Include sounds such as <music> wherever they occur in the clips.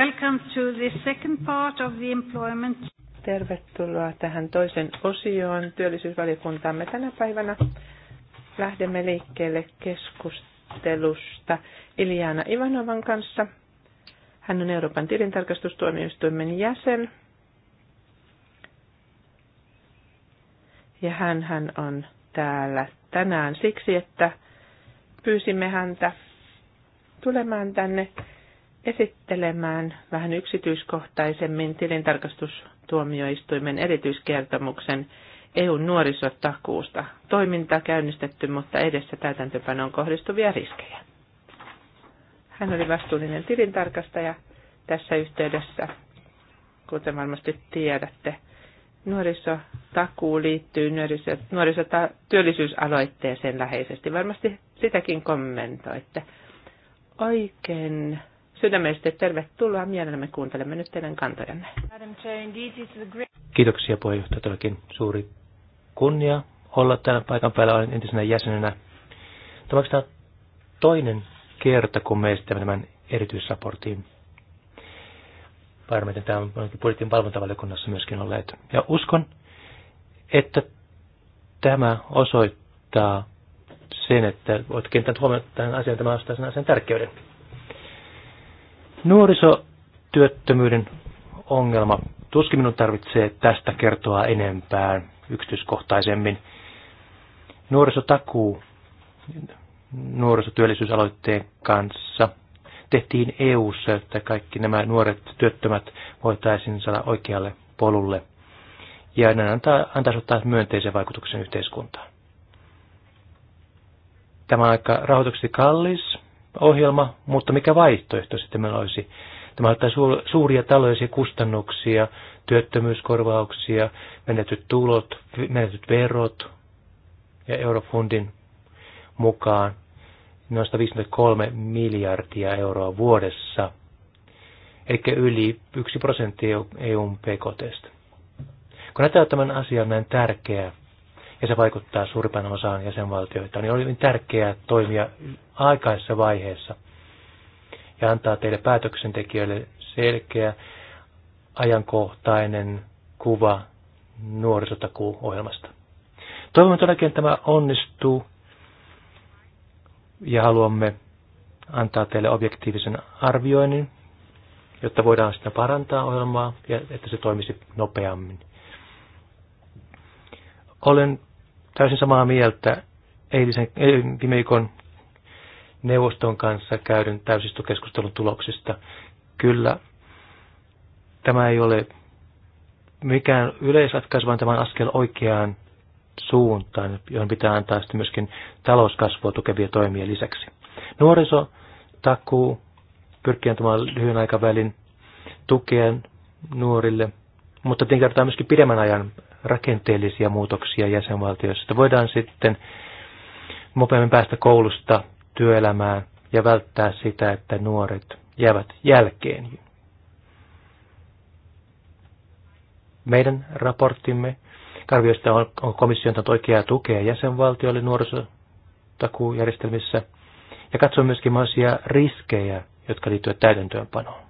Welcome to the second part of the employment. Tervetuloa tähän toisen osioon työllisyysvaliokuntaamme tänä päivänä. Lähdemme liikkeelle keskustelusta Iljana Ivanovan kanssa. Hän on Euroopan tilintarkastustuomioistuimen jäsen. Ja hän, hän on täällä tänään siksi, että pyysimme häntä tulemaan tänne esittelemään vähän yksityiskohtaisemmin tilintarkastustuomioistuimen erityiskertomuksen EUn nuorisotakuusta. Toiminta käynnistetty, mutta edessä täytäntöpanoon kohdistuvia riskejä. Hän oli vastuullinen tilintarkastaja tässä yhteydessä, kuten varmasti tiedätte. Nuorisotakuu liittyy nuorisotyöllisyysaloitteeseen läheisesti. Varmasti sitäkin kommentoitte. Oikein Sydämellisesti tervetuloa. Mielellämme kuuntelemme nyt teidän kantojanne. Kiitoksia puheenjohtaja. Todellakin suuri kunnia olla täällä paikan päällä. Olen entisenä jäsenenä. Tämä toinen kerta, kun me esitämme tämän erityisraportin varmiten tämä on budjetin valvontavaliokunnassa myöskin olleet. Ja uskon, että tämä osoittaa sen, että olet kiinnittänyt huomioon tämän asian, tämä sen asian tärkeyden. Nuorisotyöttömyyden ongelma. Tuskin minun tarvitsee tästä kertoa enempää yksityiskohtaisemmin. Nuorisotakuu nuorisotyöllisyysaloitteen kanssa tehtiin EU-ssa, että kaikki nämä nuoret työttömät voitaisiin saada oikealle polulle. Ja ne antaa, antaisivat taas myönteisen vaikutuksen yhteiskuntaan. Tämä on aika rahoituksesti kallis, ohjelma, mutta mikä vaihtoehto sitten meillä olisi? Tämä aiheuttaa suuria taloudellisia kustannuksia, työttömyyskorvauksia, menetyt tulot, menetyt verot ja eurofundin mukaan noin 153 miljardia euroa vuodessa, eli yli 1 prosenttia EUn e PKTstä. Kun näyttää tämän asian näin tärkeä, ja se vaikuttaa suurimpaan osaan jäsenvaltioita, niin oli tärkeää toimia aikaisessa vaiheessa ja antaa teille päätöksentekijöille selkeä, ajankohtainen kuva nuorisotakuuohjelmasta. Toivomme todellakin, että tämä onnistuu ja haluamme antaa teille objektiivisen arvioinnin, jotta voidaan sitten parantaa ohjelmaa ja että se toimisi nopeammin. Olen täysin samaa mieltä eilisen eh, viikon neuvoston kanssa käydyn täysistokeskustelun tuloksista. Kyllä, tämä ei ole mikään yleisratkaisu, vaan tämä on askel oikeaan suuntaan, johon pitää antaa sitten myöskin talouskasvua tukevia toimia lisäksi. Nuorisotakuu pyrkii antamaan lyhyen aikavälin tukeen nuorille, mutta tietenkin tarvitaan myöskin pidemmän ajan rakenteellisia muutoksia jäsenvaltioissa, että voidaan sitten nopeammin päästä koulusta työelämään ja välttää sitä, että nuoret jäävät jälkeen. Meidän raporttimme karvioista on, komission oikeaa tukea jäsenvaltioille nuorisotakuujärjestelmissä ja katsoo myöskin mahdollisia riskejä, jotka liittyvät täytäntöönpanoon.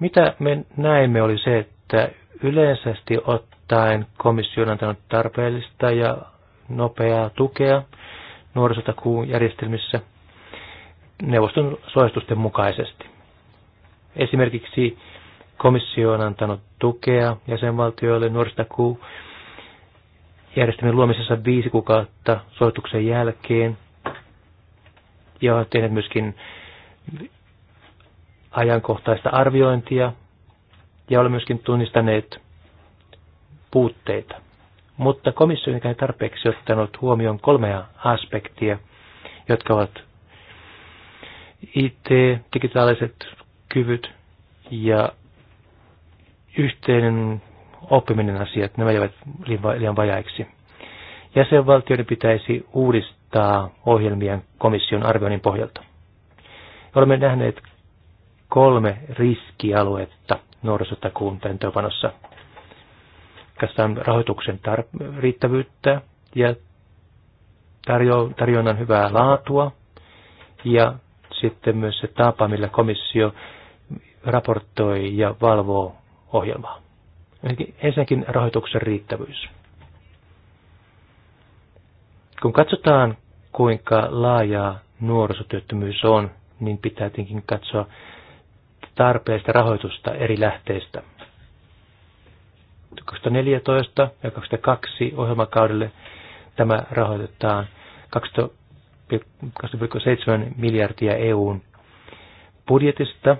Mitä me näimme oli se, että yleisesti ottaen komissio on antanut tarpeellista ja nopeaa tukea nuorisotakuun järjestelmissä neuvoston suositusten mukaisesti. Esimerkiksi komissio on antanut tukea jäsenvaltioille nuorisotakuun järjestelmän luomisessa viisi kuukautta suosituksen jälkeen ja on tehnyt myöskin ajankohtaista arviointia ja olemme myöskin tunnistaneet puutteita. Mutta komissio ei tarpeeksi ottanut huomioon kolmea aspektia, jotka ovat IT, digitaaliset kyvyt ja yhteinen oppiminen asiat, nämä jäävät liian vajaiksi. Jäsenvaltioiden pitäisi uudistaa ohjelmien komission arvioinnin pohjalta. Olemme nähneet kolme riskialuetta – nuorisotakuun täytäntöönpanossa. on rahoituksen tar- riittävyyttä ja tarjo- tarjonnan hyvää laatua ja sitten myös se tapa, millä komissio raportoi ja valvoo ohjelmaa. Ensinnäkin rahoituksen riittävyys. Kun katsotaan, kuinka laajaa nuorisotyöttömyys on, niin pitää tietenkin katsoa tarpeesta rahoitusta eri lähteistä. 2014 ja 2002 ohjelmakaudelle tämä rahoitetaan 2,7 miljardia EUn budjetista,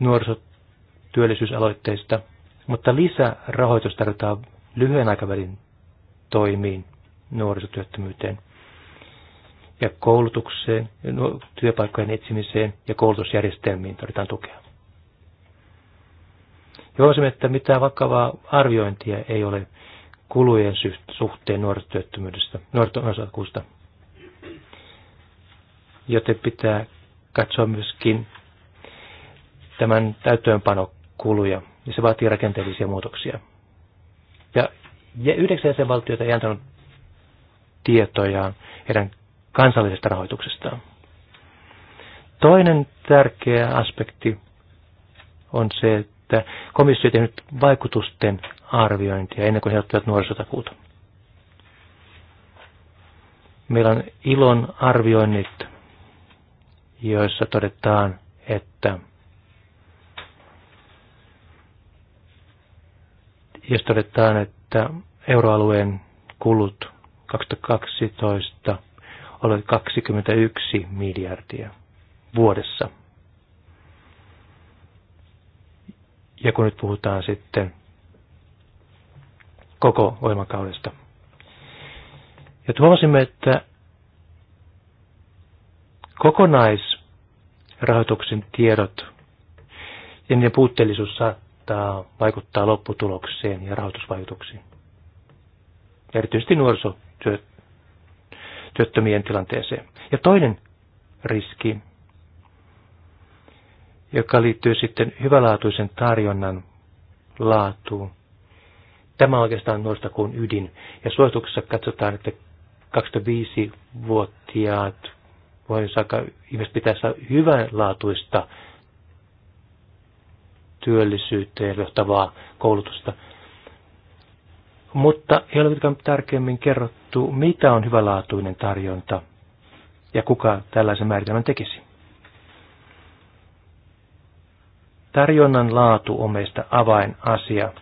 nuorisotyöllisyysaloitteista, mutta lisärahoitus tarvitaan lyhyen aikavälin toimiin nuorisotyöttömyyteen ja koulutukseen, no, työpaikkojen etsimiseen ja koulutusjärjestelmiin tarvitaan tukea. Joosimme, että mitään vakavaa arviointia ei ole kulujen suhteen nuorisotyöttömyydestä, nuorisotyöttömyydestä. Joten pitää katsoa myöskin tämän täyttöönpanokuluja, ja se vaatii rakenteellisia muutoksia. Ja yhdeksän jäsenvaltiota ei antanut tietojaan heidän kansallisesta rahoituksestaan. Toinen tärkeä aspekti on se, että komissio ei tehnyt vaikutusten arviointia ennen kuin he ottivat nuorisotakuuta. Meillä on ilon arvioinnit, joissa todetaan, että jos todetaan, että euroalueen kulut 2012 olivat 21 miljardia vuodessa – Ja kun nyt puhutaan sitten koko voimakaudesta. Ja huomasimme, että kokonaisrahoituksen tiedot ja niiden puutteellisuus saattaa vaikuttaa lopputulokseen ja rahoitusvaikutuksiin. Erityisesti nuorisotyöttömien tilanteeseen. Ja toinen riski joka liittyy sitten hyvälaatuisen tarjonnan laatuun. Tämä on oikeastaan nuorista kuin ydin. Ja suosituksessa katsotaan, että 25-vuotiaat voi saada, ihmiset pitää saada hyvänlaatuista työllisyyteen johtavaa koulutusta. Mutta ei ole mitenkään tarkemmin kerrottu, mitä on hyvälaatuinen tarjonta ja kuka tällaisen määritelmän tekisi. Tarjonnan laatu on meistä avainasia.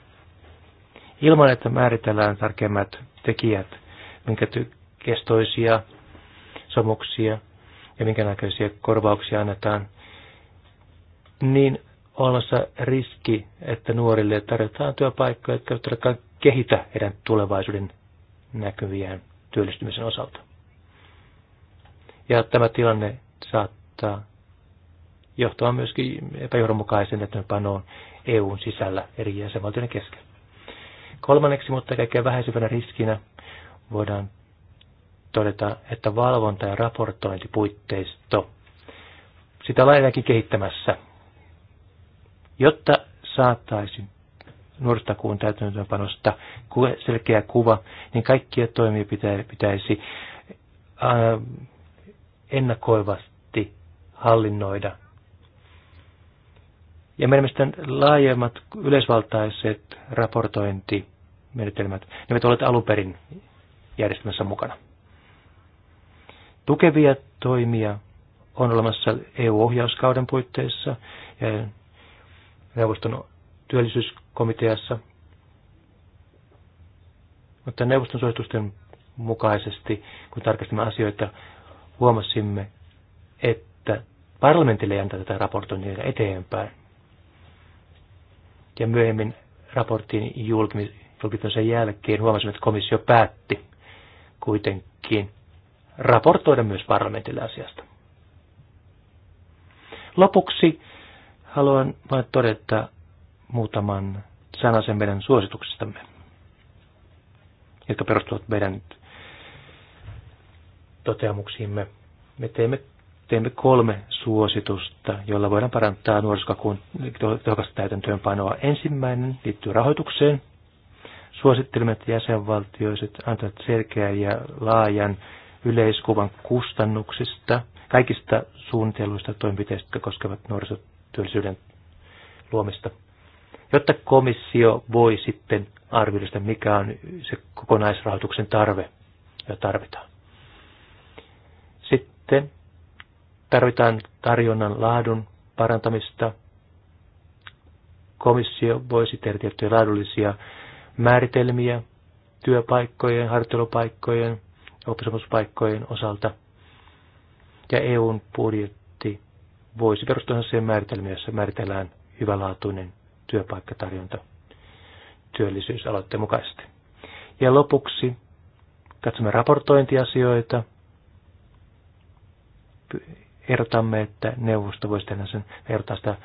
Ilman, että määritellään tarkemmat tekijät, minkä kestoisia somuksia ja minkä näköisiä korvauksia annetaan, niin olemassa riski, että nuorille tarjotaan työpaikkoja, jotka todellakaan kehitä heidän tulevaisuuden näkyviään työllistymisen osalta. Ja tämä tilanne saattaa johtaa myöskin epäjohdonmukaisen täytäntöönpanoon EUn sisällä eri jäsenvaltioiden kesken. Kolmanneksi, mutta kaikkein vähäisimpänä riskinä voidaan todeta, että valvonta- ja raportointipuitteisto, sitä laajakin kehittämässä, jotta saataisiin nuorisotakuun täytäntöönpanosta selkeä kuva, niin kaikkia toimia pitäisi ennakoivasti hallinnoida ja meidän mielestä laajemmat yleisvaltaiset raportointimenetelmät, ne ovat olleet alun perin järjestelmässä mukana. Tukevia toimia on olemassa EU-ohjauskauden puitteissa ja neuvoston työllisyyskomiteassa, mutta neuvoston suositusten mukaisesti, kun tarkastimme asioita, huomasimme, että parlamentille ei anta tätä raportointia eteenpäin ja myöhemmin raportin julkistamisen jälkeen huomasimme, että komissio päätti kuitenkin raportoida myös parlamentille asiasta. Lopuksi haluan vain todeta muutaman sanasen meidän suosituksistamme, jotka perustuvat meidän toteamuksiimme. Me teemme teemme kolme suositusta, joilla voidaan parantaa nuorisokakuun tehokasta täytäntöönpanoa. Ensimmäinen liittyy rahoitukseen. Suosittelemme, että jäsenvaltioiset antavat selkeän ja laajan yleiskuvan kustannuksista, kaikista suunnitelluista toimenpiteistä, jotka koskevat nuorisotyöllisyyden luomista, jotta komissio voi sitten arvioida sitä, mikä on se kokonaisrahoituksen tarve, jota tarvitaan. Sitten Tarvitaan tarjonnan laadun parantamista. Komissio voisi tehdä tiettyjä laadullisia määritelmiä työpaikkojen, harjoittelupaikkojen, oppisopimuspaikkojen osalta. Ja EUn budjetti voisi perustua siihen määritelmiin, jossa määritellään hyvälaatuinen työpaikkatarjonta työllisyysaloitteen mukaisesti. Ja lopuksi katsomme raportointiasioita erotamme, että neuvosto voisi tehdä sen vertaa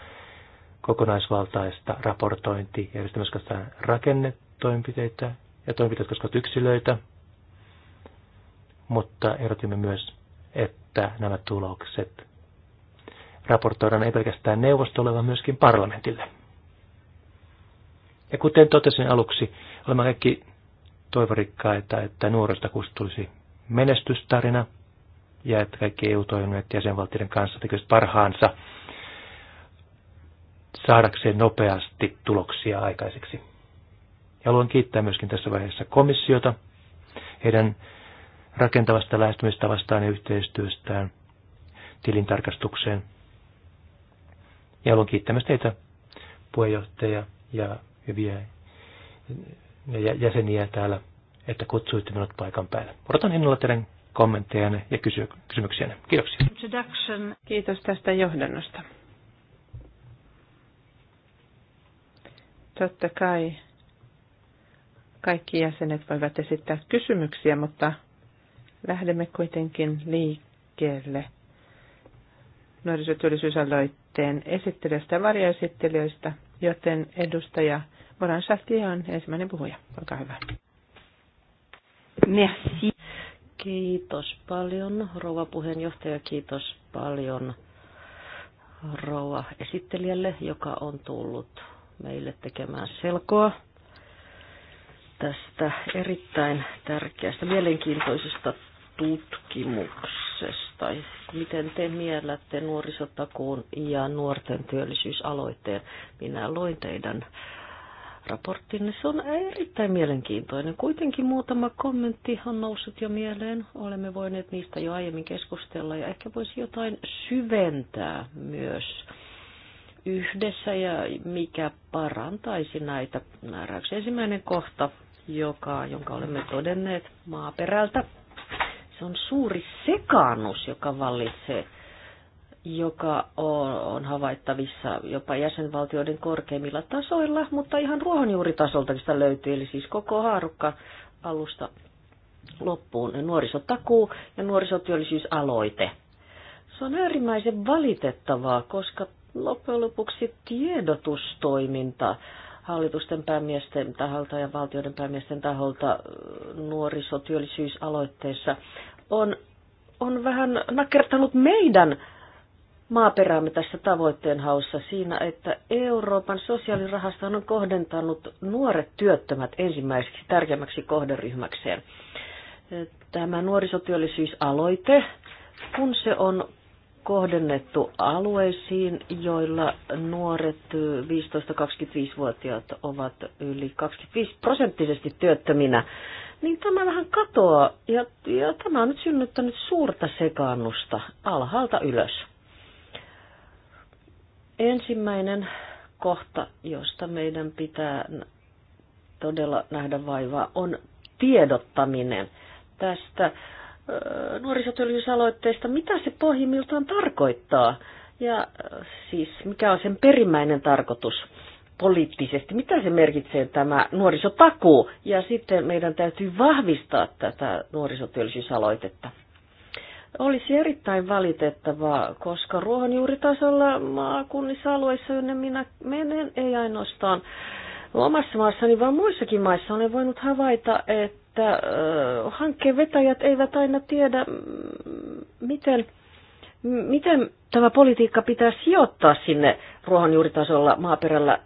kokonaisvaltaista raportointi järjestelmässä rakennetoimenpiteitä ja toimenpiteitä koskevat yksilöitä, mutta erotimme myös, että nämä tulokset raportoidaan ei pelkästään neuvostolle, vaan myöskin parlamentille. Ja kuten totesin aluksi, olemme kaikki toivorikkaita, että nuorista kustulisi menestystarina – ja että kaikki EU-toimijat jäsenvaltioiden kanssa tekevät parhaansa saadakseen nopeasti tuloksia aikaiseksi. Ja haluan kiittää myöskin tässä vaiheessa komissiota heidän rakentavasta lähestymistavastaan ja yhteistyöstään tilintarkastukseen. Ja haluan kiittää myös teitä puheenjohtaja ja hyviä jäseniä täällä, että kutsuitte minut paikan päälle. Odotan innolla teidän kommenttejanne ja kysy- kysymyksiänne. Kiitoksia. Introduction. Kiitos tästä johdannosta. Totta kai kaikki jäsenet voivat esittää kysymyksiä, mutta lähdemme kuitenkin liikkeelle nuorisotyöllisyysaloitteen esittelystä ja varjoesittelijöistä, joten edustaja Moran Shahtia on ensimmäinen puhuja. Olkaa hyvä. Merci. Kiitos paljon, rouva puheenjohtaja. Kiitos paljon rouva esittelijälle, joka on tullut meille tekemään selkoa tästä erittäin tärkeästä, mielenkiintoisesta tutkimuksesta. Miten te miellätte nuorisotakuun ja nuorten työllisyysaloitteen? Minä loin teidän raporttinne. Niin se on erittäin mielenkiintoinen. Kuitenkin muutama kommentti on noussut jo mieleen. Olemme voineet niistä jo aiemmin keskustella ja ehkä voisi jotain syventää myös yhdessä ja mikä parantaisi näitä määräyksiä. Ensimmäinen kohta, joka, jonka olemme todenneet maaperältä, se on suuri sekaannus, joka vallitsee joka on, havaittavissa jopa jäsenvaltioiden korkeimmilla tasoilla, mutta ihan ruohonjuuritasolta sitä löytyy, eli siis koko haarukka alusta loppuun nuorisotakuu ja nuorisotyöllisyysaloite. Se on äärimmäisen valitettavaa, koska loppujen lopuksi tiedotustoiminta hallitusten päämiesten taholta ja valtioiden päämiesten taholta nuorisotyöllisyysaloitteessa on, on vähän nakertanut meidän maaperäämme tässä tavoitteen haussa siinä, että Euroopan sosiaalirahasto on kohdentanut nuoret työttömät ensimmäiseksi tärkeimmäksi kohderyhmäkseen. Tämä nuorisotyöllisyysaloite, kun se on kohdennettu alueisiin, joilla nuoret 15-25-vuotiaat ovat yli 25 prosenttisesti työttöminä, niin tämä vähän katoaa ja, ja tämä on nyt synnyttänyt suurta sekaannusta alhaalta ylös Ensimmäinen kohta, josta meidän pitää todella nähdä vaivaa, on tiedottaminen tästä nuorisotyöllisyysaloitteesta, mitä se pohjimmiltaan tarkoittaa ja siis mikä on sen perimmäinen tarkoitus poliittisesti, mitä se merkitsee tämä nuorisotakuu ja sitten meidän täytyy vahvistaa tätä nuorisotyöllisyysaloitetta olisi erittäin valitettavaa, koska ruohonjuuritasolla maakunnissa alueissa, jonne minä menen, ei ainoastaan omassa maassani, vaan muissakin maissa olen voinut havaita, että hankkeen vetäjät eivät aina tiedä, miten, miten tämä politiikka pitää sijoittaa sinne ruohonjuuritasolla maaperällä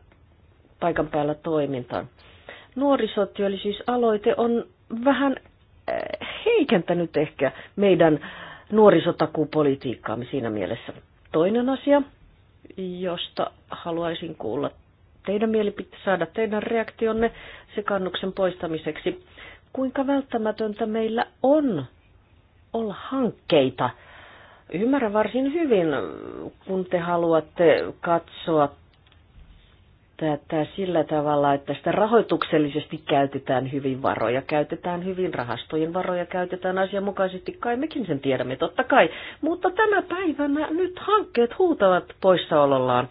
paikan päällä toimintaan. Nuorisotyöllisyysaloite on vähän heikentänyt ehkä meidän nuorisotakupolitiikkaa siinä mielessä. Toinen asia, josta haluaisin kuulla teidän mielipiteenne, saada teidän reaktionne sekannuksen poistamiseksi. Kuinka välttämätöntä meillä on olla hankkeita? Ymmärrän varsin hyvin, kun te haluatte katsoa tämä sillä tavalla, että sitä rahoituksellisesti käytetään hyvin varoja, käytetään hyvin rahastojen varoja, käytetään asianmukaisesti, kai mekin sen tiedämme totta kai. Mutta tänä päivänä nyt hankkeet huutavat poissaolollaan.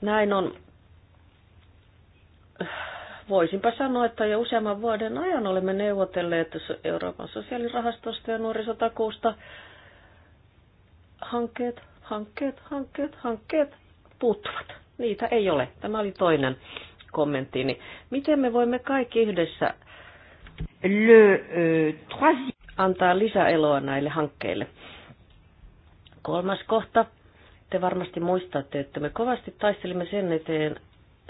Näin on. Voisinpa sanoa, että jo useamman vuoden ajan olemme neuvotelleet Euroopan sosiaalirahastosta ja nuorisotakuusta hankkeet hankkeet, hankkeet, hankkeet puuttuvat. Niitä ei ole. Tämä oli toinen kommenttini. Miten me voimme kaikki yhdessä Le, euh, antaa lisäeloa näille hankkeille? Kolmas kohta. Te varmasti muistatte, että me kovasti taistelimme sen eteen,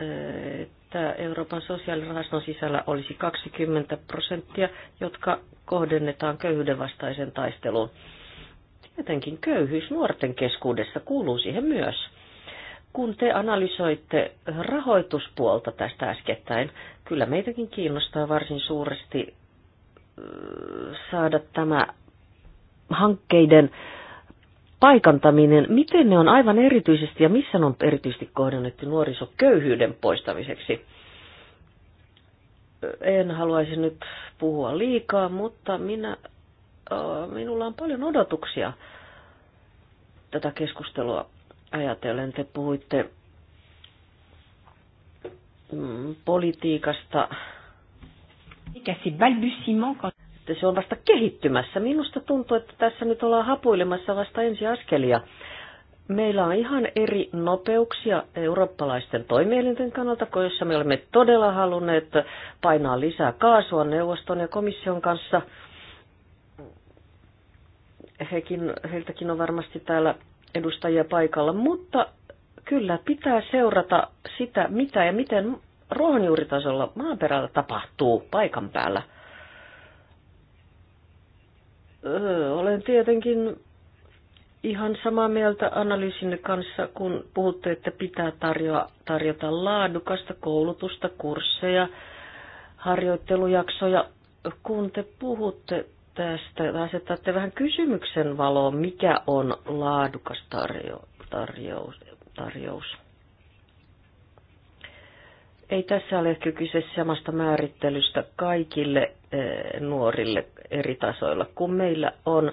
äh, että Euroopan sosiaalirahaston sisällä olisi 20 prosenttia, jotka kohdennetaan köyhyyden vastaiseen taisteluun. Jotenkin köyhyys nuorten keskuudessa kuuluu siihen myös. Kun te analysoitte rahoituspuolta tästä äskettäin, kyllä meitäkin kiinnostaa varsin suuresti saada tämä hankkeiden paikantaminen, miten ne on aivan erityisesti ja missä ne on erityisesti kohdennettu nuorisoköyhyyden poistamiseksi? En haluaisi nyt puhua liikaa, mutta minä Äh, minulla on paljon odotuksia tätä keskustelua ajatellen. Te puhuitte mm, politiikasta. Se on vasta kehittymässä. Minusta tuntuu, että tässä nyt ollaan hapuilemassa vasta ensiaskelia. Meillä on ihan eri nopeuksia eurooppalaisten toimielinten kannalta, jossa me olemme todella halunneet painaa lisää kaasua neuvoston ja komission kanssa – Hekin, heiltäkin on varmasti täällä edustajia paikalla, mutta kyllä pitää seurata sitä, mitä ja miten ruohonjuuritasolla maaperällä tapahtuu paikan päällä. Öö, olen tietenkin ihan samaa mieltä analyysinne kanssa, kun puhutte, että pitää tarjoa, tarjota laadukasta koulutusta, kursseja, harjoittelujaksoja. Kun te puhutte tästä te vähän kysymyksen valoon, mikä on laadukas tarjo, tarjous, tarjous. Ei tässä ole ehkä kyse samasta määrittelystä kaikille eh, nuorille eri tasoilla. Kun meillä on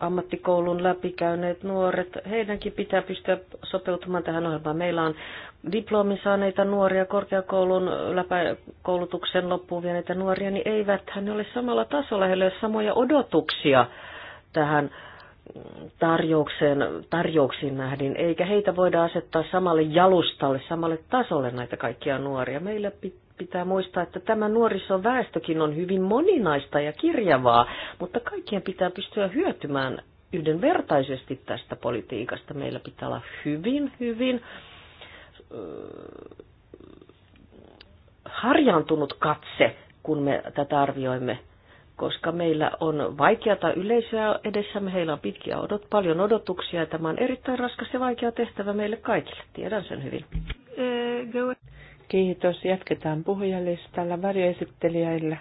ammattikoulun läpikäyneet nuoret, heidänkin pitää pystyä sopeutumaan tähän ohjelmaan. Meillä on diplomin saaneita nuoria, korkeakoulun läpäkoulutuksen loppuun vieneitä nuoria, niin eivät hän ole samalla tasolla, heillä ei ole samoja odotuksia tähän tarjoukseen, tarjouksiin nähden, eikä heitä voida asettaa samalle jalustalle, samalle tasolle näitä kaikkia nuoria. Meillä pitää pitää muistaa, että tämä nuorisoväestökin on hyvin moninaista ja kirjavaa, mutta kaikkien pitää pystyä hyötymään yhdenvertaisesti tästä politiikasta. Meillä pitää olla hyvin, hyvin harjaantunut katse, kun me tätä arvioimme, koska meillä on vaikeata yleisöä edessämme, heillä on pitkiä odot, paljon odotuksia ja tämä on erittäin raskas ja vaikea tehtävä meille kaikille. Tiedän sen hyvin. Kiitos. Jatketaan puhujalistalla varjoesittelijöillä.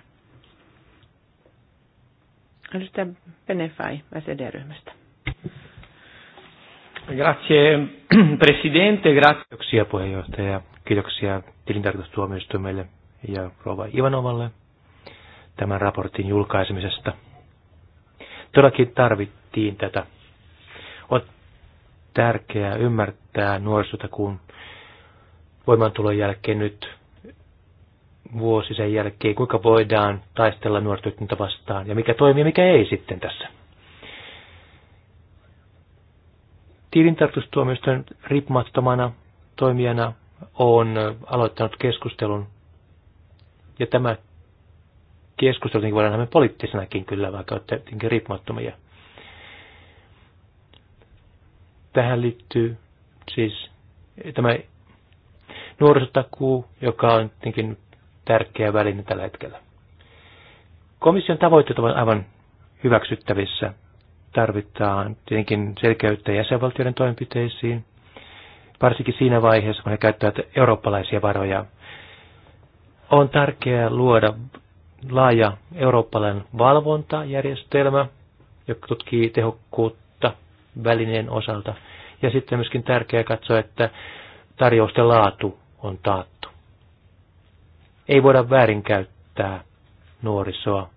Edustaja Benefai SED-ryhmästä. Grazie presidente, grazie. puheenjohtaja, kiitoksia tilintarkastustuomioistuimelle ja rouva Ivanovalle tämän raportin julkaisemisesta. Todellakin tarvittiin tätä. On tärkeää ymmärtää nuorisotakuun voimantulon jälkeen nyt vuosi sen jälkeen, kuinka voidaan taistella nuortyötöntä vastaan ja mikä toimii ja mikä ei sitten tässä. Tilintarkastustuomioistuin riippumattomana toimijana on aloittanut keskustelun ja tämä keskustelu voidaan nähdä poliittisenakin kyllä, vaikka olette tietenkin riippumattomia. Tähän liittyy siis tämä nuorisotakuu, joka on tietenkin tärkeä väline tällä hetkellä. Komission tavoitteet ovat aivan hyväksyttävissä. Tarvitaan tietenkin selkeyttä jäsenvaltioiden toimenpiteisiin, varsinkin siinä vaiheessa, kun he käyttävät eurooppalaisia varoja. On tärkeää luoda laaja eurooppalainen valvontajärjestelmä, joka tutkii tehokkuutta välineen osalta. Ja sitten myöskin tärkeää katsoa, että tarjousten laatu on taattu. Ei voida väärinkäyttää nuorisoa,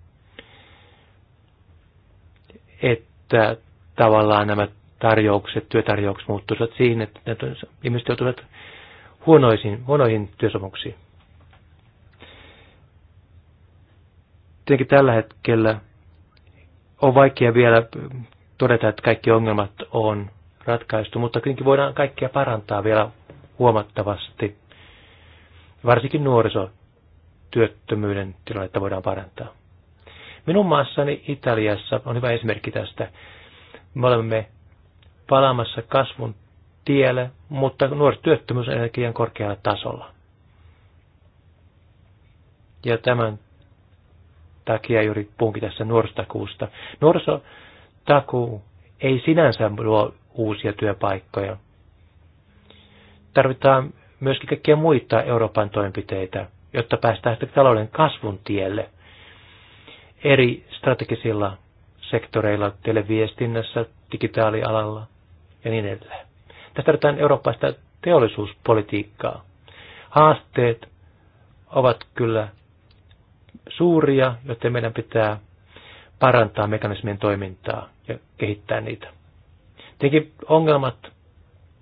että tavallaan nämä tarjoukset, työtarjoukset muuttuisivat siihen, että ne ihmiset joutuvat huonoisiin, huonoihin työsopimuksiin. Tietenkin tällä hetkellä on vaikea vielä todeta, että kaikki ongelmat on ratkaistu, mutta kuitenkin voidaan kaikkia parantaa vielä huomattavasti varsinkin nuorisotyöttömyyden tilannetta voidaan parantaa. Minun maassani Italiassa on hyvä esimerkki tästä. Me olemme palaamassa kasvun tielle, mutta nuorisotyöttömyys on liian korkealla tasolla. Ja tämän takia juuri puhunkin tässä nuorisotakuusta. Nuorisotakuu ei sinänsä luo uusia työpaikkoja. Tarvitaan myöskin kaikkia muita Euroopan toimenpiteitä, jotta päästään sitten talouden kasvun tielle eri strategisilla sektoreilla, televiestinnässä, digitaalialalla ja niin edelleen. Tässä tarvitaan eurooppaista teollisuuspolitiikkaa. Haasteet ovat kyllä suuria, joten meidän pitää parantaa mekanismien toimintaa ja kehittää niitä. Tietenkin ongelmat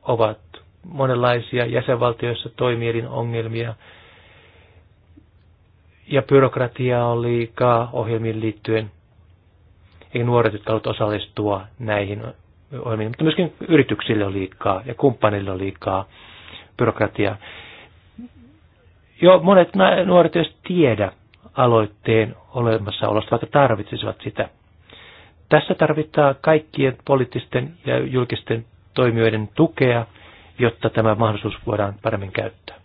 ovat monenlaisia jäsenvaltioissa toimielin ongelmia ja byrokratiaa on liikaa ohjelmiin liittyen. Ei nuoret, jotka haluavat osallistua näihin ohjelmiin, mutta myöskin yrityksille on liikaa ja kumppanille on liikaa byrokratiaa. Jo monet nuoret eivät tiedä aloitteen olemassaolosta, vaikka tarvitsisivat sitä. Tässä tarvitaan kaikkien poliittisten ja julkisten toimijoiden tukea – jotta tämä mahdollisuus voidaan paremmin käyttää.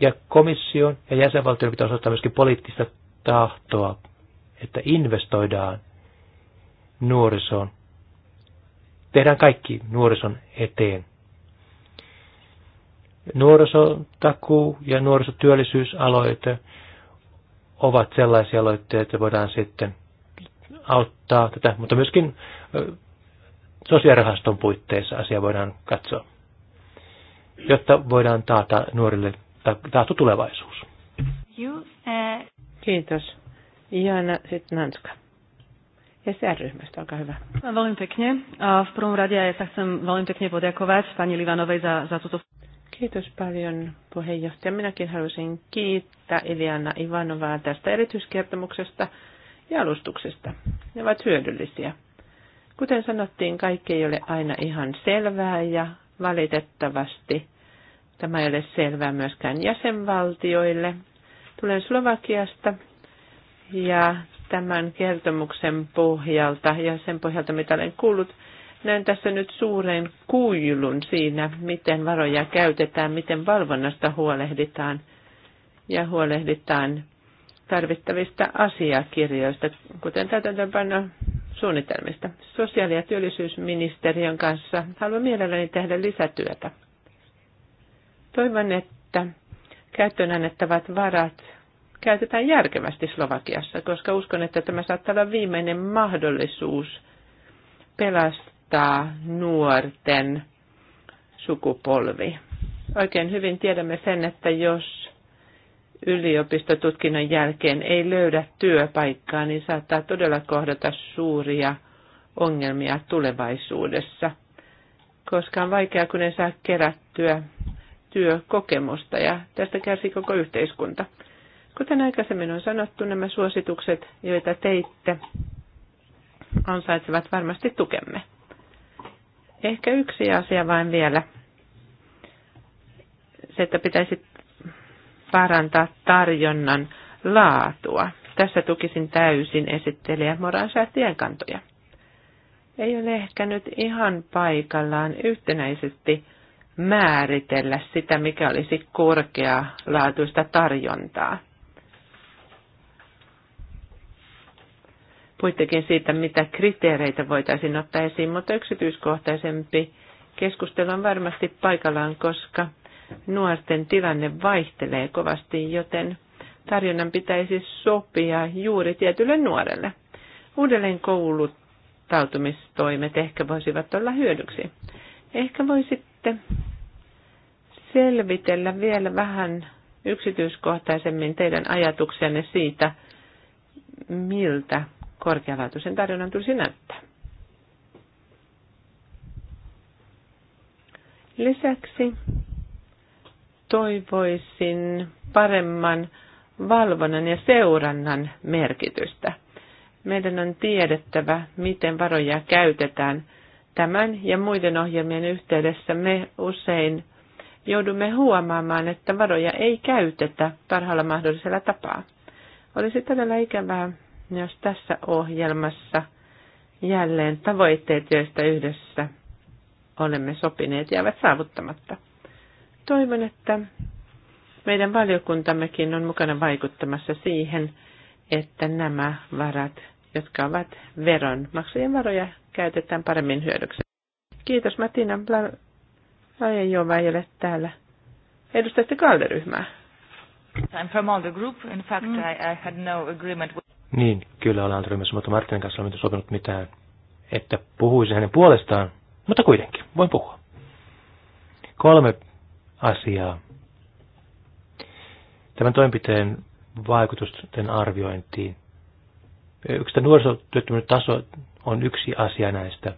Ja komission ja jäsenvaltioiden pitää osoittaa myöskin poliittista tahtoa, että investoidaan nuorisoon. Tehdään kaikki nuorison eteen. Nuorisotakuu ja nuorisotyöllisyysaloite ovat sellaisia aloitteita, että voidaan sitten auttaa tätä, mutta myöskin sosiaalirahaston puitteissa asia voidaan katsoa, jotta voidaan taata nuorille taattu tulevaisuus. Eh. Kiitos. Jana Sitnanska. SR-ryhmästä, olkaa hyvä. Veľmi pekne. v prvom rade ja sa chcem veľmi pekne poďakovať pani Livanovej za, za Kiitos paljon puheenjohtaja. Minäkin haluaisin kiittää Iliana Ivanovaa tästä erityiskertomuksesta ja alustuksesta. Ne ovat hyödyllisiä. Kuten sanottiin, kaikki ei ole aina ihan selvää ja valitettavasti tämä ei ole selvää myöskään jäsenvaltioille. Tulen Slovakiasta ja tämän kertomuksen pohjalta ja sen pohjalta, mitä olen kuullut, näen tässä nyt suuren kuilun siinä, miten varoja käytetään, miten valvonnasta huolehditaan ja huolehditaan tarvittavista asiakirjoista, kuten täytäntöönpano suunnitelmista. Sosiaali- ja työllisyysministeriön kanssa haluan mielelläni tehdä lisätyötä. Toivon, että käyttöön annettavat varat käytetään järkevästi Slovakiassa, koska uskon, että tämä saattaa olla viimeinen mahdollisuus pelastaa nuorten sukupolvi. Oikein hyvin tiedämme sen, että jos yliopistotutkinnon jälkeen ei löydä työpaikkaa, niin saattaa todella kohdata suuria ongelmia tulevaisuudessa, koska on vaikeaa, kun ei saa kerättyä työkokemusta ja tästä kärsii koko yhteiskunta. Kuten aikaisemmin on sanottu, nämä suositukset, joita teitte, ansaitsevat varmasti tukemme. Ehkä yksi asia vain vielä. Se, että pitäisi parantaa tarjonnan laatua. Tässä tukisin täysin esittelijä Moransa säästien kantoja. Ei ole ehkä nyt ihan paikallaan yhtenäisesti määritellä sitä, mikä olisi korkealaatuista tarjontaa. Puittekin siitä, mitä kriteereitä voitaisiin ottaa esiin, mutta yksityiskohtaisempi keskustelu on varmasti paikallaan, koska nuorten tilanne vaihtelee kovasti, joten tarjonnan pitäisi sopia juuri tietylle nuorelle. Uudelleen kouluttautumistoimet ehkä voisivat olla hyödyksi. Ehkä voisitte selvitellä vielä vähän yksityiskohtaisemmin teidän ajatuksenne siitä, miltä korkealaatuisen tarjonnan tulisi näyttää. Lisäksi toivoisin paremman valvonnan ja seurannan merkitystä. Meidän on tiedettävä, miten varoja käytetään. Tämän ja muiden ohjelmien yhteydessä me usein joudumme huomaamaan, että varoja ei käytetä parhaalla mahdollisella tapaa. Olisi todella ikävää, jos tässä ohjelmassa jälleen tavoitteet, joista yhdessä olemme sopineet, jäävät saavuttamatta. Toivon, että meidän valiokuntammekin on mukana vaikuttamassa siihen, että nämä varat, jotka ovat veronmaksajien varoja, käytetään paremmin hyödyksi. Kiitos Matina Ai ei ole täällä. Edustatte kalderyhmää. I'm from all the group. In fact, mm. I, I had no agreement with... Niin, kyllä olen ryhmässä, mutta Martinin kanssa olen sopinut mitään, että puhuisin hänen puolestaan, mutta kuitenkin, voin puhua. Kolme asiaa. Tämän toimenpiteen vaikutusten arviointiin. Yksi nuorisotyöttömyyden taso on yksi asia näistä.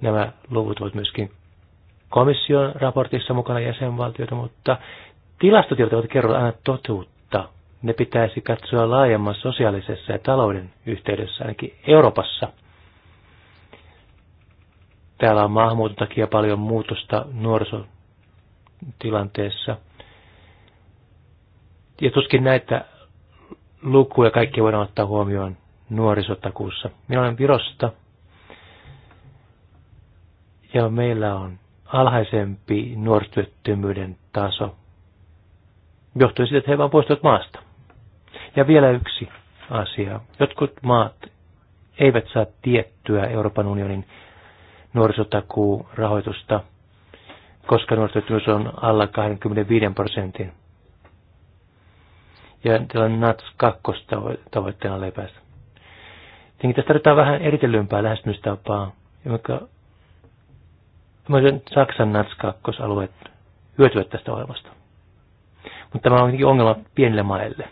Nämä luvut ovat myöskin komission raportissa mukana jäsenvaltioita, mutta tilastotiedot eivät kerro aina totuutta. Ne pitäisi katsoa laajemman sosiaalisessa ja talouden yhteydessä, ainakin Euroopassa. Täällä on maahanmuuton takia paljon muutosta nuorisotyöttömyyden tilanteessa. Ja tuskin näitä lukuja kaikki voidaan ottaa huomioon nuorisotakuussa. Minä olen Virosta ja meillä on alhaisempi nuorisotyöttömyyden taso. Johtuen siitä, että he vaan poistuvat maasta. Ja vielä yksi asia. Jotkut maat eivät saa tiettyä Euroopan unionin nuorisotakuurahoitusta – koska nuorisotyöttömyys on alla 25 prosentin. Ja tällainen NATS 2 tavoitteena oli Tietenkin tässä tarvitaan vähän eritellympää lähestymistapaa, jonka Saksan NATS 2 alueet hyötyvät tästä ohjelmasta. Mutta tämä on kuitenkin ongelma pienille maille.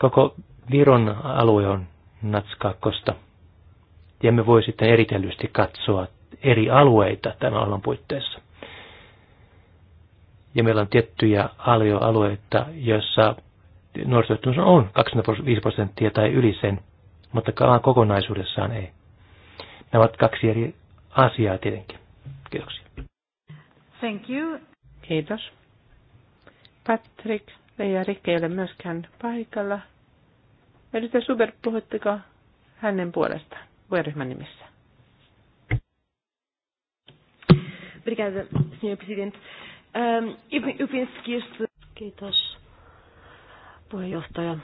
Koko Viron alue on NATS 2 ja me voi sitten eritellysti katsoa eri alueita tämän alan puitteissa ja meillä on tiettyjä alueita, joissa nuorisotyöttömyys on 25 prosenttia tai yli sen, mutta kalan kokonaisuudessaan ei. Nämä ovat kaksi eri asiaa tietenkin. Kiitoksia. Thank you. Kiitos. Patrick ja Rikke ei ole myöskään paikalla. Edustaja Suber, puhutteko hänen puolestaan vuoryhmän nimissä? Obrigada, Sr. Presidente. Ähm, Kiitos puheenjohtaja.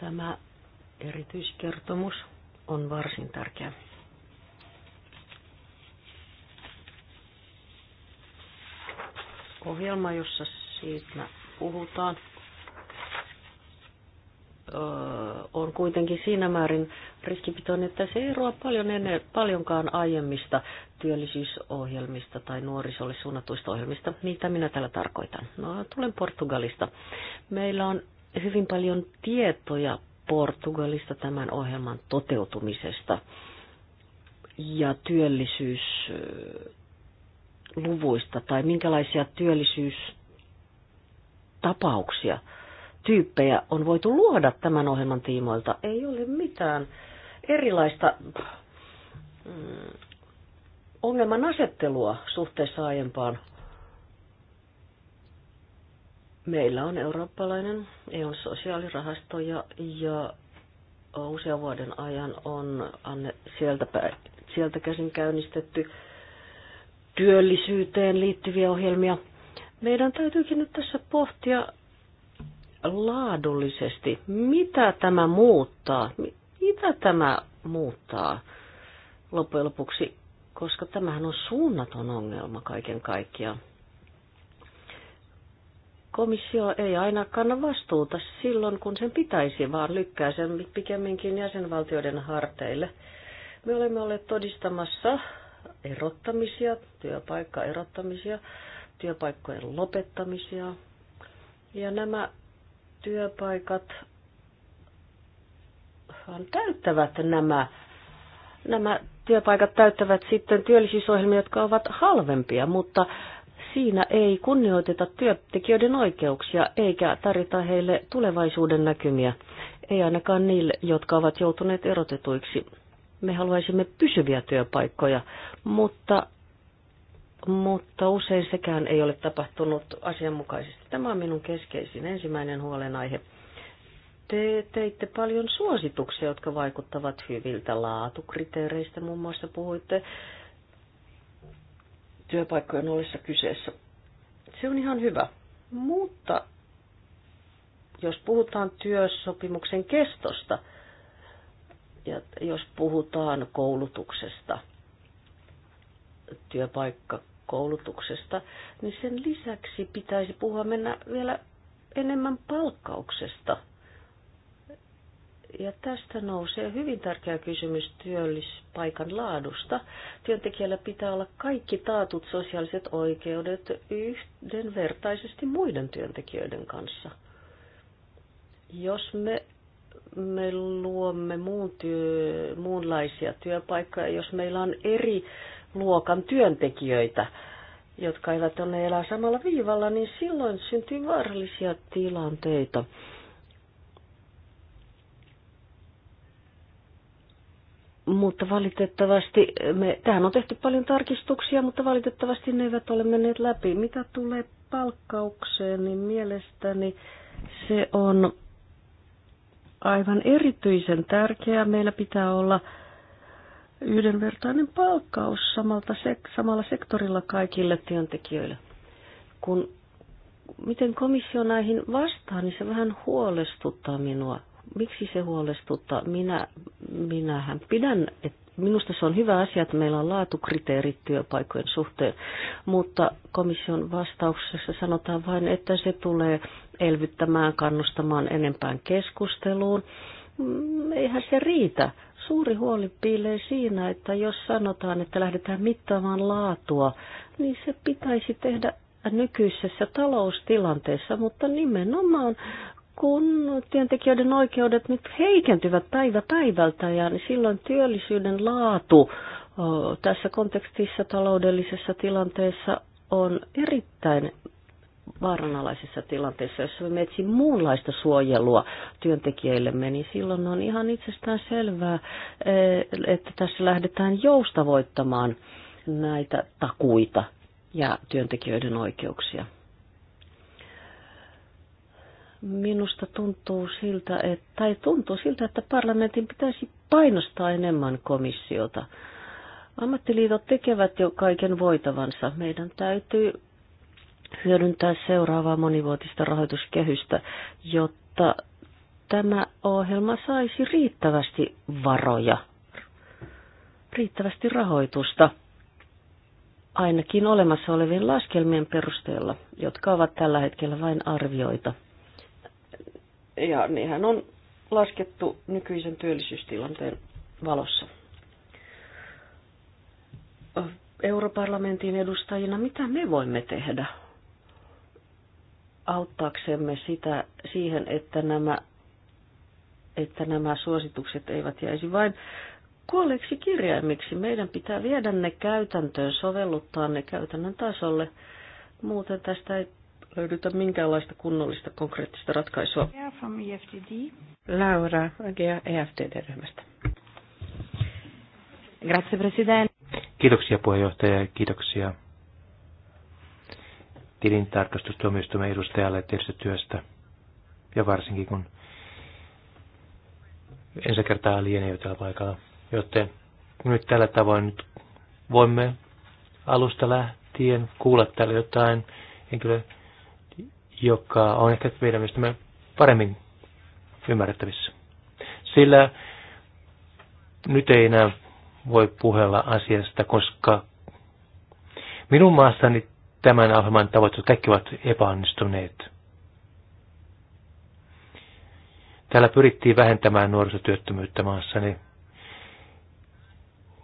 Tämä erityiskertomus on varsin tärkeä. Ohjelma, jossa siitä puhutaan, on kuitenkin siinä määrin riskipitoinen, että se eroaa paljon ennen, paljonkaan aiemmista työllisyysohjelmista tai nuorisolle suunnatuista ohjelmista. Mitä minä tällä tarkoitan? No, tulen Portugalista. Meillä on hyvin paljon tietoja Portugalista tämän ohjelman toteutumisesta ja työllisyysluvuista tai minkälaisia työllisyystapauksia – tyyppejä on voitu luoda tämän ohjelman tiimoilta. Ei ole mitään erilaista mm, ongelman asettelua suhteessa aiempaan. Meillä on eurooppalainen EUn sosiaalirahasto ja, ja usean vuoden ajan on anne, sieltä, sieltä käsin käynnistetty työllisyyteen liittyviä ohjelmia. Meidän täytyykin nyt tässä pohtia laadullisesti, mitä tämä muuttaa? Mitä tämä muuttaa loppujen lopuksi? Koska tämähän on suunnaton ongelma kaiken kaikkiaan. Komissio ei aina kanna vastuuta silloin, kun sen pitäisi, vaan lykkää sen pikemminkin jäsenvaltioiden harteille. Me olemme olleet todistamassa erottamisia, työpaikkaerottamisia, työpaikkojen lopettamisia. Ja nämä työpaikat täyttävät nämä, nämä työpaikat täyttävät sitten työllisyysohjelmia, jotka ovat halvempia, mutta siinä ei kunnioiteta työntekijöiden oikeuksia eikä tarjota heille tulevaisuuden näkymiä, ei ainakaan niille, jotka ovat joutuneet erotetuiksi. Me haluaisimme pysyviä työpaikkoja, mutta mutta usein sekään ei ole tapahtunut asianmukaisesti. Tämä on minun keskeisin ensimmäinen huolenaihe. Te teitte paljon suosituksia, jotka vaikuttavat hyviltä laatukriteereistä. Muun muassa puhuitte työpaikkojen ollessa kyseessä. Se on ihan hyvä. Mutta jos puhutaan työsopimuksen kestosta ja jos puhutaan koulutuksesta, työpaikka koulutuksesta, niin sen lisäksi pitäisi puhua mennä vielä enemmän palkkauksesta. Ja tästä nousee hyvin tärkeä kysymys työllispaikan laadusta. Työntekijällä pitää olla kaikki taatut sosiaaliset oikeudet yhdenvertaisesti muiden työntekijöiden kanssa. Jos me me luomme muun työ, muunlaisia työpaikkoja, jos meillä on eri luokan työntekijöitä, jotka eivät ole elää samalla viivalla, niin silloin syntyy vaarallisia tilanteita. Mutta valitettavasti, me, tähän on tehty paljon tarkistuksia, mutta valitettavasti ne eivät ole menneet läpi. Mitä tulee palkkaukseen, niin mielestäni se on aivan erityisen tärkeää. Meillä pitää olla äh, yhdenvertainen palkkaus samalta sek- samalla sektorilla kaikille työntekijöille. Kun miten komissio näihin vastaa, niin se vähän huolestuttaa minua. Miksi se huolestuttaa? Minä, minähän pidän, että minusta se on hyvä asia, että meillä on laatukriteerit työpaikojen suhteen, mutta komission vastauksessa sanotaan vain, että se tulee elvyttämään, kannustamaan enempään keskusteluun. Mm, eihän se riitä. Suuri huoli piilee siinä, että jos sanotaan, että lähdetään mittaamaan laatua, niin se pitäisi tehdä nykyisessä taloustilanteessa, mutta nimenomaan kun työntekijöiden oikeudet nyt heikentyvät päivä päivältä ja niin silloin työllisyyden laatu tässä kontekstissa taloudellisessa tilanteessa on erittäin vaaranalaisissa tilanteissa, jos me etsin muunlaista suojelua työntekijöillemme, niin silloin on ihan itsestään selvää, eh, että tässä lähdetään joustavoittamaan näitä takuita ja työntekijöiden oikeuksia. Minusta tuntuu siltä, että, tai tuntuu siltä, että parlamentin pitäisi painostaa enemmän komissiota. Ammattiliitot tekevät jo kaiken voitavansa. Meidän täytyy hyödyntää seuraavaa monivuotista rahoituskehystä, jotta tämä ohjelma saisi riittävästi varoja, riittävästi rahoitusta, ainakin olemassa olevien laskelmien perusteella, jotka ovat tällä hetkellä vain arvioita. Ja niinhän on laskettu nykyisen työllisyystilanteen valossa. Europarlamentin edustajina, mitä me voimme tehdä auttaaksemme sitä, siihen, että nämä, että nämä suositukset eivät jäisi vain kuolleeksi kirjaimiksi. Meidän pitää viedä ne käytäntöön, sovelluttaa ne käytännön tasolle. Muuten tästä ei löydytä minkäänlaista kunnollista konkreettista ratkaisua. From EFTD. Laura Agia EFTD-ryhmästä. Grazie Presidente. Kiitoksia puheenjohtaja ja kiitoksia tilintarkastustuomioistuimen edustajalle tietystä työstä. Ja varsinkin kun ensi kertaa lienee jo tällä paikalla. Joten nyt tällä tavoin nyt voimme alusta lähtien kuulla täällä jotain henkilöä, joka on ehkä meidän mielestämme paremmin ymmärrettävissä. Sillä nyt ei enää voi puhella asiasta, koska minun maassani tämän ohjelman tavoitteet kaikki ovat epäonnistuneet. Täällä pyrittiin vähentämään nuorisotyöttömyyttä maassani.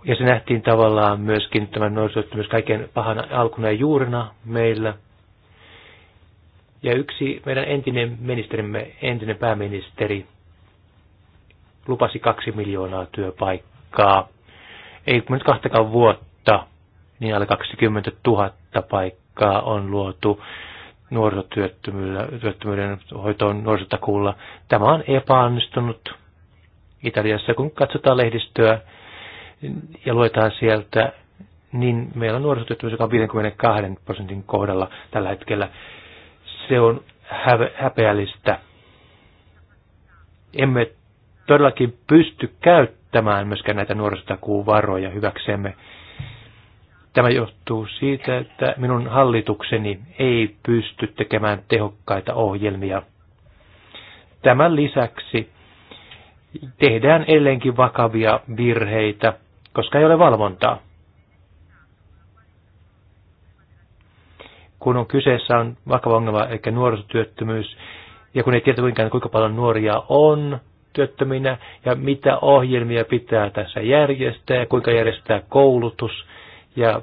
Ja se nähtiin tavallaan myöskin tämän nuorisotyöttömyys kaiken pahan alkuna ja juurena meillä. Ja yksi meidän entinen ministerimme, entinen pääministeri, lupasi kaksi miljoonaa työpaikkaa. Ei nyt kahtakaan vuotta, niin alle 20 000 paikkaa työpaikkaa on luotu nuorisotyöttömyyden hoitoon nuorisotakuulla. Tämä on epäonnistunut Italiassa. Kun katsotaan lehdistöä ja luetaan sieltä, niin meillä on nuorisotyöttömyys, joka on 52 prosentin kohdalla tällä hetkellä. Se on häpeällistä. Emme todellakin pysty käyttämään myöskään näitä nuorisotakuun varoja hyväksemme Tämä johtuu siitä, että minun hallitukseni ei pysty tekemään tehokkaita ohjelmia. Tämän lisäksi tehdään edelleenkin vakavia virheitä, koska ei ole valvontaa. Kun on kyseessä on vakava ongelma, eli nuorisotyöttömyys, ja kun ei tiedä kuinka, kuinka paljon nuoria on työttöminä, ja mitä ohjelmia pitää tässä järjestää, ja kuinka järjestää koulutus, ja,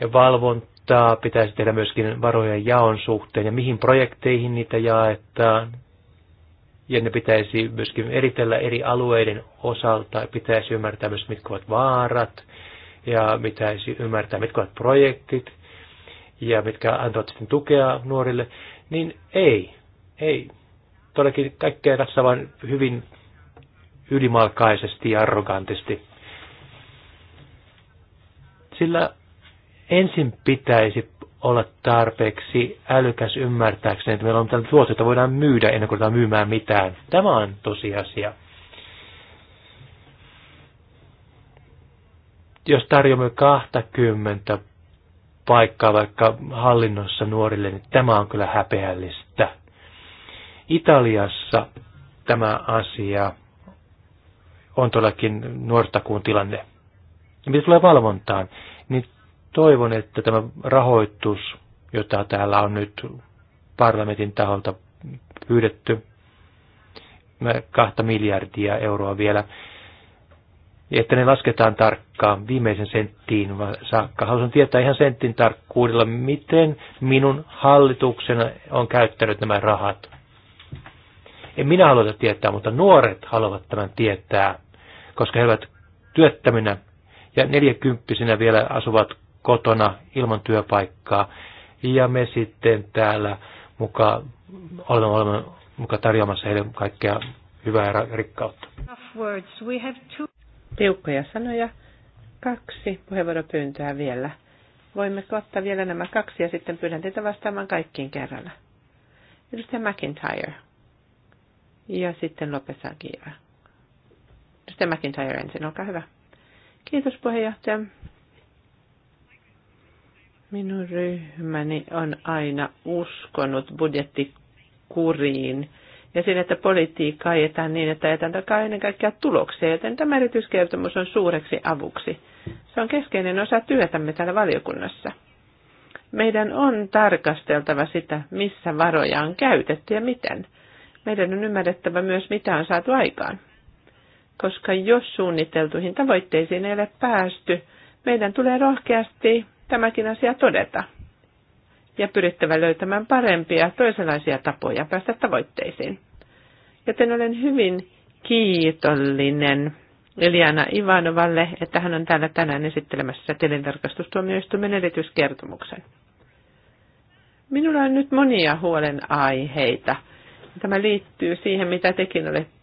ja valvontaa pitäisi tehdä myöskin varojen jaon suhteen ja mihin projekteihin niitä jaetaan. Ja ne pitäisi myöskin eritellä eri alueiden osalta, pitäisi ymmärtää myös mitkä ovat vaarat ja pitäisi ymmärtää mitkä ovat projektit ja mitkä antavat sitten tukea nuorille, niin ei, ei. Todellakin kaikkea katsotaan vain hyvin ylimalkaisesti ja arrogantisti. Sillä ensin pitäisi olla tarpeeksi älykäs ymmärtääkseni, että meillä on tällainen tuote, jota voidaan myydä ennen kuin myymään mitään. Tämä on tosiasia. Jos tarjoamme 20 paikkaa vaikka hallinnossa nuorille, niin tämä on kyllä häpeällistä. Italiassa tämä asia on todellakin nuortakuun tilanne. Ja mitä tulee valvontaan, niin toivon, että tämä rahoitus, jota täällä on nyt parlamentin taholta pyydetty, kahta miljardia euroa vielä, että ne lasketaan tarkkaan viimeisen senttiin saakka. Haluaisin tietää ihan sentin tarkkuudella, miten minun hallituksena on käyttänyt nämä rahat. En minä halua tietää, mutta nuoret haluavat tämän tietää, koska he ovat työttöminä ja neljäkymppisinä vielä asuvat kotona ilman työpaikkaa. Ja me sitten täällä muka, olemme, olemme muka tarjoamassa heille kaikkea hyvää ja rikkautta. Tiukkoja sanoja. Kaksi puheenvuoropyyntöä vielä. Voimme ottaa vielä nämä kaksi ja sitten pyydän teitä vastaamaan kaikkiin kerralla. Edustaja McIntyre. Ja sitten Lopesagia. Edustaja McIntyre ensin, olkaa hyvä. Kiitos puheenjohtaja. Minun ryhmäni on aina uskonut budjettikuriin ja siinä, että politiikkaa ajetaan niin, että ajetaan takaa ennen kaikkea tuloksia, joten tämä erityiskertomus on suureksi avuksi. Se on keskeinen osa työtämme täällä valiokunnassa. Meidän on tarkasteltava sitä, missä varoja on käytetty ja miten. Meidän on ymmärrettävä myös, mitä on saatu aikaan koska jos suunniteltuihin tavoitteisiin ei ole päästy, meidän tulee rohkeasti tämäkin asia todeta ja pyrittävä löytämään parempia toisenlaisia tapoja päästä tavoitteisiin. Joten olen hyvin kiitollinen Eliana Ivanovalle, että hän on täällä tänään esittelemässä tilintarkastustuomioistuimen erityiskertomuksen. Minulla on nyt monia huolenaiheita. Tämä liittyy siihen, mitä tekin olette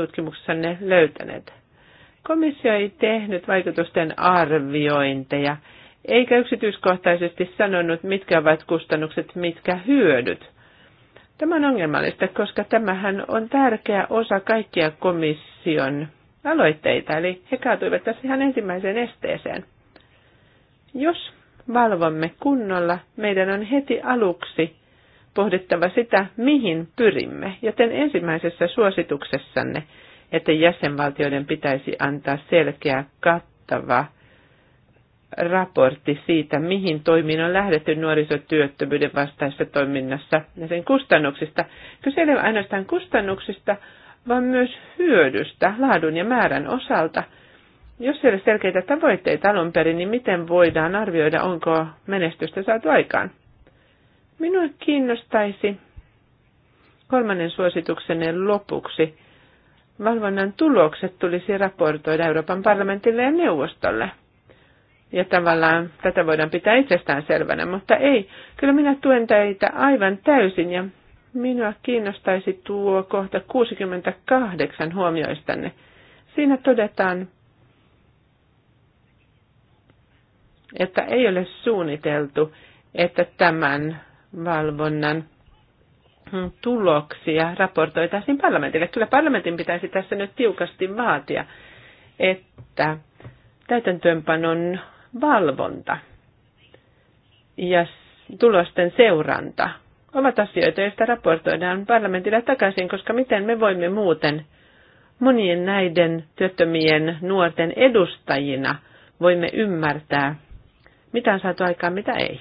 tutkimuksessanne löytäneet? Komissio ei tehnyt vaikutusten arviointeja, eikä yksityiskohtaisesti sanonut, mitkä ovat kustannukset, mitkä hyödyt. Tämä on ongelmallista, koska tämähän on tärkeä osa kaikkia komission aloitteita, eli he kaatuivat tässä ihan ensimmäiseen esteeseen. Jos valvomme kunnolla, meidän on heti aluksi pohdittava sitä, mihin pyrimme. Joten ensimmäisessä suosituksessanne, että jäsenvaltioiden pitäisi antaa selkeä, kattava raportti siitä, mihin toimiin on lähdetty nuorisotyöttömyyden vastaisessa toiminnassa ja sen kustannuksista. Kyse ei ole ainoastaan kustannuksista, vaan myös hyödystä laadun ja määrän osalta. Jos ei ole selkeitä tavoitteita alun perin, niin miten voidaan arvioida, onko menestystä saatu aikaan? Minua kiinnostaisi kolmannen suosituksenne lopuksi. Valvonnan tulokset tulisi raportoida Euroopan parlamentille ja neuvostolle. Ja tavallaan tätä voidaan pitää itsestään selvänä, mutta ei. Kyllä minä tuen teitä aivan täysin ja minua kiinnostaisi tuo kohta 68 huomioistanne. Siinä todetaan, että ei ole suunniteltu, että tämän valvonnan tuloksia raportoitaisiin parlamentille. Kyllä parlamentin pitäisi tässä nyt tiukasti vaatia, että täytäntöönpanon valvonta ja tulosten seuranta ovat asioita, joista raportoidaan parlamentille takaisin, koska miten me voimme muuten monien näiden työttömien nuorten edustajina voimme ymmärtää, mitä on saatu aikaan, mitä ei.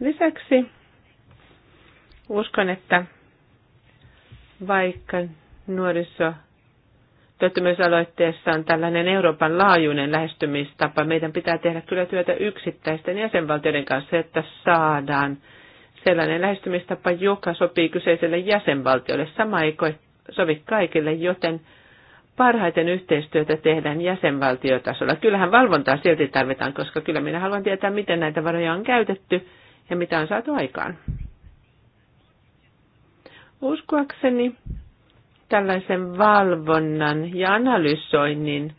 Lisäksi uskon, että vaikka nuoriso työttömyysaloitteessa on tällainen Euroopan laajuinen lähestymistapa, meidän pitää tehdä kyllä työtä yksittäisten jäsenvaltioiden kanssa, että saadaan sellainen lähestymistapa, joka sopii kyseiselle jäsenvaltiolle. Sama ei sovi kaikille, joten parhaiten yhteistyötä tehdään jäsenvaltiotasolla. Kyllähän valvontaa silti tarvitaan, koska kyllä minä haluan tietää, miten näitä varoja on käytetty ja mitä on saatu aikaan. Uskoakseni tällaisen valvonnan ja analysoinnin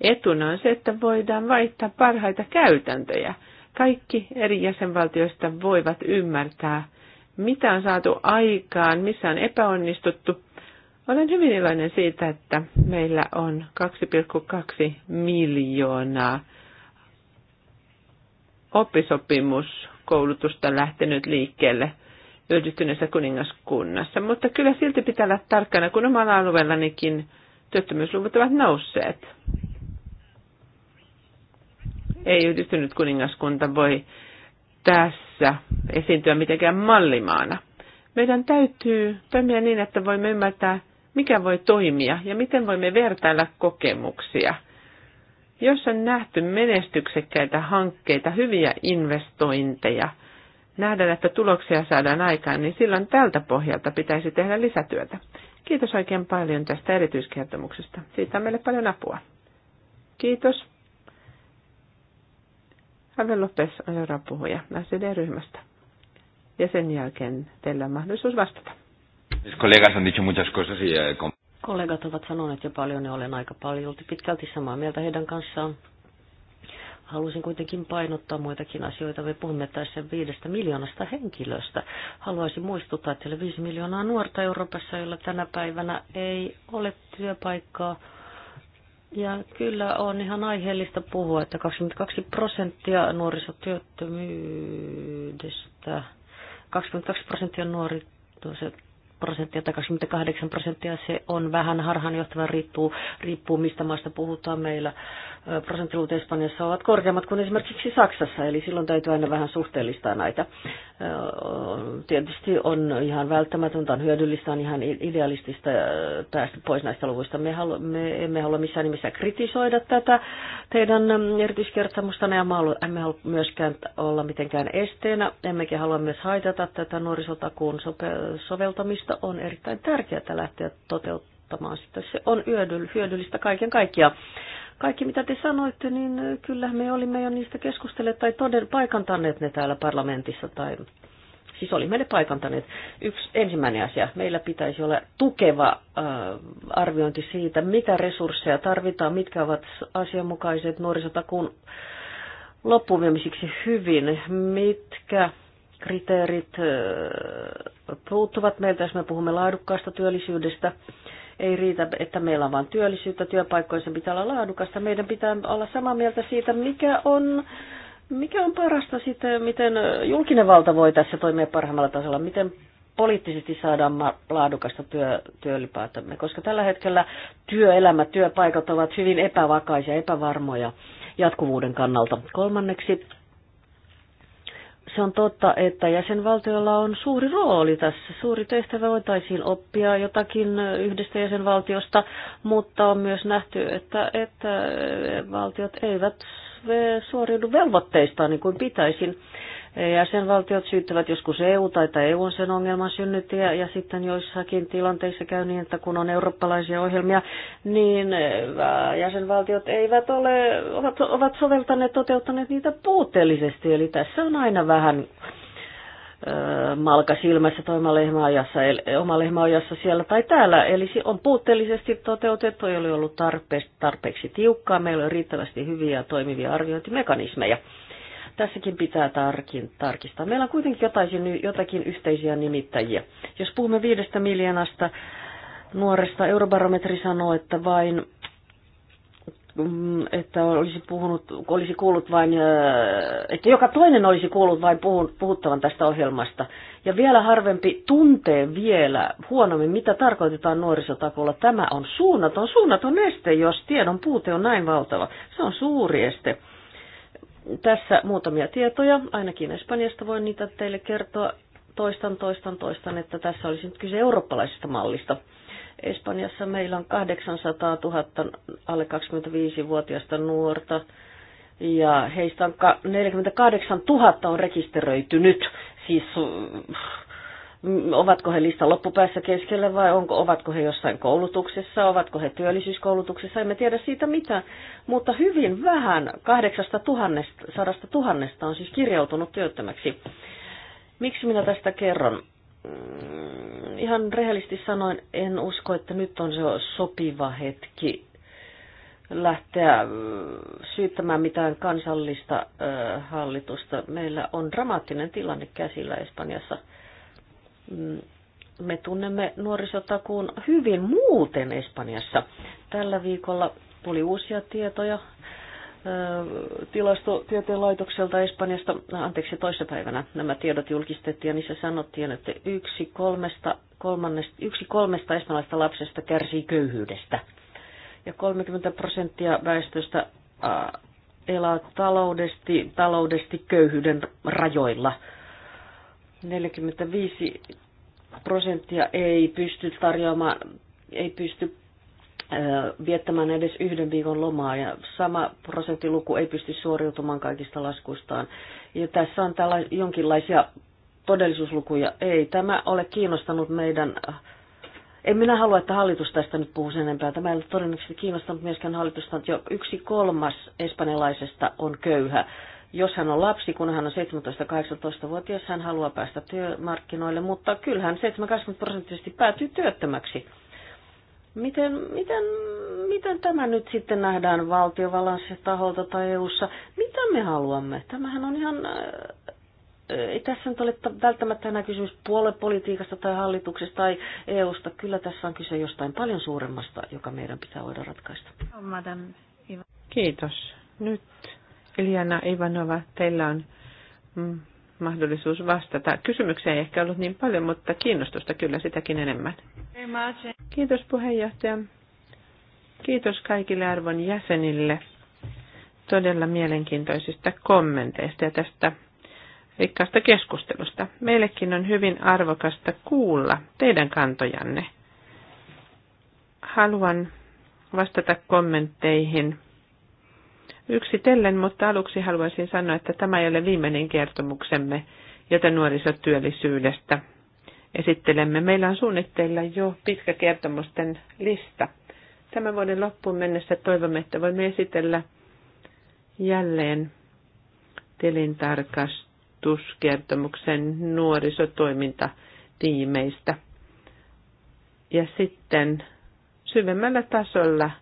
etuna on se, että voidaan vaihtaa parhaita käytäntöjä. Kaikki eri jäsenvaltioista voivat ymmärtää, mitä on saatu aikaan, missä on epäonnistuttu. Olen hyvin iloinen siitä, että meillä on 2,2 miljoonaa oppisopimus koulutusta lähtenyt liikkeelle yhdistyneessä kuningaskunnassa. Mutta kyllä silti pitää olla tarkkana, kun omalla alueellanikin työttömyysluvut ovat nousseet. Ei yhdistynyt kuningaskunta voi tässä esiintyä mitenkään mallimaana. Meidän täytyy toimia niin, että voimme ymmärtää, mikä voi toimia ja miten voimme vertailla kokemuksia – jos on nähty menestyksekkäitä hankkeita, hyviä investointeja, nähdään, että tuloksia saadaan aikaan, niin silloin tältä pohjalta pitäisi tehdä lisätyötä. Kiitos oikein paljon tästä erityiskertomuksesta. Siitä on meille paljon apua. Kiitos. Ave Lopes on seuraava puhuja ryhmästä Ja sen jälkeen teillä on mahdollisuus vastata. Mis kollegas han dicho muchas cosas y, eh, Kollegat ovat sanoneet jo paljon ja olen aika paljon pitkälti samaa mieltä heidän kanssaan. Haluaisin kuitenkin painottaa muitakin asioita. Me puhumme tässä viidestä miljoonasta henkilöstä. Haluaisin muistuttaa, että viisi miljoonaa nuorta Euroopassa, joilla tänä päivänä ei ole työpaikkaa. Ja kyllä on ihan aiheellista puhua, että 22 prosenttia nuorisotyöttömyydestä, 22 prosenttia nuorisotyöttömyydestä, prosenttia tai 28 prosenttia. Se on vähän harhaanjohtava, riippuu, riippuu mistä maasta puhutaan meillä prosenttiluvut Espanjassa ovat korkeammat kuin esimerkiksi Saksassa, eli silloin täytyy aina vähän suhteellistaa näitä. Tietysti on ihan välttämätöntä, on hyödyllistä, on ihan idealistista päästä pois näistä luvuista. Me, halu, me emme halua missään nimessä kritisoida tätä teidän erityiskertomusta, ja emme halua myöskään olla mitenkään esteenä, emmekä halua myös haitata tätä nuorisotakuun soveltamista. On erittäin tärkeää lähteä toteuttamaan sitä. Se on hyödyllistä kaiken kaikkiaan. Kaikki mitä te sanoitte, niin kyllä me olimme jo niistä keskustelleet tai toden paikantaneet ne täällä parlamentissa tai siis oli meille paikantaneet. Yksi ensimmäinen asia, meillä pitäisi olla tukeva äh, arviointi siitä, mitä resursseja tarvitaan, mitkä ovat asianmukaiset nuorisotakuun loppuviemisiksi hyvin, mitkä kriteerit äh, puuttuvat meiltä, jos me puhumme laadukkaasta työllisyydestä. Äh, ei riitä, että meillä on vain työllisyyttä, työpaikkoja, sen pitää olla laadukasta. Meidän pitää olla samaa mieltä siitä, mikä on mikä on parasta sitten, miten julkinen valta voi tässä toimia parhaimmalla tasolla, miten poliittisesti saadaan laadukasta työ, työlipäätämme, koska tällä hetkellä työelämä, työpaikat ovat hyvin epävakaisia, epävarmoja jatkuvuuden kannalta. Kolmanneksi se on totta, että jäsenvaltiolla on suuri rooli tässä. Suuri tehtävä voitaisiin oppia jotakin yhdestä jäsenvaltiosta, mutta on myös nähty, että, että valtiot eivät suoriudu velvoitteistaan niin kuin pitäisin jäsenvaltiot syyttävät joskus EU että EU on sen ongelman synnyttäjä, ja sitten joissakin tilanteissa käy niin, että kun on eurooppalaisia ohjelmia, niin eh, jäsenvaltiot eivät ole, ovat, ovat soveltaneet, toteuttaneet niitä puutteellisesti, eli tässä on aina vähän eh, malka silmässä tai oma lehmäajassa, oma siellä tai täällä. Eli on puutteellisesti toteutettu, ei ole ollut tarpeeksi, tarpeeksi tiukkaa, meillä on riittävästi hyviä ja toimivia arviointimekanismeja. Tässäkin pitää tarkin, tarkistaa. Meillä on kuitenkin jotain, jotakin yhteisiä nimittäjiä. Jos puhumme viidestä miljoonasta nuoresta, eurobarometri sanoo, että vain mm, että olisi, puhunut, olisi kuullut vain, äh, että joka toinen olisi kuullut vain puhuttavan tästä ohjelmasta. Ja vielä harvempi tuntee vielä huonommin, mitä tarkoitetaan nuorisotakolla. Tämä on suunnaton, suunnaton este, jos tiedon puute on näin valtava. Se on suuri este. Tässä muutamia tietoja, ainakin Espanjasta voin niitä teille kertoa. Toistan, toistan, toistan, että tässä olisi nyt kyse eurooppalaisesta mallista. Espanjassa meillä on 800 000 alle 25-vuotiaista nuorta ja heistä on 48 000 on rekisteröitynyt, siis ovatko he listan loppupäässä keskellä vai onko, ovatko he jossain koulutuksessa, ovatko he työllisyyskoulutuksessa, emme tiedä siitä mitään. Mutta hyvin vähän 800 tuhannesta on siis kirjautunut työttömäksi. Miksi minä tästä kerron? Mm, ihan rehellisesti sanoin, en usko, että nyt on se sopiva hetki lähteä mm, syyttämään mitään kansallista hallitusta. Meillä on dramaattinen tilanne käsillä Espanjassa – Mm, me tunnemme nuorisotakuun hyvin muuten Espanjassa. Tällä viikolla tuli uusia tietoja tilastotieteen laitokselta Espanjasta, anteeksi toissapäivänä nämä tiedot julkistettiin ja niissä sanottiin, että yksi kolmesta, kolmannesta, yksi kolmesta espanjalaista lapsesta kärsii köyhyydestä ja 30 prosenttia väestöstä elää taloudesti, taloudesti köyhyyden rajoilla. 45 prosenttia ei pysty tarjoamaan, ei pysty viettämään edes yhden viikon lomaa ja sama prosenttiluku ei pysty suoriutumaan kaikista laskuistaan. Ja tässä on tällä jonkinlaisia todellisuuslukuja. Ei tämä ole kiinnostanut meidän... En minä halua, että hallitus tästä nyt puhuu sen enempää. Tämä ei ole todennäköisesti kiinnostanut myöskään hallitusta. Jo yksi kolmas espanjalaisesta on köyhä jos hän on lapsi, kun hän on 17-18-vuotias, hän haluaa päästä työmarkkinoille, mutta kyllähän 70 prosenttisesti päätyy työttömäksi. Miten, miten, miten tämä nyt sitten nähdään valtiovallan taholta tai EU-ssa? Mitä me haluamme? Tämähän on ihan... Äh, ei tässä nyt ole välttämättä enää kysymys puoluepolitiikasta tai hallituksesta tai EUsta. Kyllä tässä on kyse jostain paljon suuremmasta, joka meidän pitää voida ratkaista. Kiitos. Nyt Iljana Ivanova, teillä on mm, mahdollisuus vastata. Kysymyksiä ei ehkä ollut niin paljon, mutta kiinnostusta kyllä sitäkin enemmän. Kiitos puheenjohtaja. Kiitos kaikille arvon jäsenille todella mielenkiintoisista kommenteista ja tästä rikkaasta keskustelusta. Meillekin on hyvin arvokasta kuulla teidän kantojanne. Haluan vastata kommentteihin yksitellen, mutta aluksi haluaisin sanoa, että tämä ei ole viimeinen kertomuksemme, jota nuorisotyöllisyydestä esittelemme. Meillä on suunnitteilla jo pitkä kertomusten lista. Tämän vuoden loppuun mennessä toivomme, että voimme esitellä jälleen tilintarkastuskertomuksen nuorisotoimintatiimeistä. Ja sitten syvemmällä tasolla –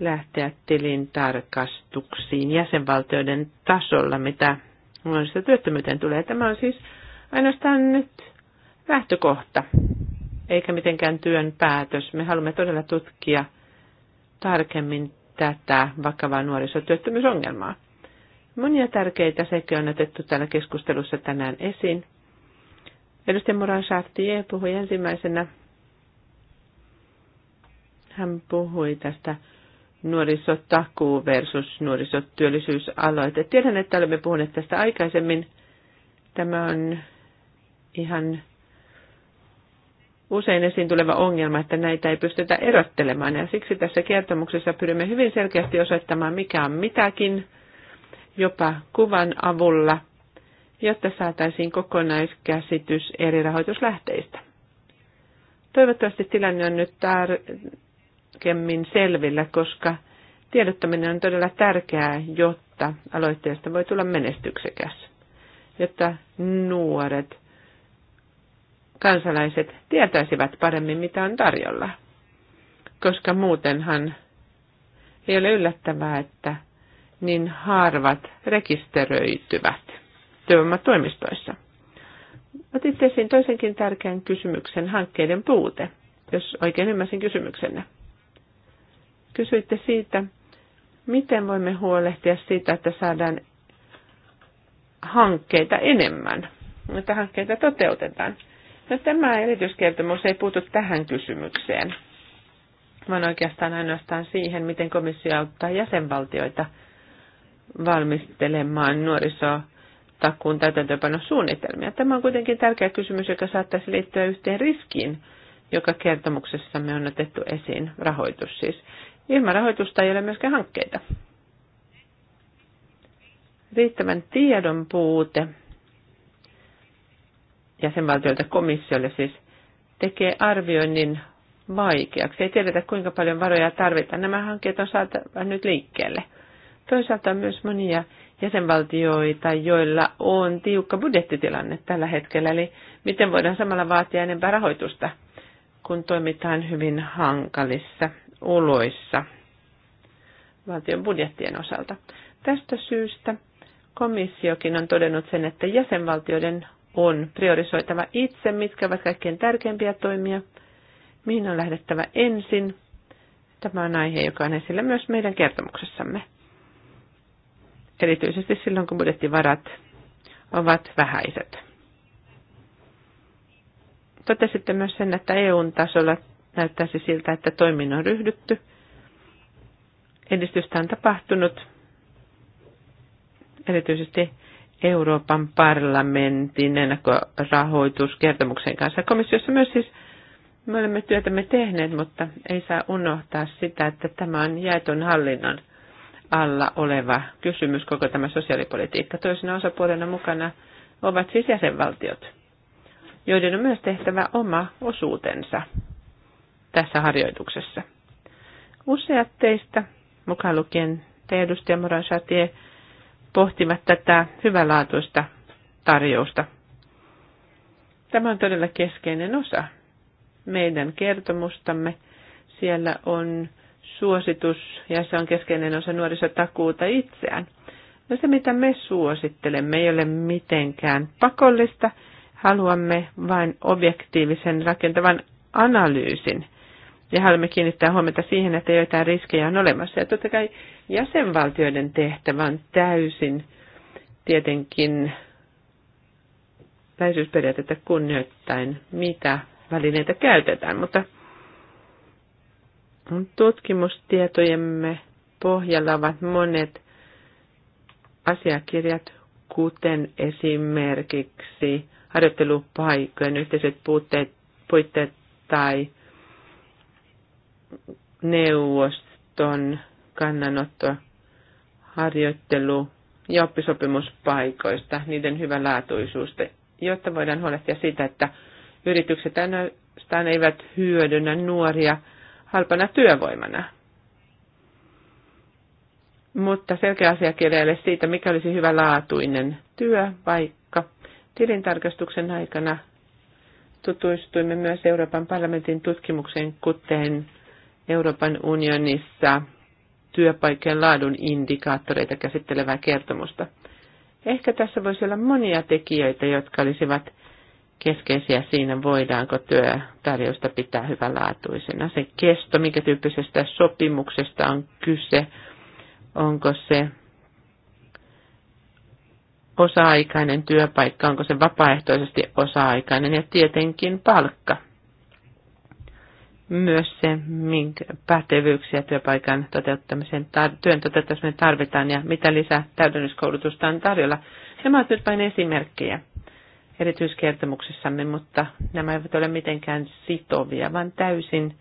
lähteä tilintarkastuksiin jäsenvaltioiden tasolla, mitä muodossa työttömyyteen tulee. Tämä on siis ainoastaan nyt lähtökohta, eikä mitenkään työn päätös. Me haluamme todella tutkia tarkemmin tätä vakavaa nuorisotyöttömyysongelmaa. Monia tärkeitä sekin on otettu täällä keskustelussa tänään esiin. Edustaja Moran Chartier puhui ensimmäisenä. Hän puhui tästä nuorisotakuu versus nuorisotyöllisyysaloite. Tiedän, että olemme puhuneet tästä aikaisemmin. Tämä on ihan usein esiin tuleva ongelma, että näitä ei pystytä erottelemaan. Ja siksi tässä kertomuksessa pyrimme hyvin selkeästi osoittamaan, mikä on mitäkin, jopa kuvan avulla, jotta saataisiin kokonaiskäsitys eri rahoituslähteistä. Toivottavasti tilanne on nyt tar- tarkemmin selvillä, koska tiedottaminen on todella tärkeää, jotta aloitteesta voi tulla menestyksekäs, jotta nuoret kansalaiset tietäisivät paremmin, mitä on tarjolla. Koska muutenhan ei ole yllättävää, että niin harvat rekisteröityvät työvoimatoimistoissa. Otitte esiin toisenkin tärkeän kysymyksen, hankkeiden puute, jos oikein ymmärsin kysymyksenne. Kysyitte siitä, miten voimme huolehtia siitä, että saadaan hankkeita enemmän, että hankkeita toteutetaan. No, tämä erityiskertomus ei puutu tähän kysymykseen, vaan oikeastaan ainoastaan siihen, miten komissio auttaa jäsenvaltioita valmistelemaan nuorisotakuun täytäntöönpanosuunnitelmia. Tämä on kuitenkin tärkeä kysymys, joka saattaisi liittyä yhteen riskiin, joka kertomuksessamme on otettu esiin, rahoitus siis. Ilman rahoitusta ei ole myöskään hankkeita. Riittävän tiedon puute jäsenvaltioilta komissiolle siis tekee arvioinnin vaikeaksi. Ei tiedetä, kuinka paljon varoja tarvitaan. Nämä hankkeet on saatava nyt liikkeelle. Toisaalta on myös monia jäsenvaltioita, joilla on tiukka budjettitilanne tällä hetkellä. Eli miten voidaan samalla vaatia enempää rahoitusta, kun toimitaan hyvin hankalissa oloissa valtion budjettien osalta. Tästä syystä komissiokin on todennut sen, että jäsenvaltioiden on priorisoitava itse, mitkä ovat kaikkein tärkeimpiä toimia, mihin on lähdettävä ensin. Tämä on aihe, joka on esillä myös meidän kertomuksessamme. Erityisesti silloin, kun budjettivarat ovat vähäiset. Totesitte myös sen, että EUn tasolla näyttäisi siltä, että toimin on ryhdytty. Edistystä on tapahtunut erityisesti Euroopan parlamentin ennakkorahoituskertomuksen kanssa. Komissiossa myös siis me olemme työtämme tehneet, mutta ei saa unohtaa sitä, että tämä on jaetun hallinnon alla oleva kysymys, koko tämä sosiaalipolitiikka. Toisena osapuolena mukana ovat siis jäsenvaltiot, joiden on myös tehtävä oma osuutensa tässä harjoituksessa. Useat teistä, mukaan lukien te edustaja Moran Chatie, pohtivat tätä hyvänlaatuista tarjousta. Tämä on todella keskeinen osa meidän kertomustamme. Siellä on suositus ja se on keskeinen osa nuorisotakuuta itseään. No se, mitä me suosittelemme, ei ole mitenkään pakollista. Haluamme vain objektiivisen rakentavan analyysin ja haluamme kiinnittää huomiota siihen, että joitain riskejä on olemassa. Ja totta kai jäsenvaltioiden tehtävä on täysin tietenkin läheisyysperiaatetta kunnioittain, mitä välineitä käytetään, mutta tutkimustietojemme pohjalla ovat monet asiakirjat, kuten esimerkiksi harjoittelupaikojen yhteiset puutteet, puitteet tai neuvoston kannanotto harjoittelu- ja oppisopimuspaikoista, niiden hyvänlaatuisuus, jotta voidaan huolehtia siitä, että yritykset ainoastaan eivät hyödynnä nuoria halpana työvoimana. Mutta selkeä asia kirjalle siitä, mikä olisi työ, vaikka Tilintarkastuksen aikana tutuistuimme myös Euroopan parlamentin tutkimukseen, kuten Euroopan unionissa työpaikkojen laadun indikaattoreita käsittelevää kertomusta. Ehkä tässä voisi olla monia tekijöitä, jotka olisivat keskeisiä siinä, voidaanko työtarjousta pitää hyvänlaatuisena. Se kesto, minkä tyyppisestä sopimuksesta on kyse, onko se osa-aikainen työpaikka, onko se vapaaehtoisesti osa-aikainen ja tietenkin palkka myös se, minkä pätevyyksiä työpaikan toteuttamisen, tar- työn toteuttamiseen tarvitaan ja mitä lisää täydennyskoulutusta on tarjolla. Nämä ovat nyt vain esimerkkejä erityiskertomuksessamme, mutta nämä eivät ole mitenkään sitovia, vaan täysin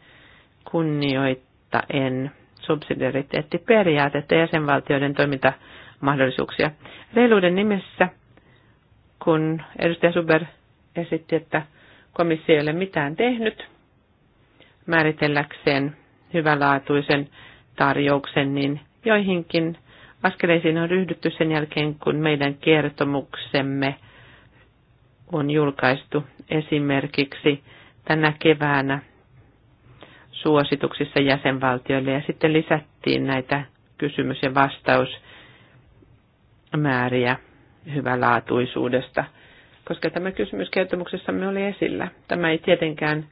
kunnioittaen subsidiariteettiperiaatetta ja jäsenvaltioiden toimintamahdollisuuksia. Reiluuden nimessä, kun edustaja Suber esitti, että komissio ei ole mitään tehnyt – määritelläkseen hyvälaatuisen tarjouksen, niin joihinkin askeleisiin on ryhdytty sen jälkeen, kun meidän kertomuksemme on julkaistu esimerkiksi tänä keväänä suosituksissa jäsenvaltioille ja sitten lisättiin näitä kysymys- ja vastausmääriä hyvälaatuisuudesta, koska tämä kysymys kertomuksessamme oli esillä. Tämä ei tietenkään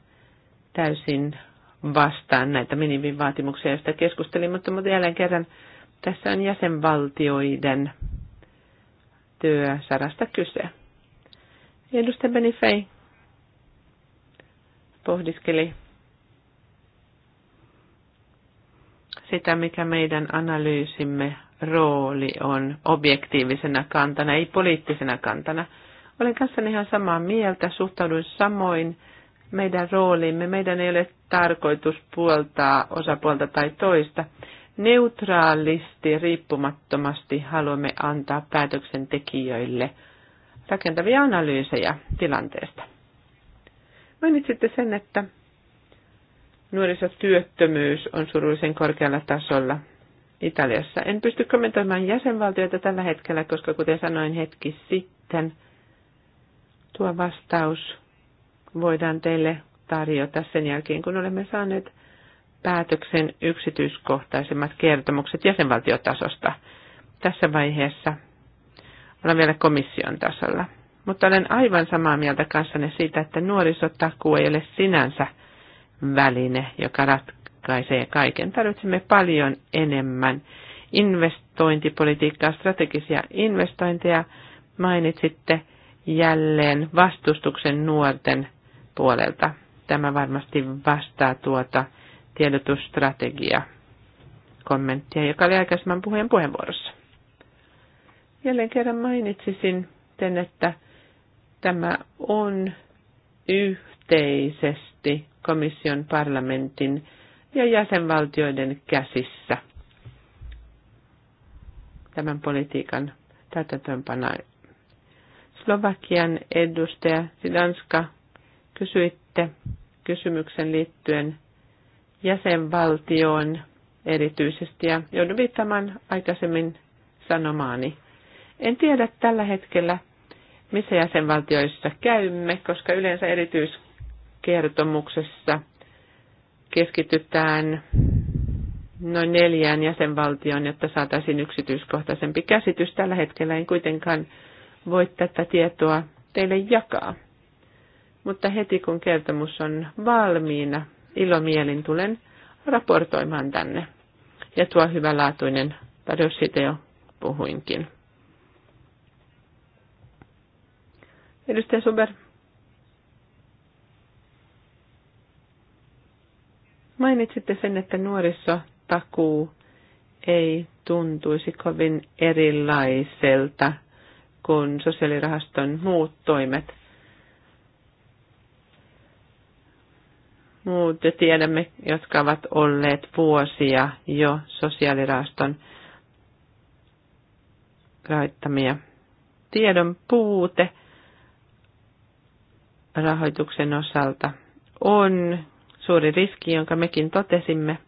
täysin vastaan näitä minimivaatimuksia, joista keskustelin, mutta, jälleen kerran tässä on jäsenvaltioiden työsarasta kyse. Edustaja Benifei pohdiskeli sitä, mikä meidän analyysimme rooli on objektiivisena kantana, ei poliittisena kantana. Olen kanssani ihan samaa mieltä, suhtauduin samoin – meidän roolimme. Meidän ei ole tarkoitus puoltaa osapuolta tai toista. Neutraalisti, riippumattomasti haluamme antaa päätöksentekijöille rakentavia analyysejä tilanteesta. Mainitsitte sen, että nuorisotyöttömyys on surullisen korkealla tasolla Italiassa. En pysty kommentoimaan jäsenvaltioita tällä hetkellä, koska kuten sanoin hetki sitten, tuo vastaus voidaan teille tarjota sen jälkeen, kun olemme saaneet päätöksen yksityiskohtaisemmat kertomukset jäsenvaltiotasosta. Tässä vaiheessa olen vielä komission tasolla. Mutta olen aivan samaa mieltä kanssanne siitä, että nuorisotakuu ei ole sinänsä väline, joka ratkaisee kaiken. Tarvitsemme paljon enemmän investointipolitiikkaa, strategisia investointeja. Mainitsitte jälleen vastustuksen nuorten puolelta. Tämä varmasti vastaa tuota tiedotusstrategia kommenttia, joka oli aikaisemman puheen puheenvuorossa. Jälleen kerran mainitsisin sen, että tämä on yhteisesti komission parlamentin ja jäsenvaltioiden käsissä tämän politiikan täytäntöönpanoa. Slovakian edustaja Sidanska Kysyitte kysymyksen liittyen jäsenvaltioon erityisesti ja joudun viittamaan aikaisemmin sanomaani. En tiedä tällä hetkellä, missä jäsenvaltioissa käymme, koska yleensä erityiskertomuksessa keskitytään noin neljään jäsenvaltioon, jotta saataisiin yksityiskohtaisempi käsitys. Tällä hetkellä en kuitenkaan voi tätä tietoa teille jakaa mutta heti kun kertomus on valmiina, ilomielin tulen raportoimaan tänne. Ja tuo hyvälaatuinen tarjous jo puhuinkin. Edustaja Suber. Mainitsitte sen, että nuorisotakuu ei tuntuisi kovin erilaiselta kuin sosiaalirahaston muut toimet – muut jo tiedämme, jotka ovat olleet vuosia jo sosiaalirahaston rahoittamia. Tiedon puute rahoituksen osalta on suuri riski, jonka mekin totesimme.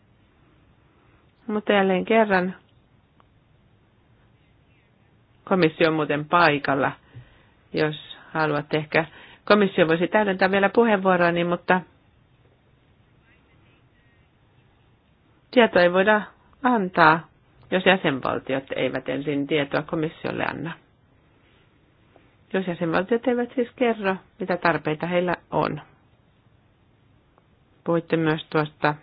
Mutta jälleen kerran komissio on muuten paikalla, jos haluat ehkä. Komissio voisi täydentää vielä puheenvuoroani, mutta Tietoa ei voida antaa, jos jäsenvaltiot eivät ensin tietoa komissiolle anna. Jos jäsenvaltiot eivät siis kerro, mitä tarpeita heillä on. Puhuitte myös tuosta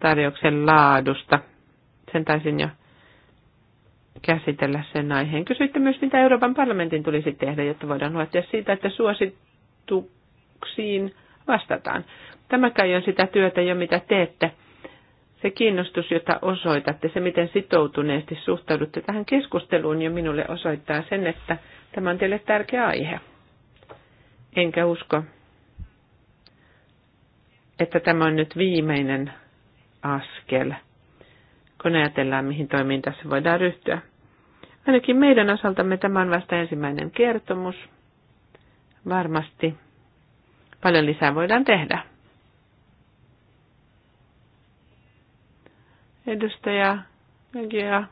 tarjouksen laadusta. Sen taisin jo käsitellä sen aiheen. Kysyitte myös, mitä Euroopan parlamentin tulisi tehdä, jotta voidaan huolehtia siitä, että suosituksiin vastataan. Tämä kai on sitä työtä jo, mitä teette se kiinnostus, jota osoitatte, se miten sitoutuneesti suhtaudutte tähän keskusteluun jo minulle osoittaa sen, että tämä on teille tärkeä aihe. Enkä usko, että tämä on nyt viimeinen askel, kun ajatellaan, mihin toimiin tässä voidaan ryhtyä. Ainakin meidän osaltamme tämä on vasta ensimmäinen kertomus. Varmasti paljon lisää voidaan tehdä. Edustaja Nagia,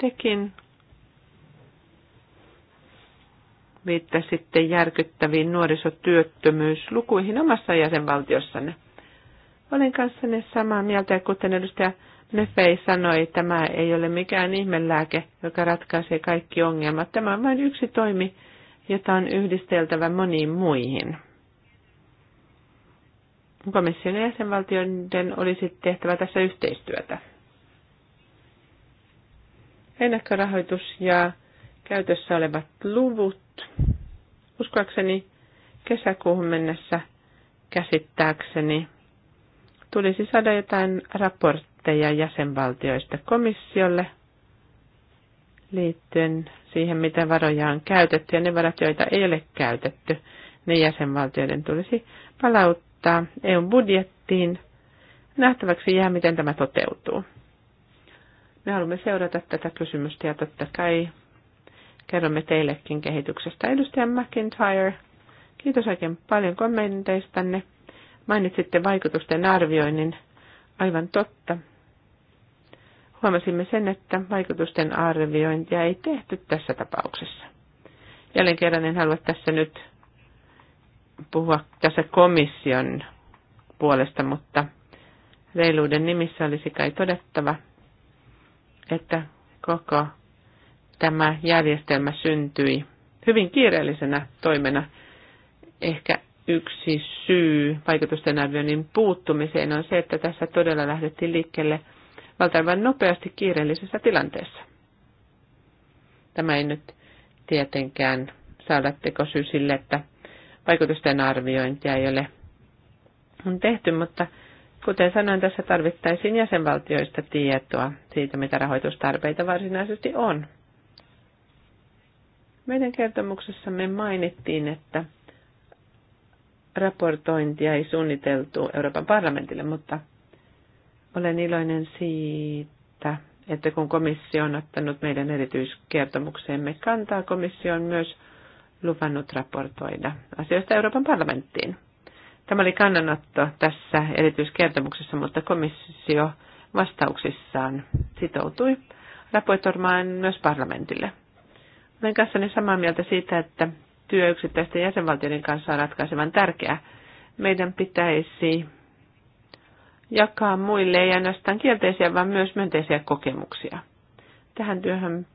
tekin viittasitte järkyttäviin nuorisotyöttömyyslukuihin omassa jäsenvaltiossanne. Olen kanssanne samaa mieltä, ja kuten edustaja Nefei sanoi, tämä ei ole mikään ihmelääke, joka ratkaisee kaikki ongelmat. Tämä on vain yksi toimi, jota on yhdisteltävä moniin muihin komission ja jäsenvaltioiden olisi tehtävä tässä yhteistyötä. Ennakkorahoitus ja käytössä olevat luvut. Uskoakseni kesäkuuhun mennessä käsittääkseni tulisi saada jotain raportteja jäsenvaltioista komissiolle liittyen siihen, miten varoja on käytetty ja ne varat, joita ei ole käytetty, niin jäsenvaltioiden tulisi palauttaa vaikuttaa EUn budjettiin. Nähtäväksi jää, miten tämä toteutuu. Me haluamme seurata tätä kysymystä ja totta kai kerromme teillekin kehityksestä. Edustaja McIntyre, kiitos oikein paljon kommenteistanne. Mainitsitte vaikutusten arvioinnin. Aivan totta. Huomasimme sen, että vaikutusten arviointia ei tehty tässä tapauksessa. Jälleen kerran en halua tässä nyt puhua tässä komission puolesta, mutta reiluuden nimissä olisi kai todettava, että koko tämä järjestelmä syntyi hyvin kiireellisenä toimena. Ehkä yksi syy vaikutusten arvioinnin puuttumiseen on se, että tässä todella lähdettiin liikkeelle valtavan nopeasti kiireellisessä tilanteessa. Tämä ei nyt tietenkään saada tekosyy sille, että vaikutusten arviointia ei ole tehty, mutta kuten sanoin, tässä tarvittaisiin jäsenvaltioista tietoa siitä, mitä rahoitustarpeita varsinaisesti on. Meidän kertomuksessamme mainittiin, että raportointia ei suunniteltu Euroopan parlamentille, mutta olen iloinen siitä, että kun komissio on ottanut meidän erityiskertomukseemme kantaa, komissio on myös luvannut raportoida asioista Euroopan parlamenttiin. Tämä oli kannanotto tässä erityiskertomuksessa, mutta komissio vastauksissaan sitoutui raportoimaan myös parlamentille. Olen kanssani samaa mieltä siitä, että työ yksittäisten jäsenvaltioiden kanssa on ratkaisevan tärkeää. Meidän pitäisi jakaa muille ei ainoastaan kielteisiä, vaan myös myönteisiä kokemuksia. Tähän työhön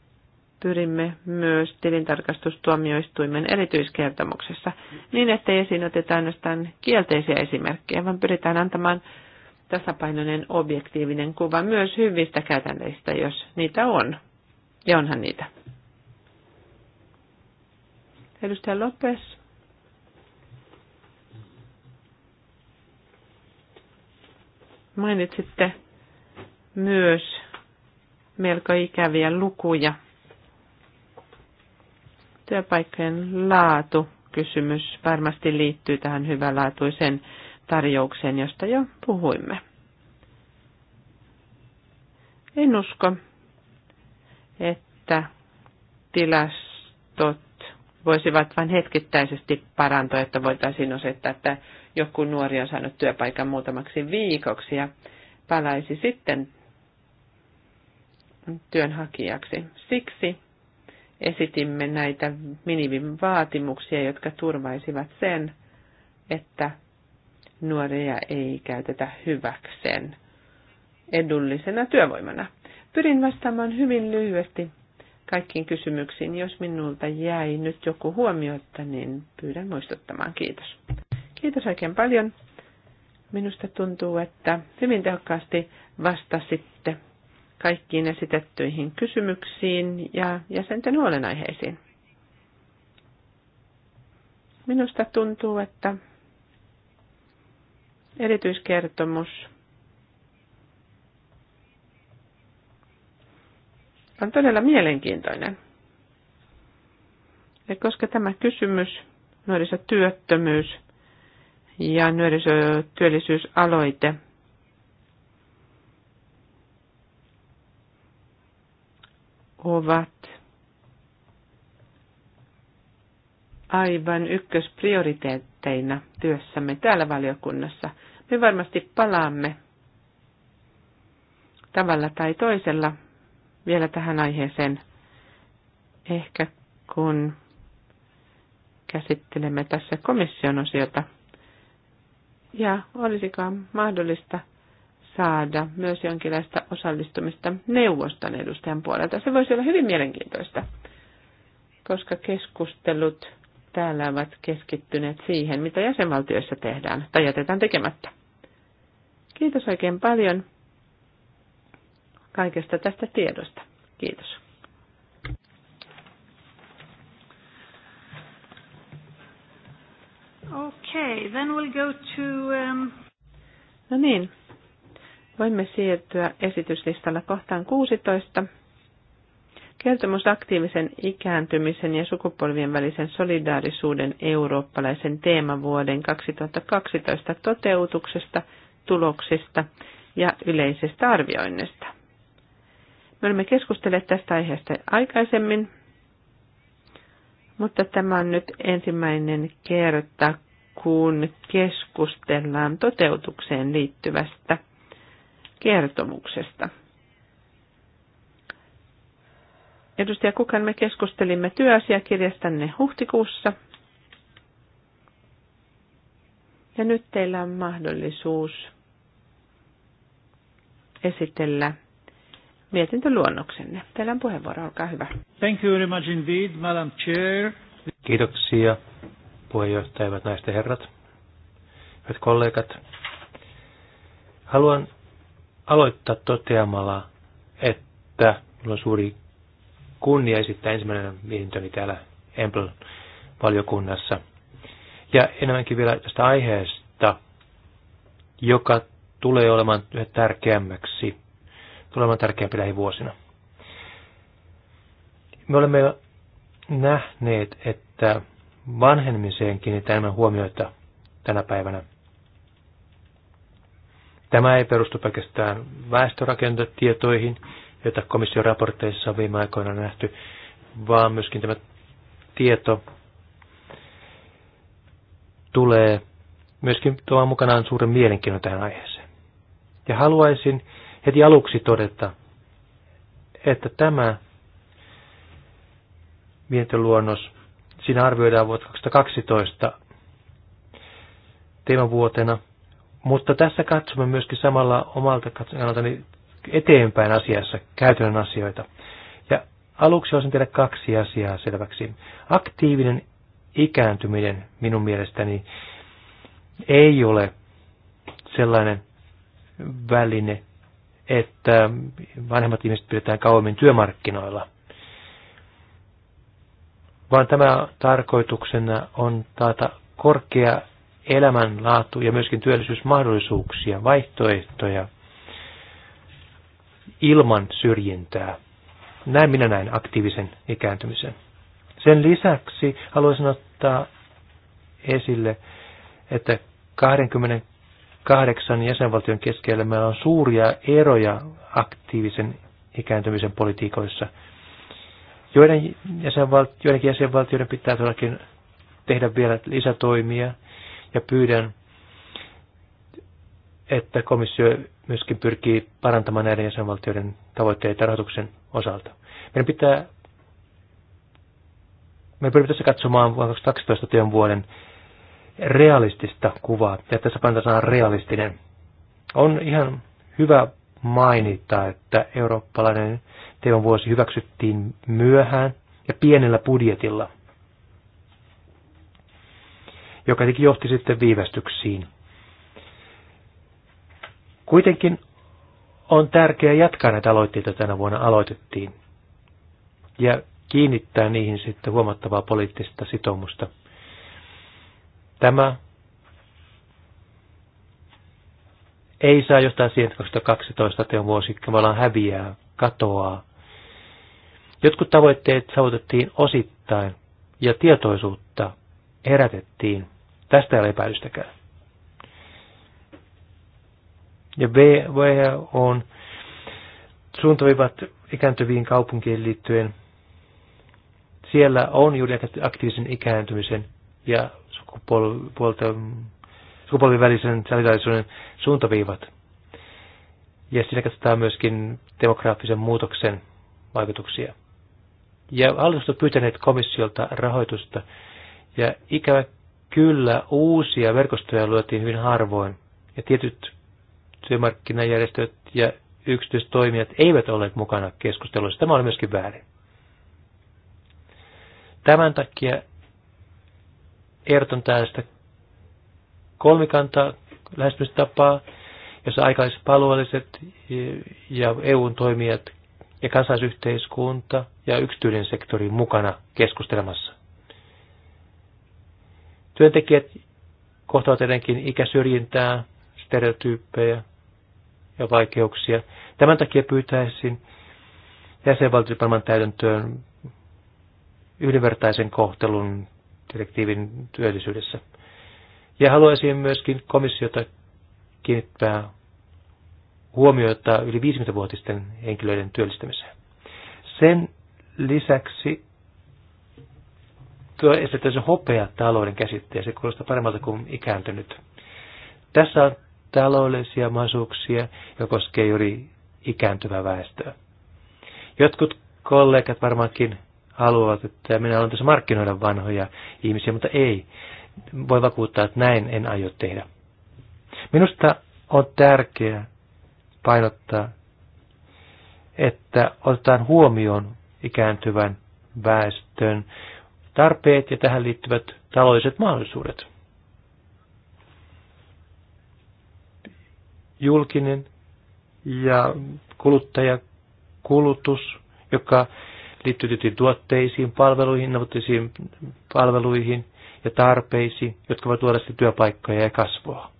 pyrimme myös tilintarkastustuomioistuimen erityiskertomuksessa niin, ettei esiin oteta ainoastaan kielteisiä esimerkkejä, vaan pyritään antamaan tasapainoinen objektiivinen kuva myös hyvistä käytännöistä, jos niitä on. Ja onhan niitä. Edustaja Lopes. Mainitsitte myös melko ikäviä lukuja työpaikkojen laatu kysymys varmasti liittyy tähän hyvänlaatuisen tarjoukseen, josta jo puhuimme. En usko, että tilastot voisivat vain hetkittäisesti parantua, että voitaisiin osoittaa, että joku nuori on saanut työpaikan muutamaksi viikoksi ja palaisi sitten työnhakijaksi. Siksi esitimme näitä minimivaatimuksia, jotka turvaisivat sen, että nuoria ei käytetä hyväkseen edullisena työvoimana. Pyrin vastaamaan hyvin lyhyesti kaikkiin kysymyksiin. Jos minulta jäi nyt joku huomiota, niin pyydän muistuttamaan. Kiitos. Kiitos oikein paljon. Minusta tuntuu, että hyvin tehokkaasti vastasitte kaikkiin esitettyihin kysymyksiin ja jäsenten huolenaiheisiin. Minusta tuntuu, että erityiskertomus on todella mielenkiintoinen. Ja koska tämä kysymys, nuorisotyöttömyys ja nuorisotyöllisyysaloite – ovat aivan ykkösprioriteetteina työssämme täällä valiokunnassa. Me varmasti palaamme tavalla tai toisella vielä tähän aiheeseen, ehkä kun käsittelemme tässä komission osiota. Ja olisikaan mahdollista saada myös jonkinlaista osallistumista neuvoston edustajan puolelta. Se voisi olla hyvin mielenkiintoista, koska keskustelut täällä ovat keskittyneet siihen, mitä jäsenvaltioissa tehdään tai jätetään tekemättä. Kiitos oikein paljon kaikesta tästä tiedosta. Kiitos. Okay, then we'll go to... Um... No niin, Voimme siirtyä esityslistalla kohtaan 16. Kertomus aktiivisen ikääntymisen ja sukupolvien välisen solidaarisuuden eurooppalaisen teemavuoden 2012 toteutuksesta, tuloksista ja yleisestä arvioinnista. Me olemme keskustelleet tästä aiheesta aikaisemmin, mutta tämä on nyt ensimmäinen kerta, kun keskustellaan toteutukseen liittyvästä – kertomuksesta. Edustaja Kukan, me keskustelimme työasiakirjastanne huhtikuussa. Ja nyt teillä on mahdollisuus esitellä mietintöluonnoksenne. Teillä on puheenvuoro, olkaa hyvä. Thank you very much indeed, Madam Chair. Kiitoksia, puheenjohtajat, hyvät naiset ja herrat, hyvät kollegat. Haluan aloittaa toteamalla, että minulla on suuri kunnia esittää ensimmäinen mietintöni täällä Empel-valiokunnassa. Ja enemmänkin vielä tästä aiheesta, joka tulee olemaan yhä tärkeämmäksi, tulee olemaan tärkeämpi lähivuosina. Me olemme jo nähneet, että vanhemmiseen kiinnitetään enemmän huomioita tänä päivänä. Tämä ei perustu pelkästään väestörakentatietoihin, joita komission raporteissa on viime aikoina nähty, vaan myöskin tämä tieto tulee myöskin tuomaan mukanaan suuren mielenkiinnon tähän aiheeseen. Ja haluaisin heti aluksi todeta, että tämä mietintöluonnos, siinä arvioidaan vuotta 2012 teemavuotena – mutta tässä katsomme myöskin samalla omalta katsomaltani eteenpäin asiassa käytännön asioita. Ja aluksi olisin tehdä kaksi asiaa selväksi. Aktiivinen ikääntyminen minun mielestäni ei ole sellainen väline, että vanhemmat ihmiset pidetään kauemmin työmarkkinoilla. Vaan tämä tarkoituksena on taata korkea elämänlaatu ja myöskin työllisyysmahdollisuuksia, vaihtoehtoja ilman syrjintää. Näin minä näen aktiivisen ikääntymisen. Sen lisäksi haluaisin ottaa esille, että 28 jäsenvaltion keskellä meillä on suuria eroja aktiivisen ikääntymisen politiikoissa. Joiden jäsenvaltio, joidenkin jäsenvaltioiden pitää todellakin tehdä vielä lisätoimia, ja pyydän, että komissio myöskin pyrkii parantamaan näiden jäsenvaltioiden tavoitteita rahoituksen osalta. Meidän pitää, me pyrimme tässä katsomaan vuonna 2012 työn vuoden realistista kuvaa, ja tässä painetaan sana realistinen. On ihan hyvä mainita, että eurooppalainen teon vuosi hyväksyttiin myöhään ja pienellä budjetilla – joka tietenkin johti sitten viivästyksiin. Kuitenkin on tärkeää jatkaa näitä aloitteita tänä vuonna aloitettiin ja kiinnittää niihin sitten huomattavaa poliittista sitoumusta. Tämä ei saa johtaa siihen, että 2012 teon vuosi häviää, katoaa. Jotkut tavoitteet saavutettiin osittain ja tietoisuutta herätettiin. Tästä ei ole epäilystäkään. Ja B on suuntavivat ikääntyviin kaupunkien liittyen. Siellä on juuri aktiivisen ikääntymisen ja sukupolvien välisen solidaarisuuden suuntaviivat. Ja siinä katsotaan myöskin demograafisen muutoksen vaikutuksia. Ja hallitus on pyytäneet komissiolta rahoitusta. Ja ikävä kyllä uusia verkostoja luotiin hyvin harvoin, ja tietyt työmarkkinajärjestöt ja yksityistoimijat eivät olleet mukana keskusteluissa. Tämä oli myöskin väärin. Tämän takia ehdotan tällaista kolmikantaa lähestymistapaa, jossa aikaiset palueelliset ja eu toimijat ja kansalaisyhteiskunta ja yksityinen sektori mukana keskustelemassa. Työntekijät kohtavat edelleenkin ikäsyrjintää, stereotyyppejä ja vaikeuksia. Tämän takia pyytäisin jäsenvaltioparman täytäntöön yhdenvertaisen kohtelun direktiivin työllisyydessä. Ja haluaisin myöskin komissiota kiinnittää huomiota yli 50-vuotisten henkilöiden työllistämiseen. Sen lisäksi tuo esitetään hopea talouden käsitteeseen, se kuulostaa paremmalta kuin ikääntynyt. Tässä on taloudellisia mahdollisuuksia, joka koskee juuri ikääntyvää väestöä. Jotkut kollegat varmaankin haluavat, että minä olen tässä markkinoida vanhoja ihmisiä, mutta ei. Voi vakuuttaa, että näin en aio tehdä. Minusta on tärkeää painottaa, että otetaan huomioon ikääntyvän väestön tarpeet ja tähän liittyvät taloudelliset mahdollisuudet. Julkinen ja kuluttajakulutus, joka liittyy tietysti tuotteisiin, palveluihin, innovatiivisiin palveluihin ja tarpeisiin, jotka voivat tuoda sitten työpaikkoja ja kasvua.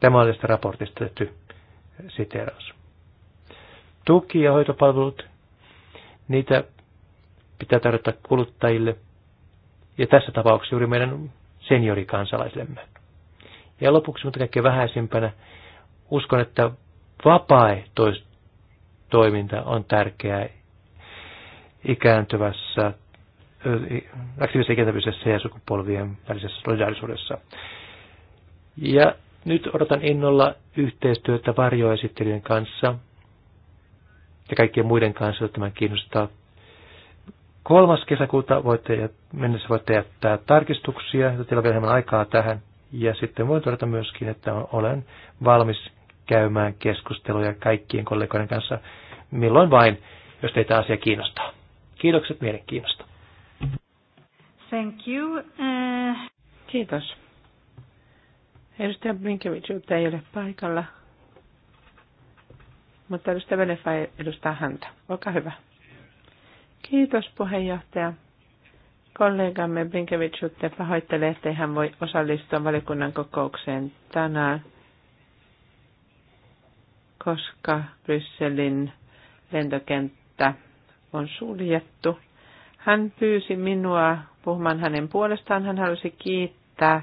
Tämä oli tästä raportista tehty siteraus. Tuki- ja hoitopalvelut, niitä pitää tarjota kuluttajille ja tässä tapauksessa juuri meidän seniorikansalaisillemme. Ja lopuksi, mutta kaikkein vähäisimpänä, uskon, että vapaaehtoistoiminta on tärkeää ikääntyvässä, aktiivisessa ikääntymisessä ja sukupolvien välisessä solidaarisuudessa. Ja nyt odotan innolla yhteistyötä varjoesittelyjen kanssa ja kaikkien muiden kanssa, että tämä kiinnostaa Kolmas kesäkuuta voitte, mennessä voitte jättää tarkistuksia, että teillä on vielä hieman aikaa tähän. Ja sitten voin todeta myöskin, että olen valmis käymään keskusteluja kaikkien kollegoiden kanssa milloin vain, jos teitä asia kiinnostaa. Kiitokset mielenkiinnosta. Thank you. Uh... Kiitos. Edustaja Blinkevich ei ole paikalla, mutta edustaja Venefai edustaa häntä. Olkaa hyvä. Kiitos puheenjohtaja. Kollegamme Blinkevichutte pahoittelee, että hän voi osallistua valiokunnan kokoukseen tänään, koska Brysselin lentokenttä on suljettu. Hän pyysi minua puhumaan hänen puolestaan. Hän halusi kiittää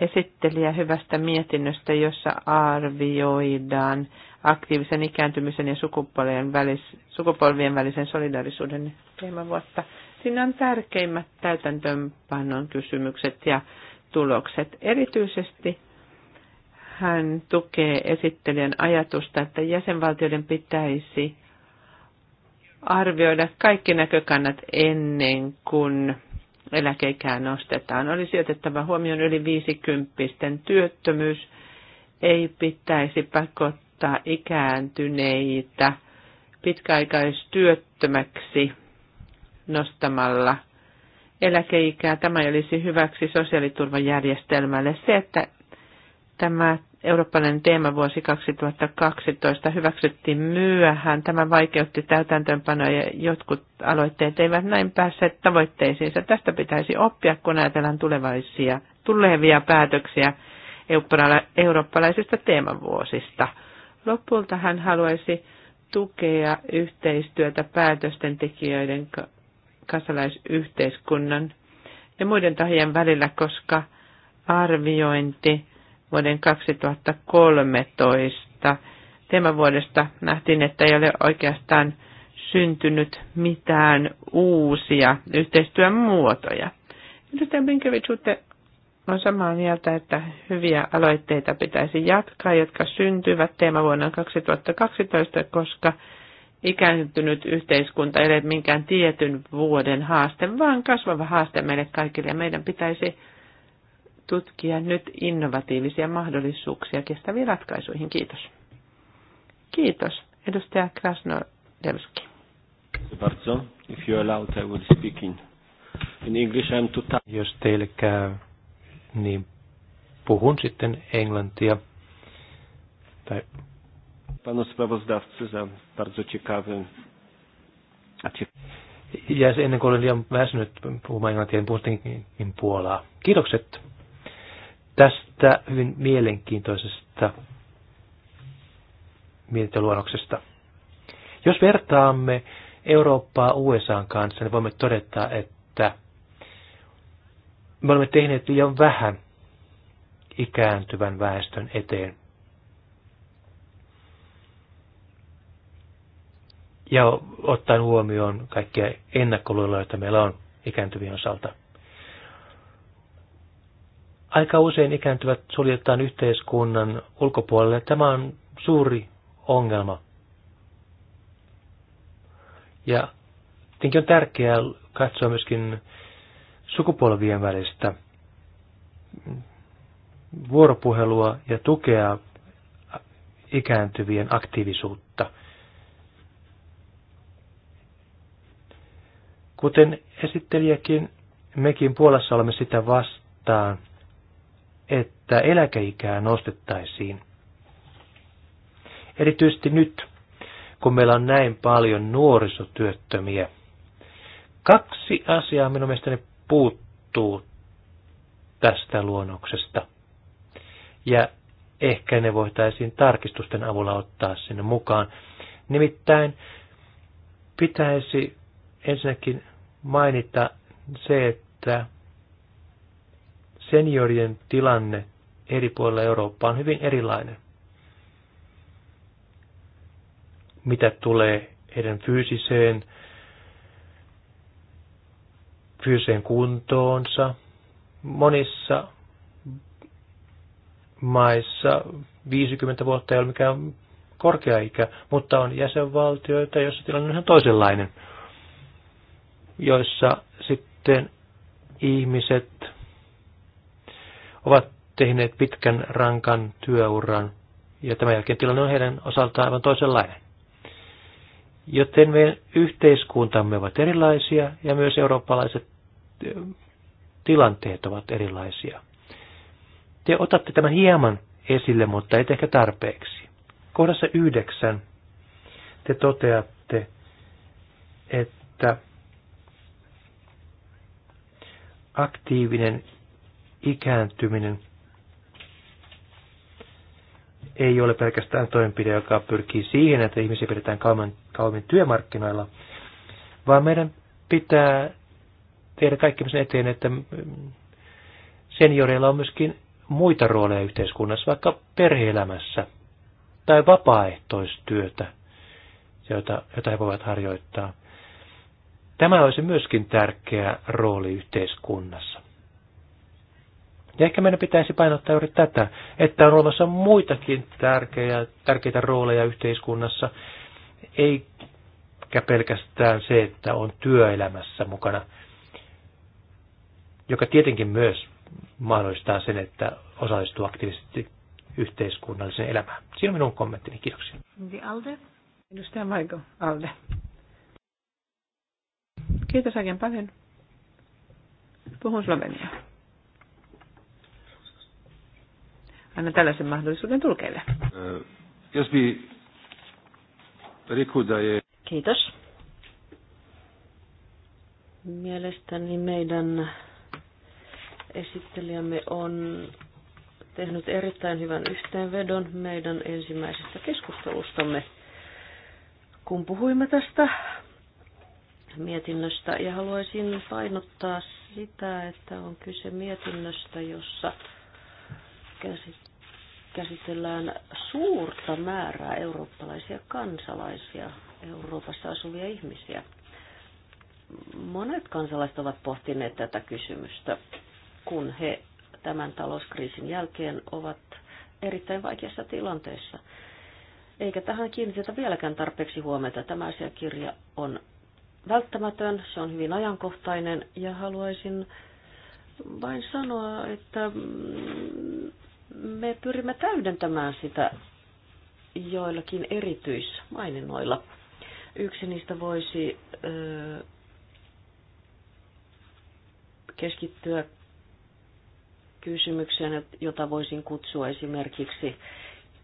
esittelijä hyvästä mietinnöstä, jossa arvioidaan aktiivisen ikääntymisen ja sukupolvien, välis, sukupolvien välisen solidaarisuuden teemavuotta. Siinä on tärkeimmät täytäntöönpannon kysymykset ja tulokset. Erityisesti hän tukee esittelijän ajatusta, että jäsenvaltioiden pitäisi arvioida kaikki näkökannat ennen kuin eläkeikää nostetaan. Olisi otettava huomioon yli 50 työttömyys. Ei pitäisi pakottaa muuttaa ikääntyneitä pitkäaikaistyöttömäksi nostamalla eläkeikää. Tämä olisi hyväksi sosiaaliturvajärjestelmälle. Se, että tämä eurooppalainen teemavuosi 2012 hyväksyttiin myöhään. Tämä vaikeutti täytäntöönpanoa ja jotkut aloitteet eivät näin päässeet tavoitteisiinsa. Tästä pitäisi oppia, kun ajatellaan tulevaisia, tulevia päätöksiä eurooppalaisista teemavuosista – Lopulta hän haluaisi tukea yhteistyötä päätösten tekijöiden kansalaisyhteiskunnan ja muiden tahojen välillä, koska arviointi vuoden 2013 teemavuodesta nähtiin, että ei ole oikeastaan syntynyt mitään uusia yhteistyön muotoja. Edustaja Minkiewicz, on samaa mieltä, että hyviä aloitteita pitäisi jatkaa, jotka syntyvät vuonna 2012, koska ikääntynyt yhteiskunta ei ole minkään tietyn vuoden haaste, vaan kasvava haaste meille kaikille. Meidän pitäisi tutkia nyt innovatiivisia mahdollisuuksia kestäviin ratkaisuihin. Kiitos. Kiitos. Edustaja Krasnodelski. If you allow, I will speak in, English. Jos teille käy, niin puhun sitten englantia. Tai... Panu sprawozdawcy za bardzo ciekawy... Ja se ennen kuin olen liian väsynyt puhumaan englantia, niin sittenkin Puolaa. Kiitokset tästä hyvin mielenkiintoisesta mietintöluonnoksesta. Jos vertaamme Eurooppaa USAan kanssa, niin voimme todeta, että me olemme tehneet liian vähän ikääntyvän väestön eteen. Ja ottaen huomioon kaikkia ennakkoluuloja, joita meillä on ikääntyvien osalta. Aika usein ikääntyvät suljetaan yhteiskunnan ulkopuolelle. Tämä on suuri ongelma. Ja tietenkin on tärkeää katsoa myöskin sukupolvien välistä vuoropuhelua ja tukea ikääntyvien aktiivisuutta. Kuten esittelijäkin, mekin Puolassa olemme sitä vastaan, että eläkeikää nostettaisiin. Erityisesti nyt, kun meillä on näin paljon nuorisotyöttömiä. Kaksi asiaa minun mielestäni puuttuu tästä luonnoksesta. Ja ehkä ne voitaisiin tarkistusten avulla ottaa sinne mukaan. Nimittäin pitäisi ensinnäkin mainita se, että seniorien tilanne eri puolilla Eurooppaa on hyvin erilainen. Mitä tulee heidän fyysiseen fyysiseen kuntoonsa. Monissa maissa 50 vuotta ei ole mikään korkea ikä, mutta on jäsenvaltioita, joissa tilanne on ihan toisenlainen, joissa sitten ihmiset ovat tehneet pitkän rankan työuran ja tämän jälkeen tilanne on heidän osaltaan aivan toisenlainen. Joten meidän yhteiskuntamme ovat erilaisia ja myös eurooppalaiset tilanteet ovat erilaisia. Te otatte tämän hieman esille, mutta ei ehkä tarpeeksi. Kohdassa yhdeksän te toteatte, että aktiivinen ikääntyminen ei ole pelkästään toimenpide, joka pyrkii siihen, että ihmisiä pidetään kauemmin, työmarkkinoilla, vaan meidän pitää tehdä kaikki sen eteen, että senioreilla on myöskin muita rooleja yhteiskunnassa, vaikka perheelämässä tai vapaaehtoistyötä, jota, jota he voivat harjoittaa. Tämä olisi myöskin tärkeä rooli yhteiskunnassa. Ja ehkä meidän pitäisi painottaa juuri tätä, että on olemassa muitakin tärkeitä, tärkeitä rooleja yhteiskunnassa, eikä pelkästään se, että on työelämässä mukana – joka tietenkin myös mahdollistaa sen, että osallistuu aktiivisesti yhteiskunnalliseen elämään. Siinä on minun kommenttini. Kiitoksia. The Alde. Edustaja Maiko Alde. Kiitos oikein paljon. Puhun slovenia. Anna tällaisen mahdollisuuden tulkeille. Eh, Jos Kiitos. Mielestäni meidän Esittelijämme on tehnyt erittäin hyvän yhteenvedon meidän ensimmäisestä keskustelustamme, kun puhuimme tästä mietinnöstä. Ja haluaisin painottaa sitä, että on kyse mietinnöstä, jossa käsitellään suurta määrää eurooppalaisia kansalaisia, Euroopassa asuvia ihmisiä. Monet kansalaiset ovat pohtineet tätä kysymystä kun he tämän talouskriisin jälkeen ovat erittäin vaikeassa tilanteessa. Eikä tähän kiinnitetä vieläkään tarpeeksi huomiota. Tämä asiakirja on välttämätön, se on hyvin ajankohtainen ja haluaisin vain sanoa, että me pyrimme täydentämään sitä joillakin erityismaininnoilla. Yksi niistä voisi keskittyä kysymykseen, jota voisin kutsua esimerkiksi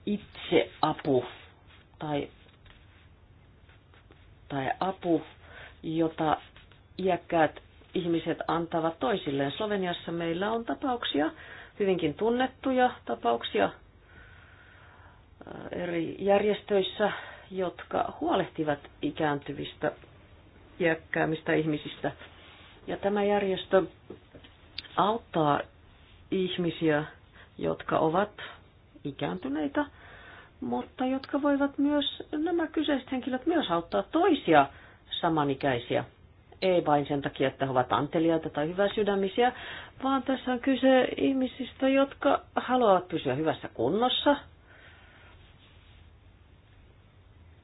itseapu tai, tai apu, jota iäkkäät ihmiset antavat toisilleen. Sloveniassa meillä on tapauksia, hyvinkin tunnettuja tapauksia eri järjestöissä, jotka huolehtivat ikääntyvistä iäkkäämistä ihmisistä. Ja tämä järjestö auttaa ihmisiä, jotka ovat ikääntyneitä, mutta jotka voivat myös, nämä kyseiset henkilöt myös auttaa toisia samanikäisiä. Ei vain sen takia, että he ovat anteliaita tai sydämisiä, vaan tässä on kyse ihmisistä, jotka haluavat pysyä hyvässä kunnossa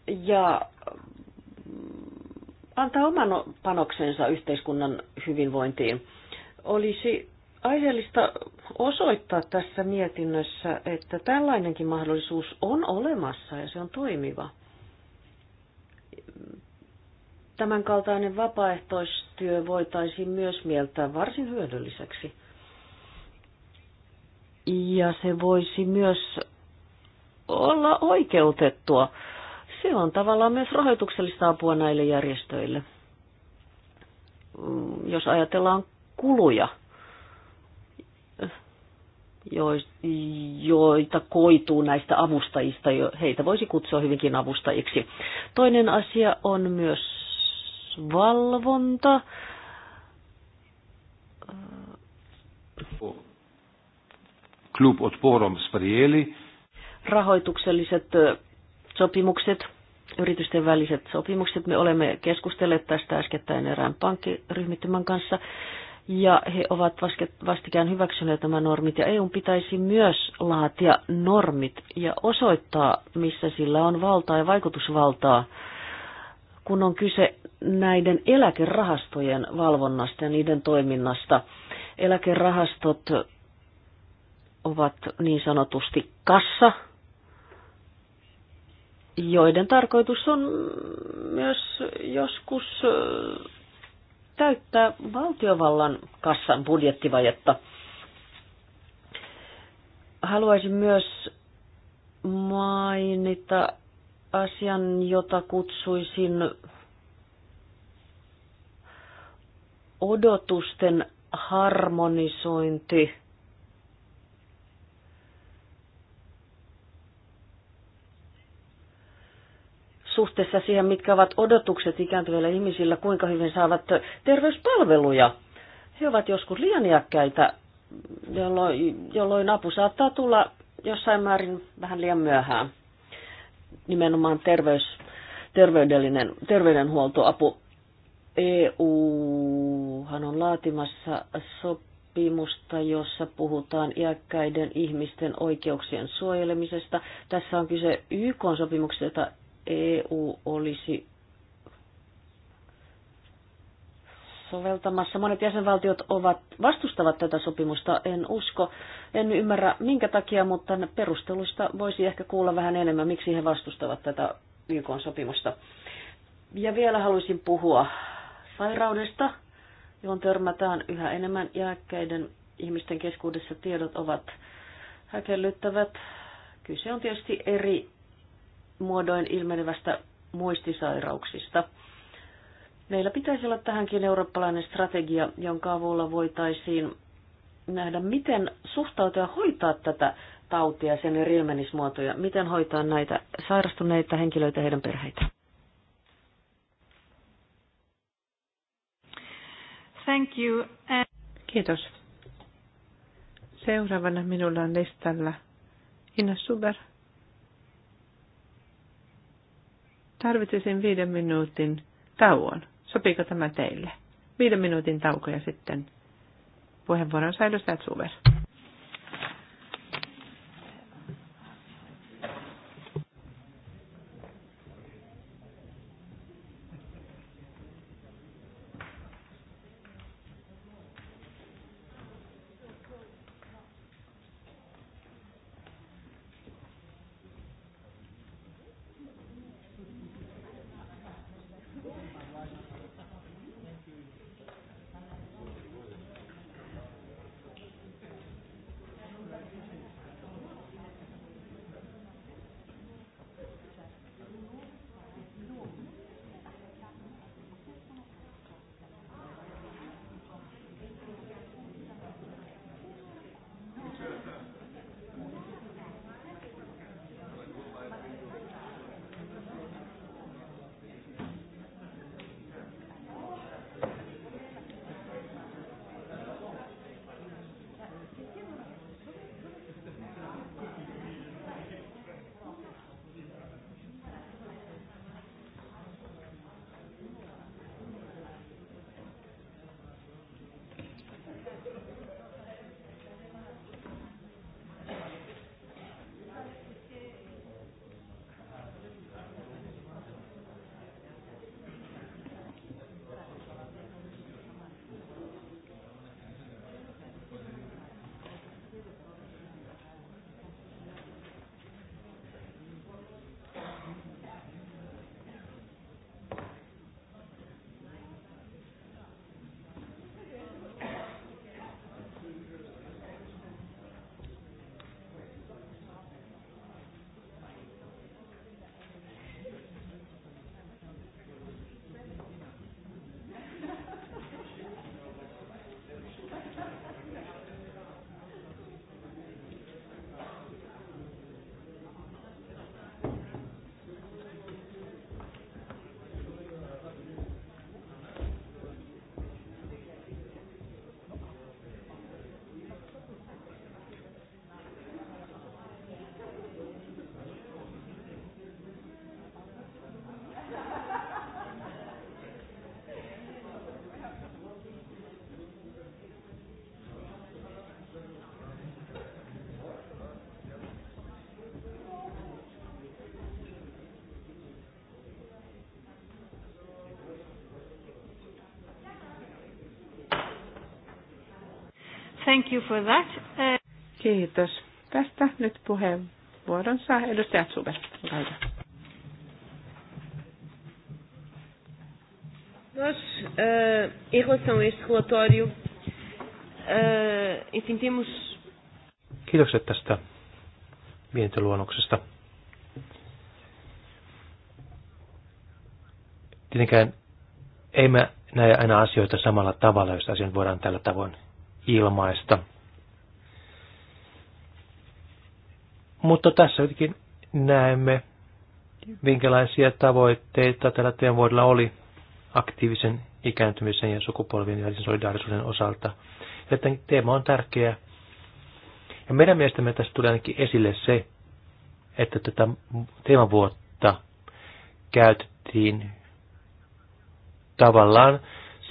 ja mm, antaa oman panoksensa yhteiskunnan hyvinvointiin. Olisi aiheellista osoittaa tässä mietinnössä, että tällainenkin mahdollisuus on olemassa ja se on toimiva. Tämänkaltainen vapaaehtoistyö voitaisiin myös mieltää varsin hyödylliseksi. Ja se voisi myös olla oikeutettua. Se on tavallaan myös rahoituksellista apua näille järjestöille. Mm, jos ajatellaan kuluja – joita koituu näistä avustajista. Heitä voisi kutsua hyvinkin avustajiksi. Toinen asia on myös valvonta. Klub Odporom sprieli Rahoitukselliset sopimukset, yritysten väliset sopimukset. Me olemme keskustelleet tästä äskettäin erään pankkiryhmittymän kanssa ja he ovat vastikään hyväksyneet nämä normit. Ja EUn pitäisi myös laatia normit ja osoittaa, missä sillä on valtaa ja vaikutusvaltaa, kun on kyse näiden eläkerahastojen valvonnasta ja niiden toiminnasta. Eläkerahastot ovat niin sanotusti kassa, joiden tarkoitus on myös joskus täyttää valtiovallan kassan budjettivajetta. Haluaisin myös mainita asian, jota kutsuisin odotusten harmonisointi suhteessa siihen, mitkä ovat odotukset ikääntyvillä ihmisillä, kuinka hyvin saavat terveyspalveluja. He ovat joskus liian iäkkäitä, jolloin, jolloin apu saattaa tulla jossain määrin vähän liian myöhään. Nimenomaan terveys, terveydellinen, terveydenhuoltoapu. EUhan on laatimassa sopimusta, jossa puhutaan iäkkäiden ihmisten oikeuksien suojelemisesta. Tässä on kyse YK-sopimuksesta, jota EU olisi soveltamassa. Monet jäsenvaltiot ovat, vastustavat tätä sopimusta, en usko, en ymmärrä minkä takia, mutta perusteluista voisi ehkä kuulla vähän enemmän, miksi he vastustavat tätä YK-sopimusta. Ja vielä haluaisin puhua sairaudesta, johon törmätään yhä enemmän jääkkäiden ihmisten keskuudessa. Tiedot ovat häkellyttävät. Kyse on tietysti eri muodoin ilmenevästä muistisairauksista. Meillä pitäisi olla tähänkin eurooppalainen strategia, jonka avulla voitaisiin nähdä, miten suhtautua ja hoitaa tätä tautia, sen rilmenismuotoja, miten hoitaa näitä sairastuneita henkilöitä ja heidän perheitä. Thank you. Kiitos. Seuraavana minulla on listalla Ina Suber tarvitsisin viiden minuutin tauon. Sopiiko tämä teille? Viiden minuutin tauko ja sitten puheenvuoron saa edustajat Suver. Thank you for that. Eh, Kiitos tästä. Nyt puheenvuoron saa edustaja Zuber. Nós, uh, em relação a este relatório, uh, eh, enfim, temos... Kiitokset tästä mietintöluonnoksesta. Tietenkään ei me näe aina asioita samalla tavalla, jos asian voidaan tällä tavoin ilmaista. Mutta tässä jotenkin näemme, minkälaisia tavoitteita tällä teidän vuodella oli aktiivisen ikääntymisen ja sukupolvien ja solidaarisuuden osalta. Joten teema on tärkeä. Ja meidän mielestämme tässä tulee ainakin esille se, että tätä teemavuotta käytettiin tavallaan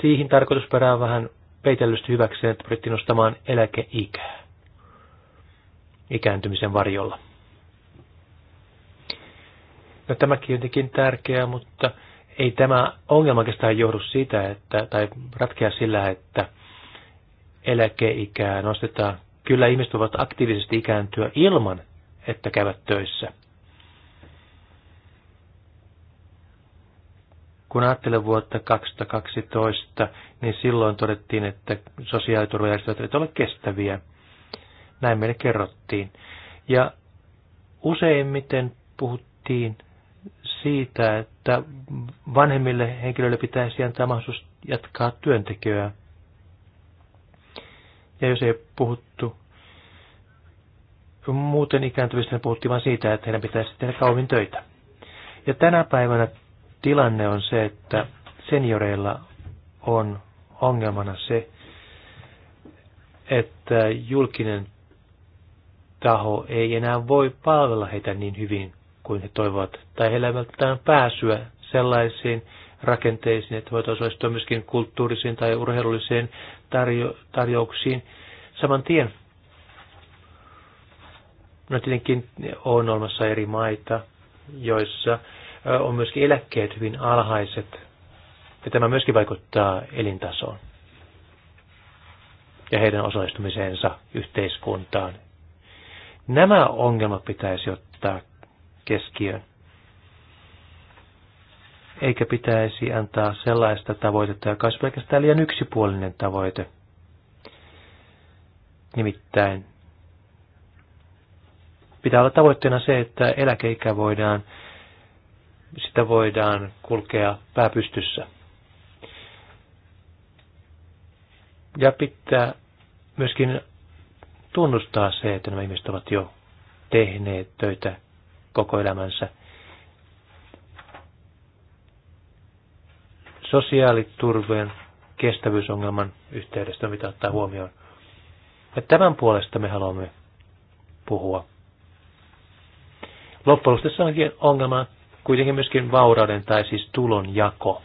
siihen tarkoitusperään vähän peitellysti hyväkseen, että pyrittiin nostamaan eläkeikää ikääntymisen varjolla. No tämäkin on jotenkin tärkeää, mutta ei tämä ongelma oikeastaan johdu siitä, että, tai ratkea sillä, että eläkeikää nostetaan. Kyllä ihmiset voivat aktiivisesti ikääntyä ilman, että käyvät töissä. Kun ajattelen vuotta 2012, niin silloin todettiin, että sosiaaliturvajärjestelmät eivät ole kestäviä. Näin meille kerrottiin. Ja useimmiten puhuttiin siitä, että vanhemmille henkilöille pitäisi antaa mahdollisuus jatkaa työntekijöä. Ja jos ei puhuttu muuten ikääntyvistä, niin puhuttiin vain siitä, että heidän pitäisi tehdä kauemmin töitä. Ja tänä päivänä tilanne on se, että senioreilla on ongelmana se, että julkinen taho ei enää voi palvella heitä niin hyvin kuin he toivovat, tai heillä ei välttämättä pääsyä sellaisiin rakenteisiin, että voit osallistua myöskin kulttuurisiin tai urheilullisiin tarjo- tarjouksiin saman tien. No tietenkin on olemassa eri maita, joissa on myöskin eläkkeet hyvin alhaiset, ja tämä myöskin vaikuttaa elintasoon ja heidän osallistumiseensa yhteiskuntaan. Nämä ongelmat pitäisi ottaa keskiöön. Eikä pitäisi antaa sellaista tavoitetta, joka olisi pelkästään liian yksipuolinen tavoite. Nimittäin pitää olla tavoitteena se, että eläkeikä voidaan sitä voidaan kulkea pääpystyssä. Ja pitää myöskin tunnustaa se, että nämä ihmiset ovat jo tehneet töitä koko elämänsä. Sosiaaliturveen kestävyysongelman yhteydestä mitä ottaa huomioon. Ja tämän puolesta me haluamme puhua. Loppujen onkin ongelma kuitenkin myöskin vaurauden tai siis tulon jako.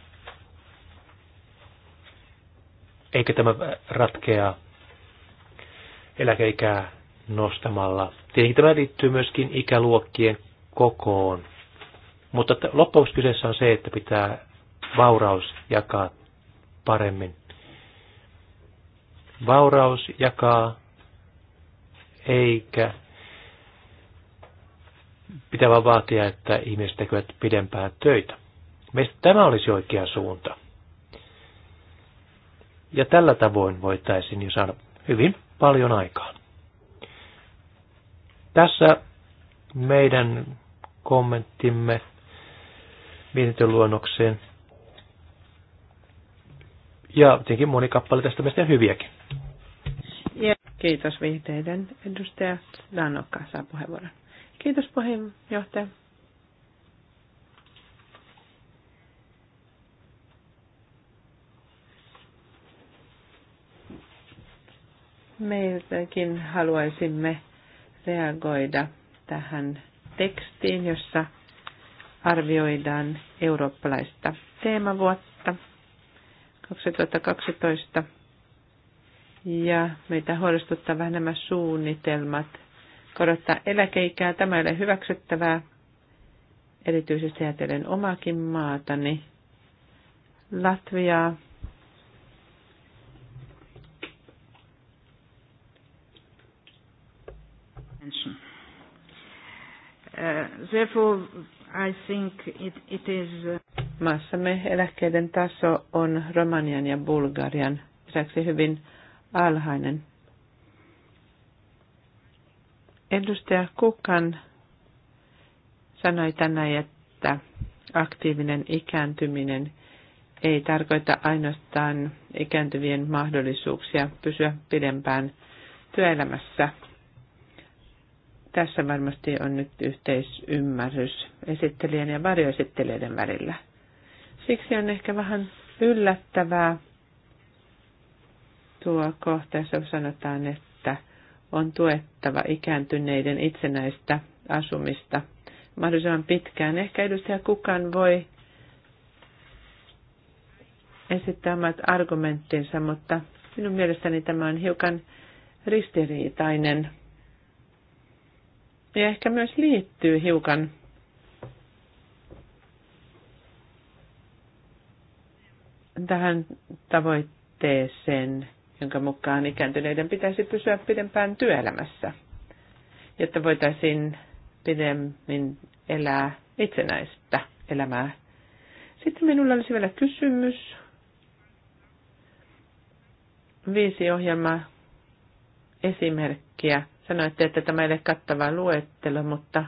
Eikä tämä ratkea eläkeikää nostamalla. Tietenkin tämä liittyy myöskin ikäluokkien kokoon. Mutta loppuksi kyseessä on se, että pitää vauraus jakaa paremmin. Vauraus jakaa eikä pitää vaan vaatia, että ihmiset tekevät pidempään töitä. Meistä tämä olisi oikea suunta. Ja tällä tavoin voitaisiin jo saada hyvin paljon aikaa. Tässä meidän kommenttimme mietintöluonnokseen. Ja tietenkin moni kappale tästä meistä hyviäkin. Ja kiitos viiteiden edustaja Danokka saa puheenvuoron. Kiitos puheenjohtaja. Meiltäkin haluaisimme reagoida tähän tekstiin, jossa arvioidaan eurooppalaista teemavuotta 2012. Ja meitä huolestuttaa vähän nämä suunnitelmat – korottaa eläkeikää. Tämä ei ole hyväksyttävää, erityisesti ajatellen omakin maatani, Latviaa. Uh, therefore, I think it, it is... Uh, Maassamme eläkkeiden taso on Romanian ja Bulgarian lisäksi hyvin alhainen. Edustaja Kukan sanoi tänään, että aktiivinen ikääntyminen ei tarkoita ainoastaan ikääntyvien mahdollisuuksia pysyä pidempään työelämässä. Tässä varmasti on nyt yhteisymmärrys esittelijän ja varjoesittelijöiden välillä. Siksi on ehkä vähän yllättävää tuo kohta, jossa sanotaan, että on tuettava ikääntyneiden itsenäistä asumista mahdollisimman pitkään. Ehkä edustaja kukaan voi esittää omat argumenttinsa, mutta minun mielestäni tämä on hiukan ristiriitainen ja ehkä myös liittyy hiukan tähän tavoitteeseen jonka mukaan ikääntyneiden pitäisi pysyä pidempään työelämässä, jotta voitaisiin pidemmin elää itsenäistä elämää. Sitten minulla olisi vielä kysymys. Viisi ohjelma esimerkkiä. Sanoitte, että tämä ei ole kattava luettelo, mutta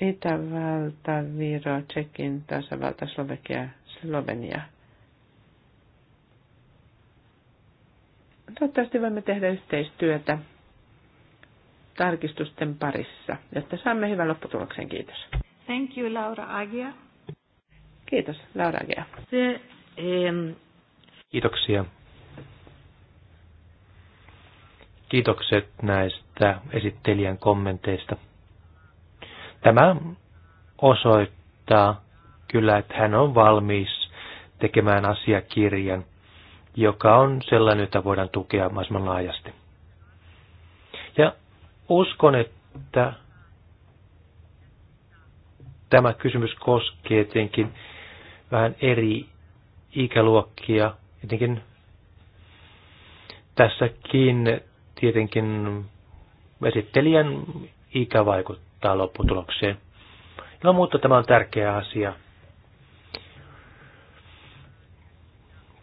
Itävalta, Viro, Tsekin, tasavalta, Slovakia, Slovenia – Toivottavasti voimme tehdä yhteistyötä tarkistusten parissa, jotta saamme hyvän lopputuloksen. Kiitos. Thank you, Laura Agia. Kiitos, Laura Agia. Se, um... Kiitoksia. Kiitokset näistä esittelijän kommenteista. Tämä osoittaa kyllä, että hän on valmis tekemään asiakirjan – joka on sellainen, jota voidaan tukea mahdollisimman laajasti. Ja uskon, että tämä kysymys koskee tietenkin vähän eri ikäluokkia, jotenkin tässäkin tietenkin esittelijän ikä vaikuttaa lopputulokseen. No mutta tämä on tärkeä asia.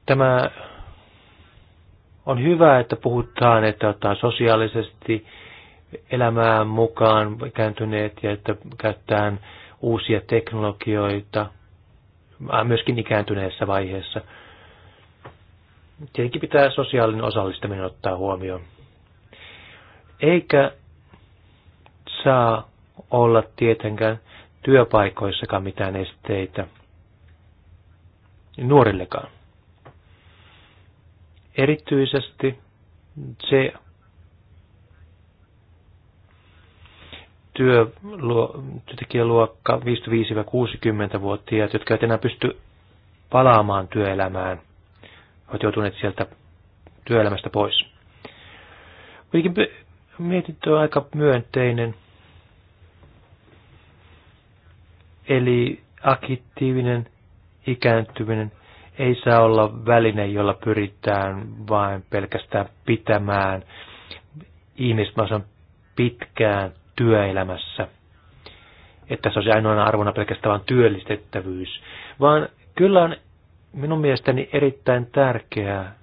Tämä on hyvä, että puhutaan, että ottaa sosiaalisesti elämään mukaan kääntyneet ja että käyttää uusia teknologioita myöskin ikääntyneessä vaiheessa. Tietenkin pitää sosiaalinen osallistaminen ottaa huomioon. Eikä saa olla tietenkään työpaikoissakaan mitään esteitä. Nuorillekaan. Erityisesti se työ, luo, työntekijäluokka 55-60-vuotiaat, jotka eivät enää pysty palaamaan työelämään, ovat joutuneet sieltä työelämästä pois. Kuitenkin mietintö on aika myönteinen. Eli aktiivinen ikääntyminen ei saa olla väline, jolla pyritään vain pelkästään pitämään ihmismaisen pitkään työelämässä. Että se olisi ainoana arvona pelkästään vain työllistettävyys. Vaan kyllä on minun mielestäni erittäin tärkeää,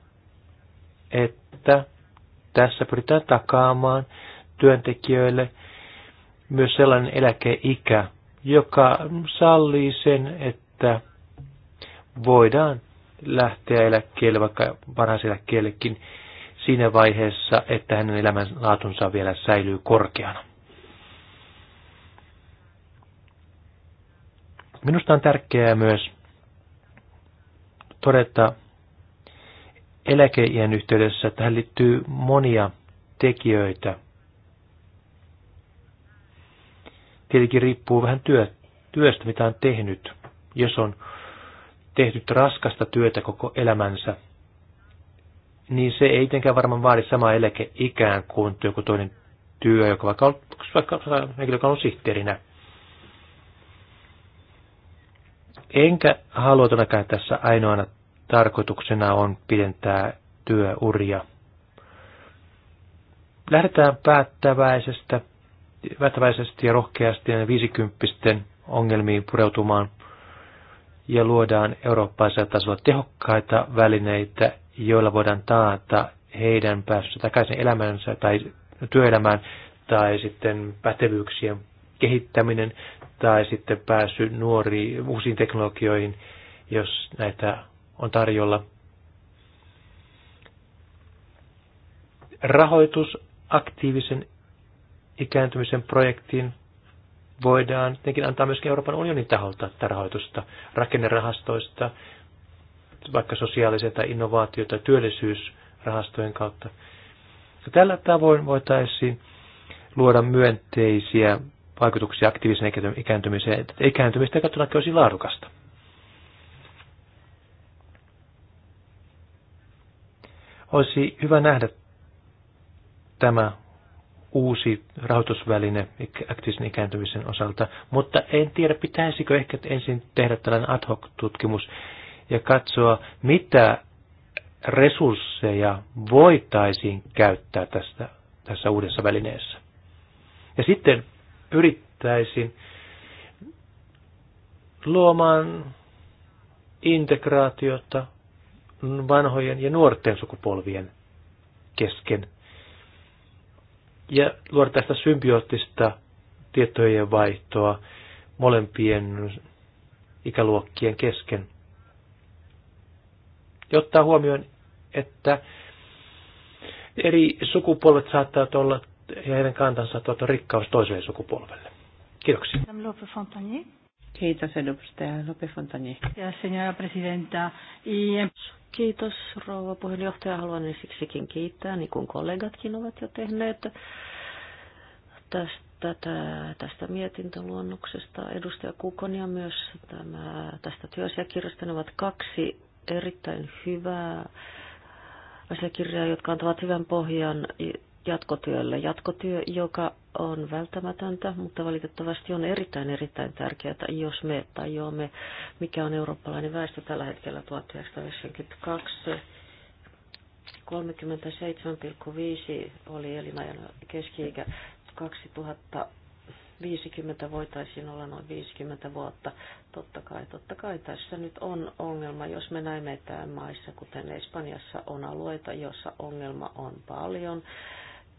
että tässä pyritään takaamaan työntekijöille myös sellainen eläkeikä, joka sallii sen, että voidaan lähteä eläkkeelle, vaikka varhaiseläkkeellekin, siinä vaiheessa, että hänen elämänlaatunsa vielä säilyy korkeana. Minusta on tärkeää myös todeta eläkeijän yhteydessä, että tähän liittyy monia tekijöitä. Tietenkin riippuu vähän työ, työstä, mitä on tehnyt. Jos on tehnyt raskasta työtä koko elämänsä, niin se ei tietenkään varmaan vaadi samaa ikään kuin joku toinen työ, joka vaikka on, vaikka henkilö, joka on sihteerinä. Enkä halua todellakaan tässä ainoana tarkoituksena on pidentää työuria. Lähdetään päättäväisestä, päättäväisesti ja rohkeasti ja viisikymppisten ongelmiin pureutumaan – ja luodaan eurooppaisella tasolla tehokkaita välineitä, joilla voidaan taata heidän pääsynsä takaisin elämänsä tai työelämään tai sitten pätevyyksien kehittäminen tai sitten pääsy nuori uusiin teknologioihin, jos näitä on tarjolla. Rahoitus aktiivisen ikääntymisen projektiin voidaan tietenkin antaa myöskin Euroopan unionin taholta tätä rahoitusta rakennerahastoista, vaikka sosiaalisia tai innovaatio- tai työllisyysrahastojen kautta. Tällä tavoin voitaisiin luoda myönteisiä vaikutuksia aktiivisen ikääntymiseen, että ikääntymistä katsotaan olisi laadukasta. Olisi hyvä nähdä tämä uusi rahoitusväline aktiivisen ikääntymisen osalta, mutta en tiedä, pitäisikö ehkä ensin tehdä tällainen ad hoc-tutkimus ja katsoa, mitä resursseja voitaisiin käyttää tästä, tässä uudessa välineessä. Ja sitten yrittäisin luomaan integraatiota vanhojen ja nuorten sukupolvien kesken ja luoda tästä symbioottista tietojen vaihtoa molempien ikäluokkien kesken. Ja ottaa huomioon, että eri sukupolvet saattavat olla ja heidän kantansa tuota olla rikkaus toiselle sukupolvelle. Kiitoksia. Kiitos edustaja Lope Fontanier. Ja senora presidenta. Kiitos rouva puheenjohtaja. Haluan ensiksikin kiittää, niin kuin kollegatkin ovat jo tehneet tästä tätä, tästä mietintöluonnoksesta edustaja Kukon ja myös tämä, tästä työasiakirjasta. Ne ovat kaksi erittäin hyvää asiakirjaa, jotka antavat hyvän pohjan jatkotyölle. Jatkotyö, joka on välttämätöntä, mutta valitettavasti on erittäin erittäin tärkeää, jos me tajuamme, mikä on eurooppalainen väestö tällä hetkellä 1992. 37,5 oli elinajan keski-ikä. 2050 voitaisiin olla noin 50 vuotta. Totta kai, totta kai tässä nyt on ongelma, jos me näemme, että maissa, kuten Espanjassa, on alueita, jossa ongelma on paljon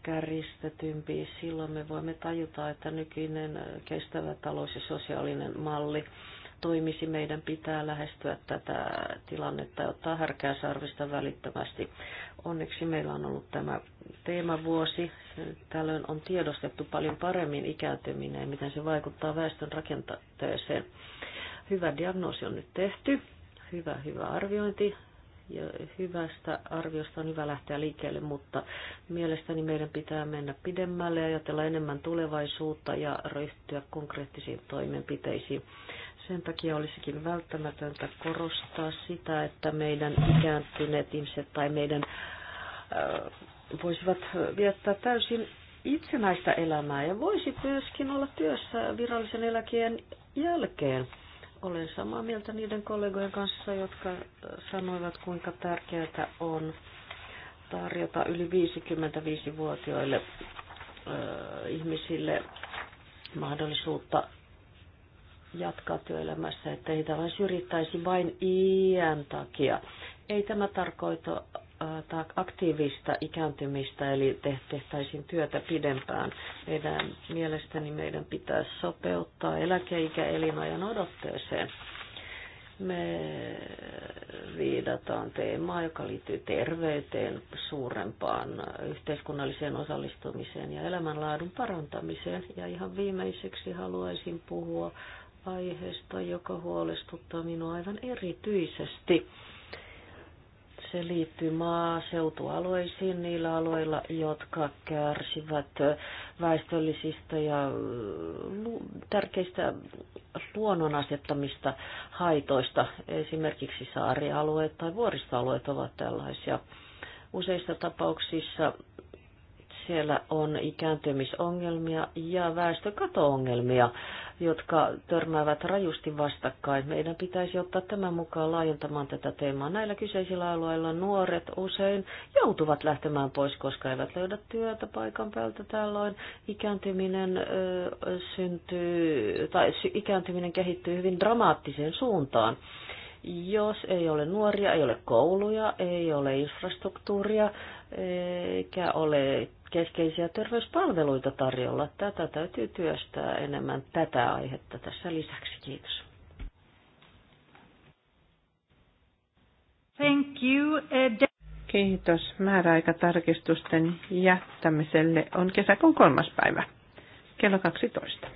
kärjistetympi. Silloin me voimme tajuta, että nykyinen kestävä talous- ja sosiaalinen malli toimisi. Meidän pitää lähestyä tätä tilannetta ja ottaa härkää sarvista välittömästi. Onneksi meillä on ollut tämä teemavuosi. Tällöin on tiedostettu paljon paremmin ikääntyminen ja miten se vaikuttaa väestön rakenteeseen. Hyvä diagnoosi on nyt tehty. Hyvä, hyvä arviointi ja hyvästä arviosta on hyvä lähteä liikkeelle, mutta mielestäni meidän pitää mennä pidemmälle ja ajatella enemmän tulevaisuutta ja ryhtyä konkreettisiin toimenpiteisiin. Sen takia olisikin välttämätöntä korostaa sitä, että meidän ikääntyneet ihmiset tai meidän äh, voisivat viettää täysin itsenäistä elämää ja voisi myöskin olla työssä virallisen eläkeen jälkeen olen samaa mieltä niiden kollegojen kanssa, jotka sanoivat, kuinka tärkeää on tarjota yli 55-vuotiaille ihmisille mahdollisuutta jatkaa työelämässä, että heitä vain syrjittäisi vain iän takia. Ei tämä tarkoita Äh, aktiivista ikääntymistä, eli tehtäisiin työtä pidempään. Meidän mielestäni meidän pitää sopeuttaa eläkeikä elinajan odotteeseen. Me viidataan teemaa, joka liittyy terveyteen, suurempaan yhteiskunnalliseen osallistumiseen ja elämänlaadun parantamiseen. Ja ihan viimeiseksi haluaisin puhua aiheesta, joka huolestuttaa minua aivan erityisesti se liittyy maaseutualueisiin niillä alueilla, jotka kärsivät väestöllisistä ja tärkeistä luonnon asettamista haitoista. Esimerkiksi saarialueet tai vuoristoalueet ovat tällaisia. Useissa tapauksissa siellä on ikääntymisongelmia ja väestökatoongelmia. ongelmia jotka törmäävät rajusti vastakkain. Meidän pitäisi ottaa tämän mukaan laajentamaan tätä teemaa. Näillä kyseisillä alueilla nuoret usein joutuvat lähtemään pois, koska eivät löydä työtä paikan päältä. Tällöin ikääntyminen, ö, syntyy, tai ikääntyminen kehittyy hyvin dramaattiseen suuntaan. Jos ei ole nuoria, ei ole kouluja, ei ole infrastruktuuria, eikä ole keskeisiä terveyspalveluita tarjolla. Tätä täytyy työstää enemmän tätä aihetta tässä lisäksi. Kiitos. Thank you. Kiitos. Määräaikatarkistusten jättämiselle on kesäkuun kolmas päivä, kello 12.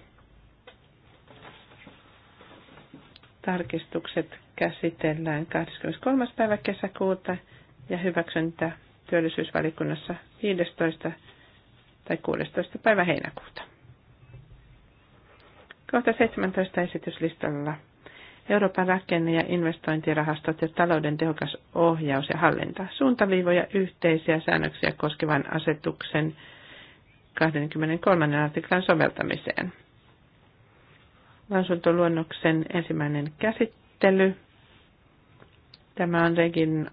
Tarkistukset käsitellään 23. päivä kesäkuuta ja hyväksyntä työllisyysvalikunnassa 15. tai 16. päivä heinäkuuta. Kohta 17 esityslistalla Euroopan rakenne- ja investointirahastot ja talouden tehokas ohjaus ja hallinta, suuntaviivoja yhteisiä säännöksiä koskevan asetuksen 23. artiklan soveltamiseen. Lausuntoluonnoksen ensimmäinen käsittely. Tämä on Regin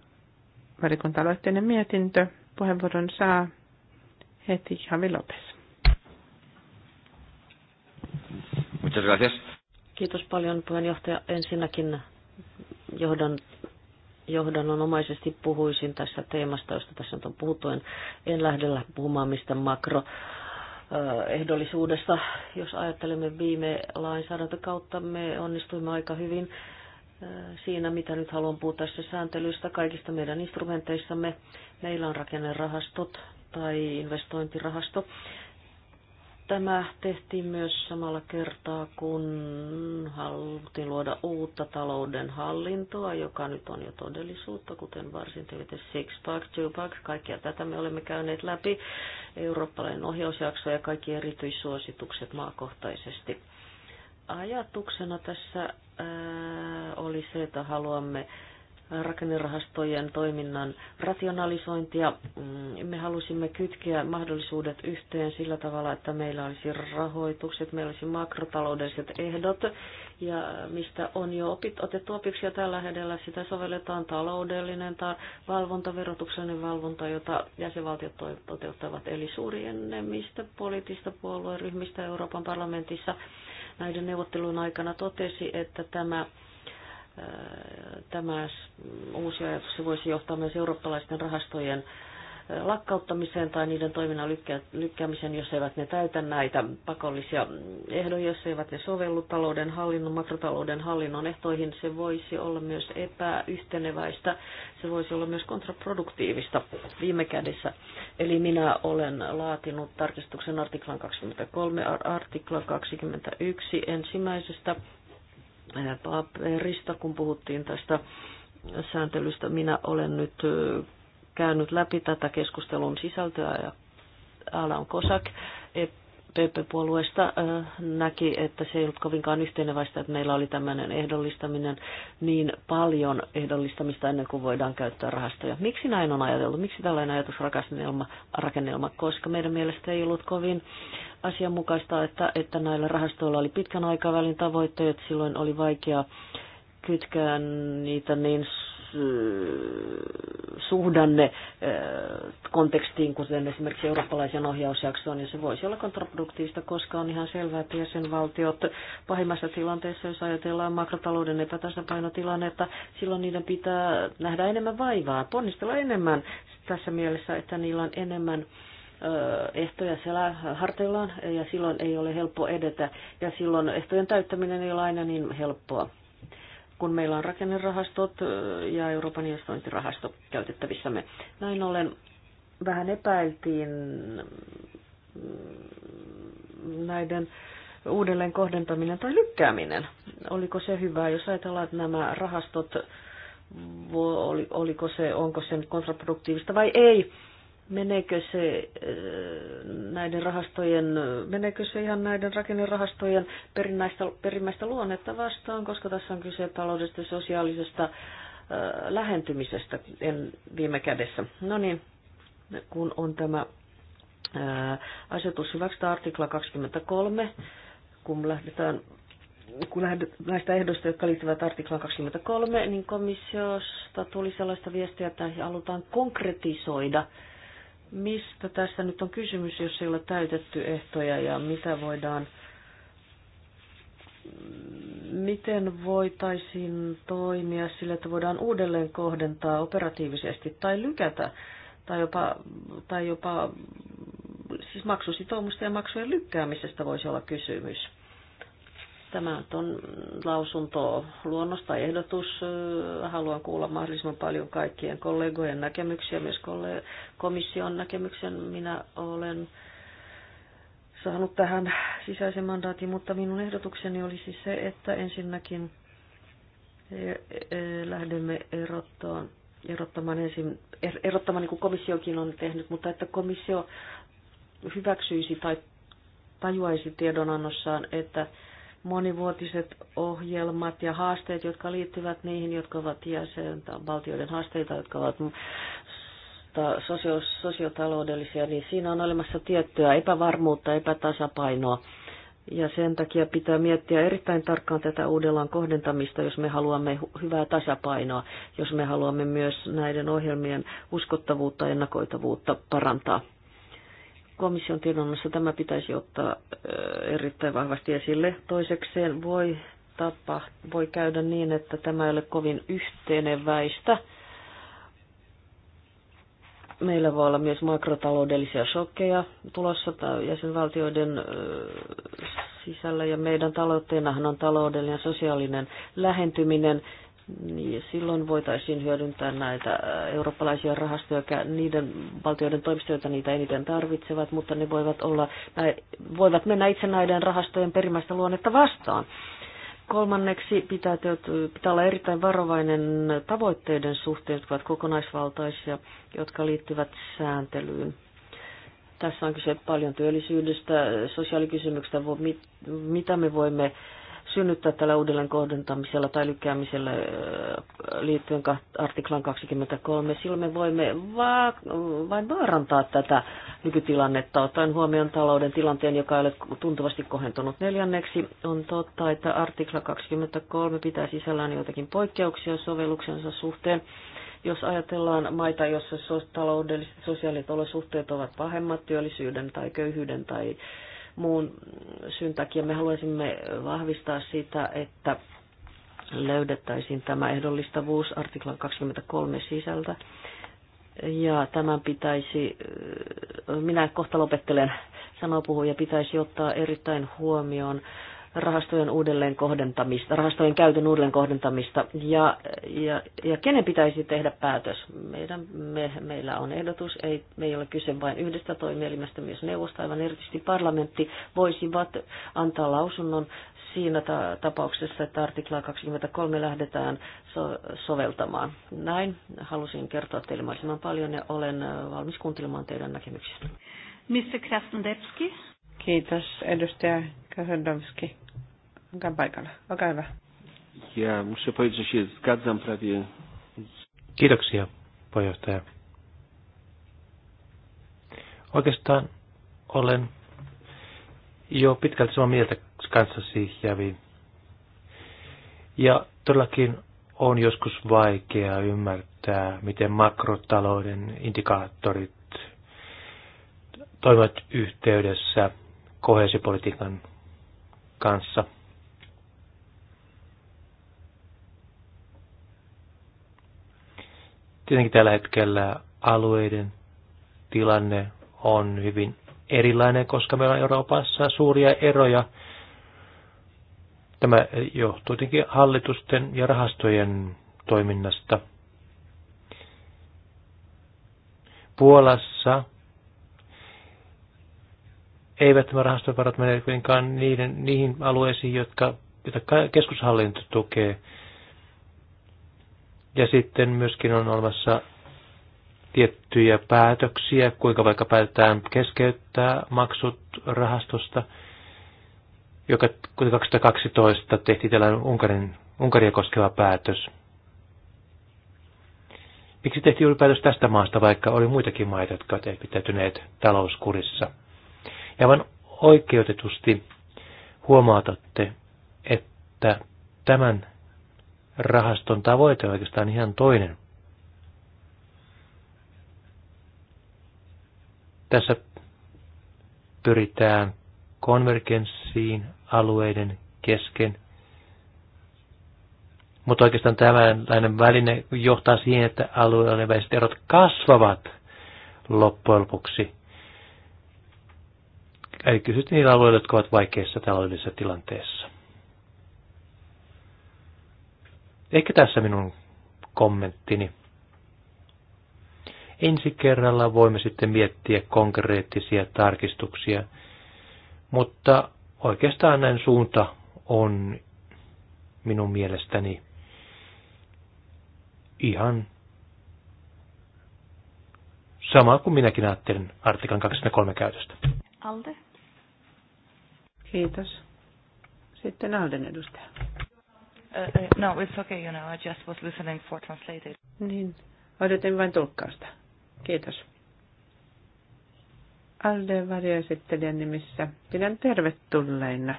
valikuntaloitteinen mietintö. Puheenvuoron saa heti Javi Lopes. Kiitos paljon puheenjohtaja. Ensinnäkin johdon johdannonomaisesti puhuisin tässä teemasta, josta tässä on puhuttu. En, en lähde puhumaan mistä makro Jos ajattelemme viime lainsäädäntökautta, me onnistuimme aika hyvin siinä, mitä nyt haluan puhua tässä sääntelystä, kaikista meidän instrumenteissamme. Meillä on rakennerahastot tai investointirahasto. Tämä tehtiin myös samalla kertaa, kun haluttiin luoda uutta talouden hallintoa, joka nyt on jo todellisuutta, kuten varsin tiedätte Six Pack, Two Pack, kaikkia tätä me olemme käyneet läpi, eurooppalainen ohjausjakso ja kaikki erityissuositukset maakohtaisesti Ajatuksena tässä ää, oli se, että haluamme rakennerahastojen toiminnan rationalisointia. Mm, me halusimme kytkeä mahdollisuudet yhteen sillä tavalla, että meillä olisi rahoitukset, meillä olisi makrotaloudelliset ehdot, ja mistä on jo opit, otettu opiksi ja tällä hetkellä sitä sovelletaan taloudellinen tai valvonta, verotuksellinen valvonta, jota jäsenvaltiot toteuttavat, eli suuri enemmistö poliittista puolueryhmistä Euroopan parlamentissa näiden neuvottelun aikana totesi, että tämä äh, tämä uusi ajatus voisi johtaa myös eurooppalaisten rahastojen lakkauttamiseen tai niiden toiminnan lykkäämiseen, jos eivät ne täytä näitä pakollisia ehdoja, jos eivät ne sovellu talouden hallinnon, makrotalouden hallinnon ehtoihin. Se voisi olla myös epäyhteneväistä, se voisi olla myös kontraproduktiivista viime kädessä. Eli minä olen laatinut tarkistuksen artiklan 23, artiklan 21 ensimmäisestä paperista, kun puhuttiin tästä sääntelystä. Minä olen nyt käynyt läpi tätä keskustelun sisältöä ja Alan Kosak eh, PP-puolueesta eh, näki, että se ei ollut kovinkaan yhteneväistä, että meillä oli tämmöinen ehdollistaminen niin paljon ehdollistamista ennen kuin voidaan käyttää rahastoja. Miksi näin on ajateltu? Miksi tällainen ajatusrakennelma, rakennelma? Koska meidän mielestä ei ollut kovin asianmukaista, että, että näillä rahastoilla oli pitkän aikavälin tavoitteet, silloin oli vaikea kytkeä niitä niin suhdanne eh, kontekstiin, kuten esimerkiksi eurooppalaisen ohjausjaksoon, niin se voisi olla kontraproduktiivista, koska on ihan selvää, että jäsenvaltiot pahimmassa tilanteessa, jos ajatellaan makrotalouden epätasapainotilannetta, silloin niiden pitää nähdä enemmän vaivaa, ponnistella enemmän tässä mielessä, että niillä on enemmän eh, ehtoja siellä harteillaan ja silloin ei ole helppo edetä ja silloin ehtojen täyttäminen ei ole aina niin helppoa kun meillä on rakennerahastot ja Euroopan investointirahasto käytettävissämme. Näin ollen vähän epäiltiin mm, näiden uudelleen kohdentaminen tai lykkääminen. Oliko se hyvä, jos ajatellaan, että nämä rahastot, oliko se, onko se kontraproduktiivista vai ei? meneekö se äh, näiden rahastojen, meneekö se ihan näiden rakennerahastojen perimmäistä, perimmäistä luonnetta vastaan, koska tässä on kyse taloudellisesta ja sosiaalisesta äh, lähentymisestä en viime kädessä. No niin, kun on tämä äh, asetus hyväksytä artikla 23, kun lähdetään kun näistä ehdoista, jotka liittyvät artiklaan 23, niin komissiosta tuli sellaista viestiä, että halutaan konkretisoida äh, mistä tässä nyt on kysymys, jos ei ole täytetty ehtoja ja mitä voidaan, miten voitaisiin toimia sillä, että voidaan uudelleen kohdentaa operatiivisesti tai lykätä tai jopa, tai jopa siis maksusitoumusta ja maksujen lykkäämisestä voisi olla kysymys. Tämä on lausunto luonnosta ehdotus. Haluan kuulla mahdollisimman paljon kaikkien kollegojen näkemyksiä, myös komission näkemyksen. Minä olen saanut tähän sisäisen mandaatin, mutta minun ehdotukseni olisi se, että ensinnäkin e, e, lähdemme erottaan, erottamaan ensin, er-, erottamaan niin kuin komissiokin on tehnyt, mutta että komissio hyväksyisi tai tajuaisi tiedonannossaan, että monivuotiset ohjelmat ja haasteet, jotka liittyvät niihin, jotka ovat valtioiden haasteita, jotka ovat sosio- sosiotaloudellisia, niin siinä on olemassa tiettyä epävarmuutta, epätasapainoa. Ja sen takia pitää miettiä erittäin tarkkaan tätä uudellaan kohdentamista, jos me haluamme hyvää tasapainoa, jos me haluamme myös näiden ohjelmien uskottavuutta ja ennakoitavuutta parantaa. Komission tiedonnossa tämä pitäisi ottaa erittäin vahvasti esille. Toisekseen voi, tapa, voi käydä niin, että tämä ei ole kovin yhteneväistä. Meillä voi olla myös makrotaloudellisia shokkeja tulossa jäsenvaltioiden sisällä ja meidän tavoitteenahan on taloudellinen ja sosiaalinen lähentyminen niin silloin voitaisiin hyödyntää näitä äh, eurooppalaisia rahastoja, niiden valtioiden toimistoja, niitä eniten tarvitsevat, mutta ne voivat, olla, voivat mennä itse näiden rahastojen perimmäistä luonnetta vastaan. Kolmanneksi pitää, pitää olla erittäin varovainen tavoitteiden suhteen, jotka ovat kokonaisvaltaisia, jotka liittyvät sääntelyyn. Tässä on kyse paljon työllisyydestä, sosiaalikysymyksistä, mitä me voimme synnyttää tällä uudelleen kohdentamisella tai lykkäämisellä liittyen artiklan 23. Silloin me voimme va- vain vaarantaa tätä nykytilannetta ottaen huomioon talouden tilanteen, joka ei ole tuntuvasti kohentunut. Neljänneksi on totta, että artikla 23 pitää sisällään joitakin poikkeuksia sovelluksensa suhteen jos ajatellaan maita, joissa taloudelliset sosiaaliset olosuhteet ovat pahemmat työllisyyden tai köyhyyden tai muun syyn takia me haluaisimme vahvistaa sitä, että löydettäisiin tämä ehdollistavuus artiklan 23 sisältä. Ja tämän pitäisi, minä kohta lopettelen, sanopuhuja, puhuja, pitäisi ottaa erittäin huomioon rahastojen uudelleen kohdentamista, rahastojen käytön uudelleen kohdentamista ja, ja, ja kenen pitäisi tehdä päätös. Meidän, me, meillä on ehdotus, ei, me ei ole kyse vain yhdestä toimielimestä, myös neuvosta, aivan erityisesti parlamentti voisivat antaa lausunnon siinä ta- tapauksessa, että artiklaa 23 lähdetään so- soveltamaan. Näin halusin kertoa teille mahdollisimman paljon ja olen valmis kuuntelemaan teidän näkemyksiä. Mr. Krasnodebski. Kiitos, edustaja Kahdowski. Onkaan paikalla. Olkaa Ja muszę powiedzieć, że się zgadzam prawie... Kiitoksia, pojohtaja. Oikeastaan olen jo pitkälti samaa mieltä kanssasi, Jävi. Ja todellakin on joskus vaikea ymmärtää, miten makrotalouden indikaattorit toimivat yhteydessä kohesipolitiikan kanssa. Tietenkin tällä hetkellä alueiden tilanne on hyvin erilainen, koska meillä on Euroopassa suuria eroja. Tämä johtuu tietenkin hallitusten ja rahastojen toiminnasta. Puolassa eivät nämä rahastovarat mene kuitenkaan niiden, niihin alueisiin, jotka, joita keskushallinto tukee, ja sitten myöskin on olemassa tiettyjä päätöksiä, kuinka vaikka päätetään keskeyttää maksut rahastosta, joka 2012 tehtiin tällainen Unkarin, Unkaria koskeva päätös. Miksi tehtiin juuri päätös tästä maasta, vaikka oli muitakin maita, jotka ovat pitäytyneet talouskurissa? Ja vain oikeutetusti huomautatte, että tämän rahaston tavoite on oikeastaan ihan toinen. Tässä pyritään konvergenssiin alueiden kesken. Mutta oikeastaan tämänlainen väline johtaa siihen, että alueiden väliset erot kasvavat loppujen lopuksi. Eli kysyt niillä alueilla, jotka ovat vaikeissa taloudellisessa tilanteessa. Ehkä tässä minun kommenttini. Ensi kerralla voimme sitten miettiä konkreettisia tarkistuksia, mutta oikeastaan näin suunta on minun mielestäni ihan sama kuin minäkin ajattelin artikan 23 käytöstä. Alde. Kiitos. Sitten Alden edustaja. Uh, uh, no, it's okay, you know, I just was listening for translated. Niin, odotin vain tulkkausta. Kiitos. Aldeen varjoesittelijän nimissä pidän tervetulleina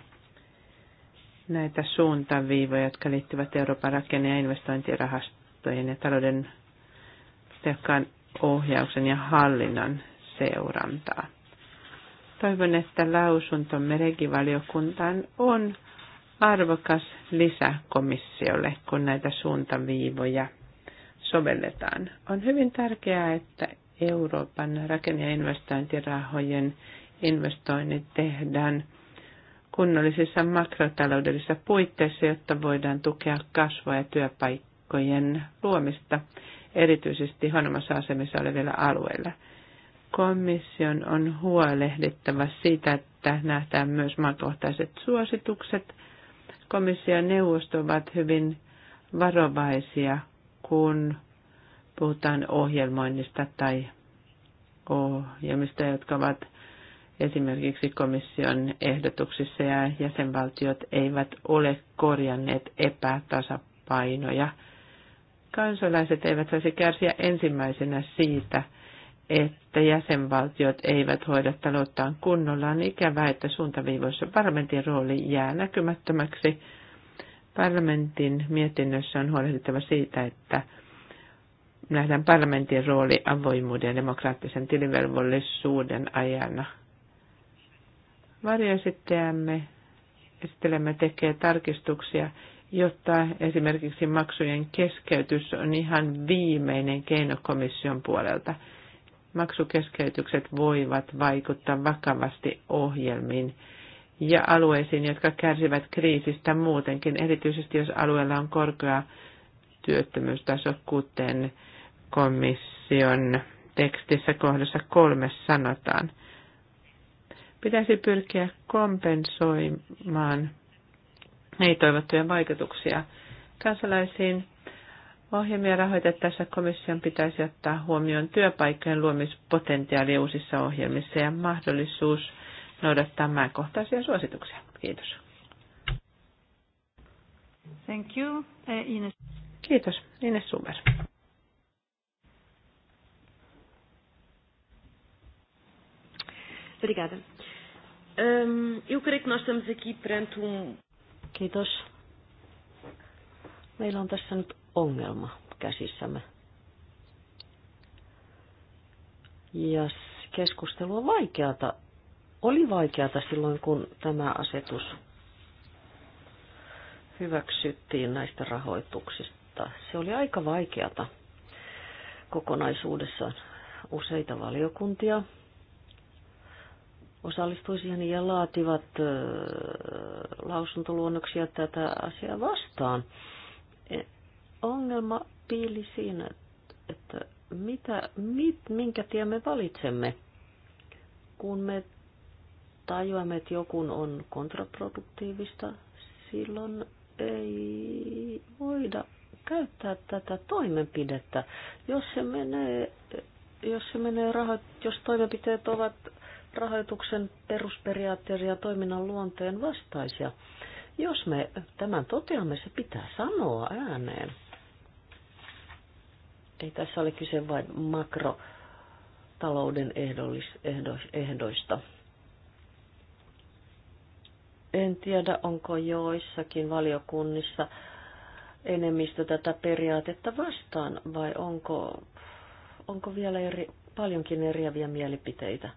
näitä suuntaviivoja, jotka liittyvät Euroopan rakenne- ja investointirahastojen ja talouden tehokkaan ohjauksen ja hallinnan seurantaa. Toivon, että lausuntomme regivaliokuntaan on arvokas lisä komissiolle, kun näitä suuntaviivoja sovelletaan. On hyvin tärkeää, että Euroopan rakenne- ja investointirahojen investoinnit tehdään kunnollisissa makrotaloudellisissa puitteissa, jotta voidaan tukea kasvua ja työpaikkojen luomista, erityisesti huonommassa asemissa olevilla alueilla. Komission on huolehdittava siitä, että nähdään myös maakohtaiset suositukset – komissio ja neuvosto ovat hyvin varovaisia, kun puhutaan ohjelmoinnista tai ohjelmista, jotka ovat esimerkiksi komission ehdotuksissa ja jäsenvaltiot eivät ole korjanneet epätasapainoja. Kansalaiset eivät saisi kärsiä ensimmäisenä siitä, että jäsenvaltiot eivät hoida talouttaan kunnolla, on ikävää, että suuntaviivoissa parlamentin rooli jää näkymättömäksi. Parlamentin mietinnössä on huolehdittava siitä, että nähdään parlamentin rooli avoimuuden ja demokraattisen tilivelvollisuuden ajana. Varjoesittäjämme esittelemme tekee tarkistuksia, jotta esimerkiksi maksujen keskeytys on ihan viimeinen keino komission puolelta – maksukeskeytykset voivat vaikuttaa vakavasti ohjelmiin ja alueisiin, jotka kärsivät kriisistä muutenkin, erityisesti jos alueella on korkea työttömyystaso, kuten komission tekstissä kohdassa kolme sanotaan. Pitäisi pyrkiä kompensoimaan ei-toivottuja vaikutuksia kansalaisiin ohjelmia rahoitettaessa komission pitäisi ottaa huomioon työpaikkojen luomispotentiaali uusissa ohjelmissa ja mahdollisuus noudattaa maankohtaisia suosituksia. Kiitos. Thank you, eh, Ines. Kiitos, Ines Sumer. Obrigada. Ehm, eu creio que nós estamos aqui perante um. Kiitos. Meillä on tässä nyt ongelma käsissämme. Ja keskustelu on vaikeata. Oli vaikeata silloin, kun tämä asetus hyväksyttiin näistä rahoituksista. Se oli aika vaikeata kokonaisuudessaan. Useita valiokuntia osallistui siihen ja laativat lausuntoluonnoksia tätä asiaa vastaan ongelma piili siinä, että mitä, mit, minkä tie me valitsemme, kun me tajuamme, että jokun on kontraproduktiivista, silloin ei voida käyttää tätä toimenpidettä. Jos se menee, jos se menee raho, jos toimenpiteet ovat rahoituksen perusperiaatteiden ja toiminnan luonteen vastaisia, jos me tämän toteamme, se pitää sanoa ääneen. Ei tässä ole kyse vain makrotalouden ehdollis, ehdo, ehdoista. En tiedä, onko joissakin valiokunnissa enemmistö tätä periaatetta vastaan vai onko, onko vielä eri, paljonkin eriäviä mielipiteitä.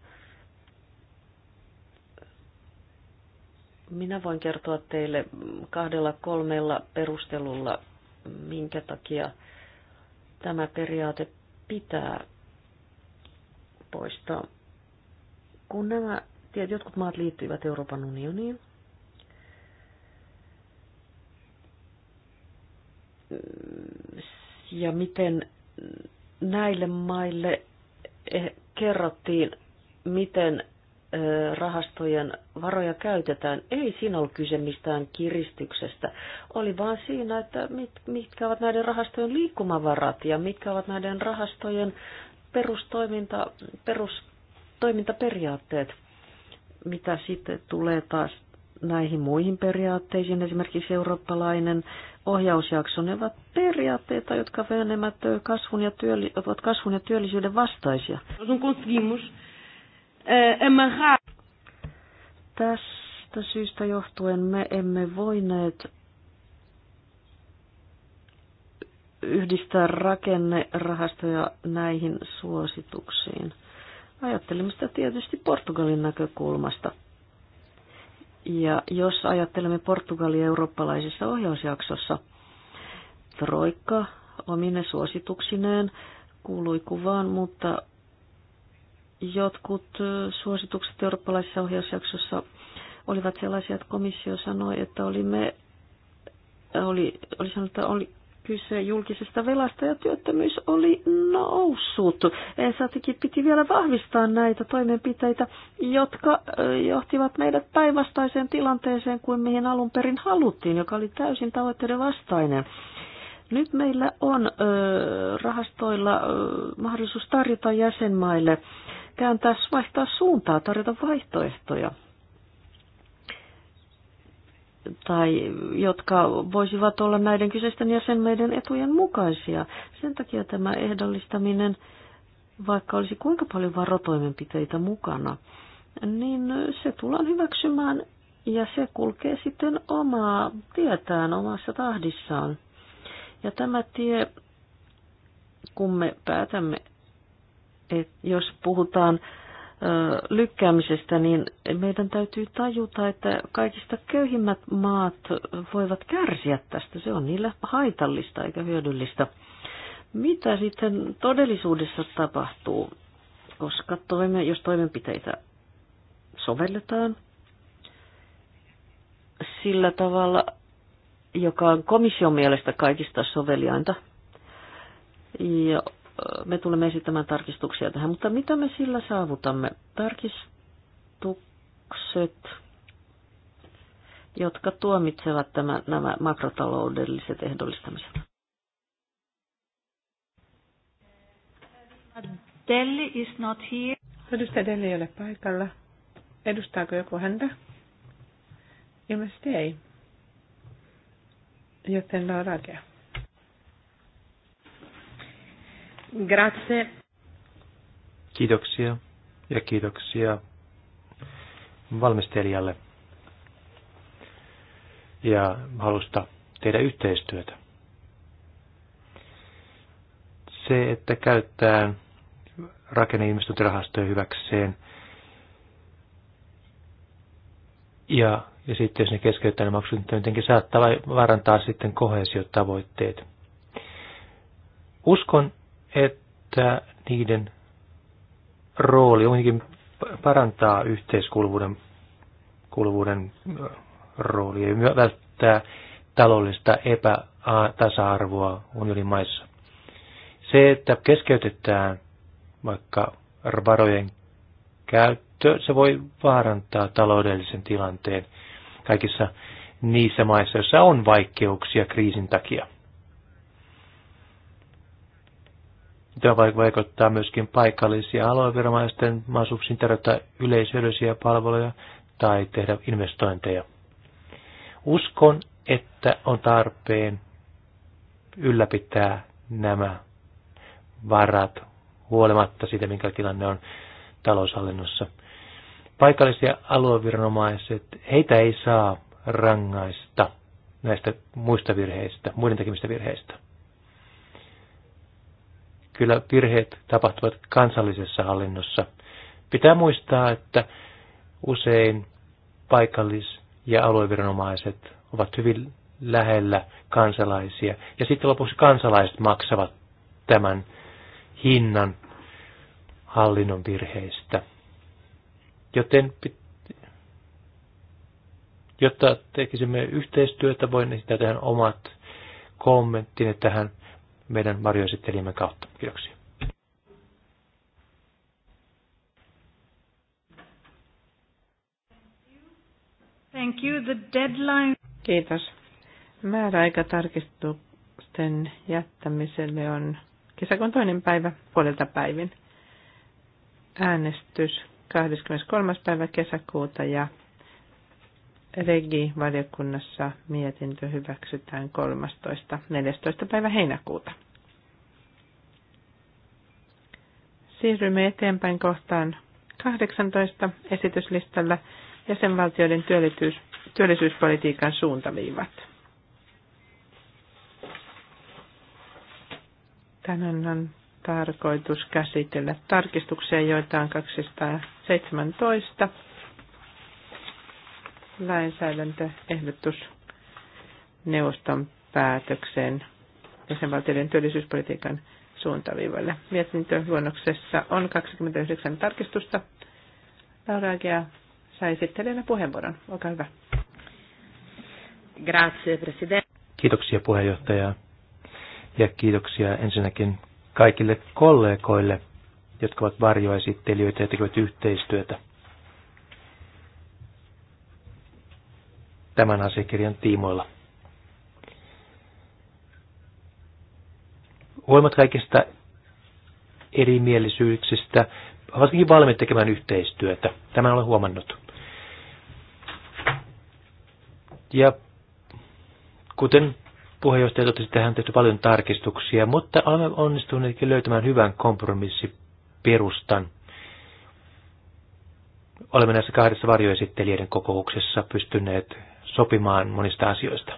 Minä voin kertoa teille kahdella kolmella perustelulla, minkä takia Tämä periaate pitää poistaa. Kun nämä tiedät, jotkut maat liittyivät Euroopan unioniin, ja miten näille maille eh, kerrottiin, miten rahastojen varoja käytetään, ei siinä ollut kyse mistään kiristyksestä. Oli vaan siinä, että mit, mitkä ovat näiden rahastojen liikkumavarat ja mitkä ovat näiden rahastojen perustoiminta, perustoimintaperiaatteet. Mitä sitten tulee taas näihin muihin periaatteisiin, esimerkiksi eurooppalainen ohjausjakso, ne ovat periaatteita, jotka kasvun ja, ovat kasvun ja työllisyyden vastaisia. Se on amarrar. Eh, Tästä syystä johtuen me emme voineet yhdistää rakennerahastoja näihin suosituksiin. Ajattelimme sitä tietysti Portugalin näkökulmasta. Ja jos ajattelemme Portugalia eurooppalaisessa ohjausjaksossa, Troikka omine suosituksineen kuului kuvaan, mutta Jotkut suositukset eurooppalaisessa ohjausjaksossa olivat sellaisia, että komissio sanoi, että olimme, oli, oli sanottu, että oli kyse julkisesta velasta ja työttömyys oli noussut. Ensätikin piti vielä vahvistaa näitä toimenpiteitä, jotka johtivat meidät päinvastaiseen tilanteeseen kuin mihin alun perin haluttiin, joka oli täysin tavoitteiden vastainen. Nyt meillä on ö, rahastoilla ö, mahdollisuus tarjota jäsenmaille kääntää vaihtaa suuntaa, tarjota vaihtoehtoja tai jotka voisivat olla näiden kyseisten jäsenmeiden etujen mukaisia. Sen takia tämä ehdollistaminen, vaikka olisi kuinka paljon varotoimenpiteitä mukana, niin se tullaan hyväksymään ja se kulkee sitten omaa tietään, omassa tahdissaan. Ja tämä tie, kun me päätämme että jos puhutaan lykkäämisestä, niin meidän täytyy tajuta, että kaikista köyhimmät maat voivat kärsiä tästä. Se on niille haitallista eikä hyödyllistä. Mitä sitten todellisuudessa tapahtuu, koska toime, jos toimenpiteitä sovelletaan sillä tavalla, joka on komission mielestä kaikista soveliainta, ja me tulemme esittämään tarkistuksia tähän, mutta mitä me sillä saavutamme? Tarkistukset, jotka tuomitsevat tämä, nämä makrotaloudelliset ehdollistamiset. Delli is not here. Edustaja Delli ei ole paikalla. Edustaako joku häntä? Ilmeisesti ei. Joten Laura Agea. Grazie. Kiitoksia ja kiitoksia valmistelijalle ja halusta tehdä yhteistyötä. Se, että käyttää rakenneinvestointirahastoja hyväkseen ja, ja sitten jos ne keskeyttää ne maksut, niin jotenkin saattaa vaarantaa sitten kohesiotavoitteet. Uskon, että niiden rooli onkin parantaa yhteiskuuluvuuden kuuluvuuden roolia ja välttää taloudellista epätasa-arvoa unionin maissa. Se, että keskeytetään vaikka varojen käyttö, se voi vaarantaa taloudellisen tilanteen kaikissa niissä maissa, joissa on vaikeuksia kriisin takia. Tämä vaikuttaa myöskin paikallisia alueviranomaisten mahdollisuuksiin tarjota yleisöllisiä palveluja tai tehdä investointeja. Uskon, että on tarpeen ylläpitää nämä varat huolimatta siitä, minkä tilanne on taloushallinnossa. Paikallisia alueviranomaiset, heitä ei saa rangaista näistä muista virheistä, muiden tekemistä virheistä kyllä virheet tapahtuvat kansallisessa hallinnossa. Pitää muistaa, että usein paikallis- ja alueviranomaiset ovat hyvin lähellä kansalaisia. Ja sitten lopuksi kansalaiset maksavat tämän hinnan hallinnon virheistä. Joten jotta tekisimme yhteistyötä, voin esittää tähän omat kommenttini tähän meidän varjoesittelijämme kautta. Kiitoksia. Thank you. The deadline... Kiitos. tarkistusten jättämiselle on kesäkuun toinen päivä puolelta päivin. Äänestys 23. päivä kesäkuuta ja Regi-valiokunnassa mietintö hyväksytään 13.14. päivä heinäkuuta. Siirrymme eteenpäin kohtaan 18 esityslistalla jäsenvaltioiden työllisyys, työllisyyspolitiikan suuntaviivat. Tänään on tarkoitus käsitellä tarkistuksia, joita on 217 lainsäädäntöehdotus neuvoston päätökseen jäsenvaltioiden työllisyyspolitiikan suuntaviivoille. Mietintöluonnoksessa on 29 tarkistusta. Laura Agea sai esittelijänä puheenvuoron. Olkaa hyvä. Grazie, president. Kiitoksia puheenjohtaja ja kiitoksia ensinnäkin kaikille kollegoille, jotka ovat varjoesittelijöitä ja tekevät yhteistyötä tämän asiakirjan tiimoilla. Huolimatta kaikista erimielisyyksistä, varsinkin valmiit tekemään yhteistyötä. Tämän olen huomannut. Ja kuten puheenjohtaja totesi, tähän on tehty paljon tarkistuksia, mutta olemme onnistuneet löytämään hyvän kompromissiperustan. Olemme näissä kahdessa varjoesittelijöiden kokouksessa pystyneet sopimaan monista asioista.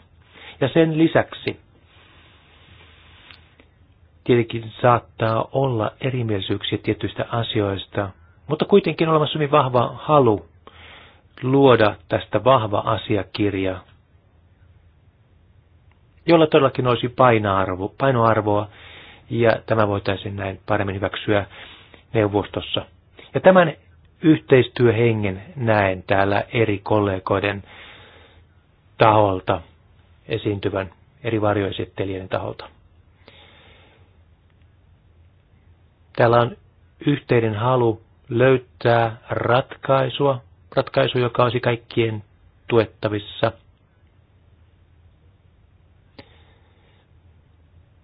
Ja sen lisäksi tietenkin saattaa olla erimielisyyksiä tietyistä asioista, mutta kuitenkin olemassa hyvin vahva halu luoda tästä vahva asiakirja, jolla todellakin olisi painoarvo, painoarvoa, ja tämä voitaisiin näin paremmin hyväksyä neuvostossa. Ja tämän yhteistyöhengen näen täällä eri kollegoiden taholta esiintyvän eri varjoesittelijän taholta. Täällä on yhteinen halu löytää ratkaisua, ratkaisu, joka olisi kaikkien tuettavissa.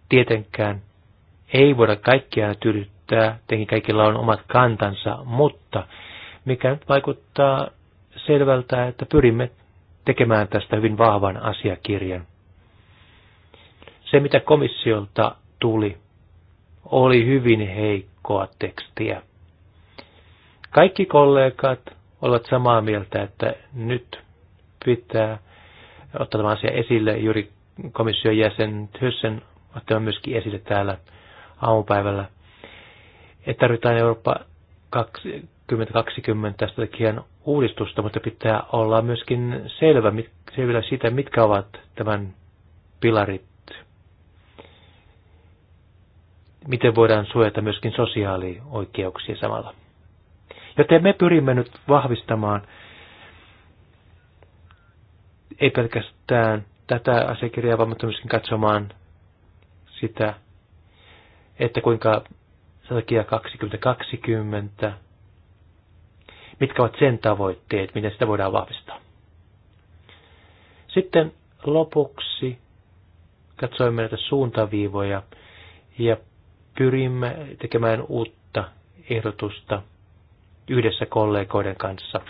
Tietenkään ei voida kaikkia tyydyttää, tietenkin kaikilla on omat kantansa, mutta mikä nyt vaikuttaa selvältä, että pyrimme tekemään tästä hyvin vahvan asiakirjan. Se, mitä komissiolta tuli, oli hyvin heikkoa tekstiä. Kaikki kollegat ovat samaa mieltä, että nyt pitää ottaa tämä asia esille. Juuri komission jäsen Thyssen otti myöskin esille täällä aamupäivällä, että tarvitaan Eurooppa 2020 strategian uudistusta, mutta pitää olla myöskin selvä, mit, selvillä sitä, mitkä ovat tämän pilarit. Miten voidaan suojata myöskin sosiaalioikeuksia samalla. Joten me pyrimme nyt vahvistamaan ei pelkästään tätä asiakirjaa, vaan myöskin katsomaan sitä, että kuinka strategia 2020 mitkä ovat sen tavoitteet, miten sitä voidaan vahvistaa. Sitten lopuksi katsoimme näitä suuntaviivoja ja pyrimme tekemään uutta ehdotusta yhdessä kollegoiden kanssa.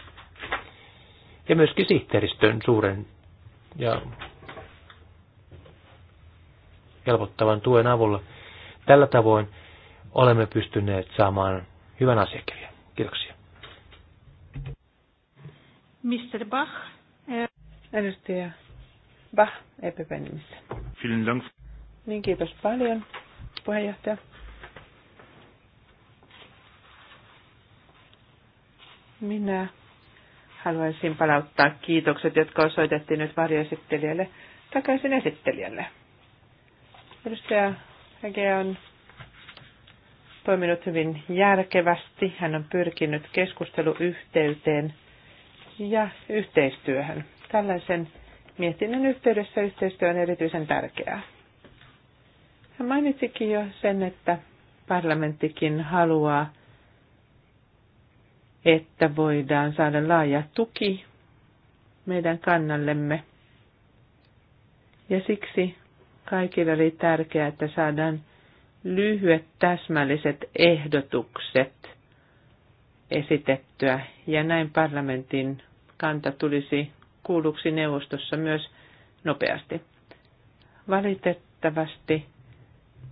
Ja myöskin sihteeristön suuren ja helpottavan tuen avulla. Tällä tavoin olemme pystyneet saamaan hyvän asiakirjan. Kiitoksia. Mr. Bach. Eh, Edustaja Bach, EPP nimissä. Vielen Dank. Niin, kiitos paljon, puheenjohtaja. Minä haluaisin palauttaa kiitokset, jotka osoitettiin nyt varjoesittelijälle, takaisin esittelijälle. Edustaja Hege on toiminut hyvin järkevästi. Hän on pyrkinyt keskusteluyhteyteen – ja yhteistyöhön. Tällaisen mietinnön yhteydessä yhteistyö on erityisen tärkeää. Hän mainitsikin jo sen, että parlamenttikin haluaa, että voidaan saada laaja tuki meidän kannallemme. Ja siksi kaikille oli tärkeää, että saadaan lyhyet täsmälliset ehdotukset esitettyä ja näin parlamentin kanta tulisi kuulluksi neuvostossa myös nopeasti. Valitettavasti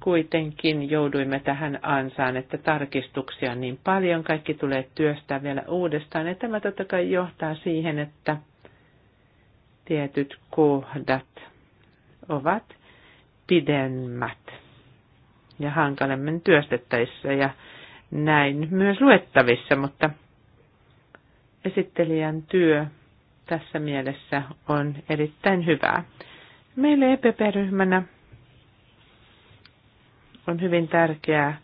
kuitenkin jouduimme tähän ansaan, että tarkistuksia on niin paljon, kaikki tulee työstää vielä uudestaan. Ja tämä totta kai johtaa siihen, että tietyt kohdat ovat pidemmät ja hankalemmin työstettäissä ja näin myös luettavissa, mutta esittelijän työ tässä mielessä on erittäin hyvää. Meille EPP-ryhmänä on hyvin tärkeää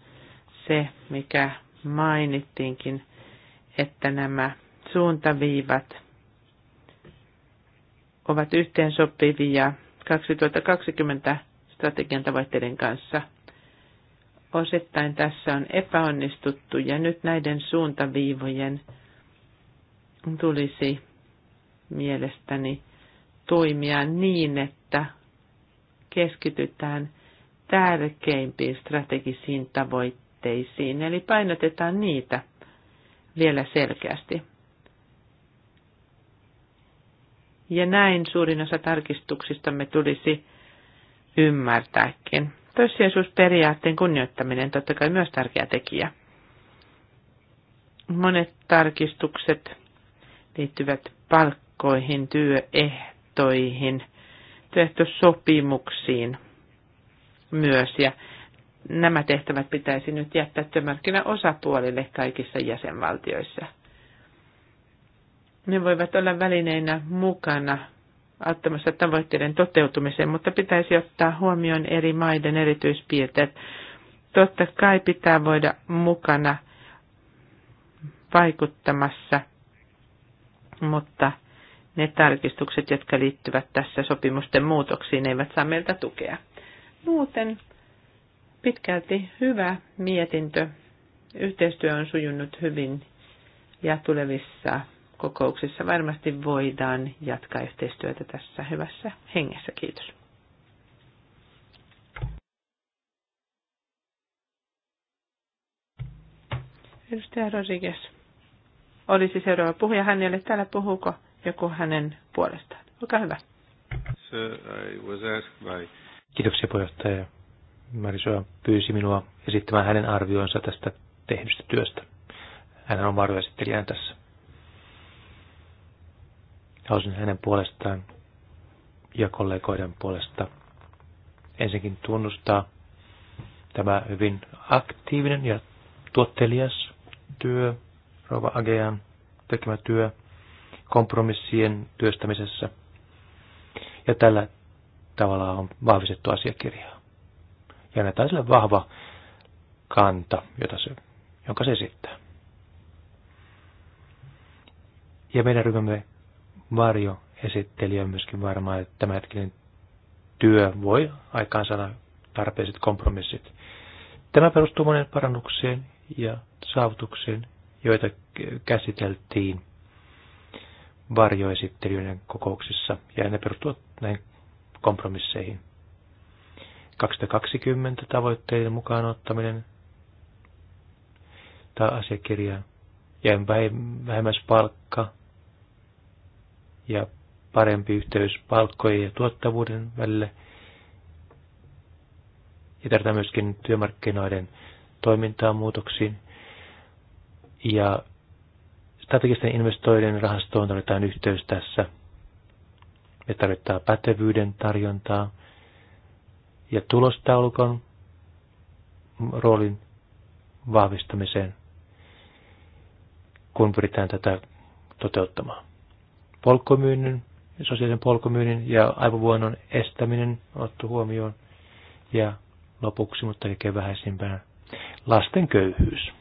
se, mikä mainittiinkin, että nämä suuntaviivat ovat yhteensopivia 2020 strategian tavoitteiden kanssa – osittain tässä on epäonnistuttu ja nyt näiden suuntaviivojen tulisi mielestäni toimia niin, että keskitytään tärkeimpiin strategisiin tavoitteisiin, eli painotetaan niitä vielä selkeästi. Ja näin suurin osa tarkistuksistamme tulisi ymmärtääkin. Toissijaisuusperiaatteen kunnioittaminen totta kai myös tärkeä tekijä. Monet tarkistukset liittyvät palkkoihin, työehtoihin, työehtosopimuksiin myös. Ja nämä tehtävät pitäisi nyt jättää työmarkkinaosapuolille kaikissa jäsenvaltioissa. Ne voivat olla välineinä mukana auttamassa tavoitteiden toteutumiseen, mutta pitäisi ottaa huomioon eri maiden erityispiirteet. Totta kai pitää voida mukana vaikuttamassa, mutta ne tarkistukset, jotka liittyvät tässä sopimusten muutoksiin, eivät saa meiltä tukea. Muuten pitkälti hyvä mietintö. Yhteistyö on sujunut hyvin ja tulevissa kokouksissa varmasti voidaan jatkaa yhteistyötä tässä hyvässä hengessä. Kiitos. Edustaja Rodriguez olisi seuraava puhuja. hänelle täällä. Puhuuko joku hänen puolestaan? Olkaa hyvä. Kiitoksia puheenjohtaja. Marisoa pyysi minua esittämään hänen arvioinsa tästä tehdystä työstä. Hän on varjoesittelijään tässä. Haluaisin hänen puolestaan ja kollegoiden puolesta ensinnäkin tunnustaa tämä hyvin aktiivinen ja tuottelias työ, Rova Agean tekemä työ kompromissien työstämisessä. Ja tällä tavalla on vahvistettu asiakirjaa. Ja annetaan sille vahva kanta, jota se, jonka se esittää. Ja meidän ryhmämme varjo esitteli on myöskin varmaan, että tämänhetkinen työ voi aikaansaada tarpeiset kompromissit. Tämä perustuu monen parannukseen ja saavutukseen, joita käsiteltiin varjoesittelyiden kokouksissa, ja ne perustuvat näihin kompromisseihin. 2020 tavoitteiden mukaan ottaminen tai asiakirja ja palkka, ja parempi yhteys palkkojen ja tuottavuuden välille. Ja tarvitaan myöskin työmarkkinoiden toimintaa muutoksiin. Ja strategisten investoiden rahastoon tarvitaan yhteys tässä. Me tarvitaan pätevyyden tarjontaa ja tulostaulukon roolin vahvistamiseen, kun pyritään tätä toteuttamaan polkomyynnin, sosiaalisen polkomyynnin ja aivovuonon estäminen on otettu huomioon. Ja lopuksi, mutta kaikkein vähäisimpänä, lasten köyhyys.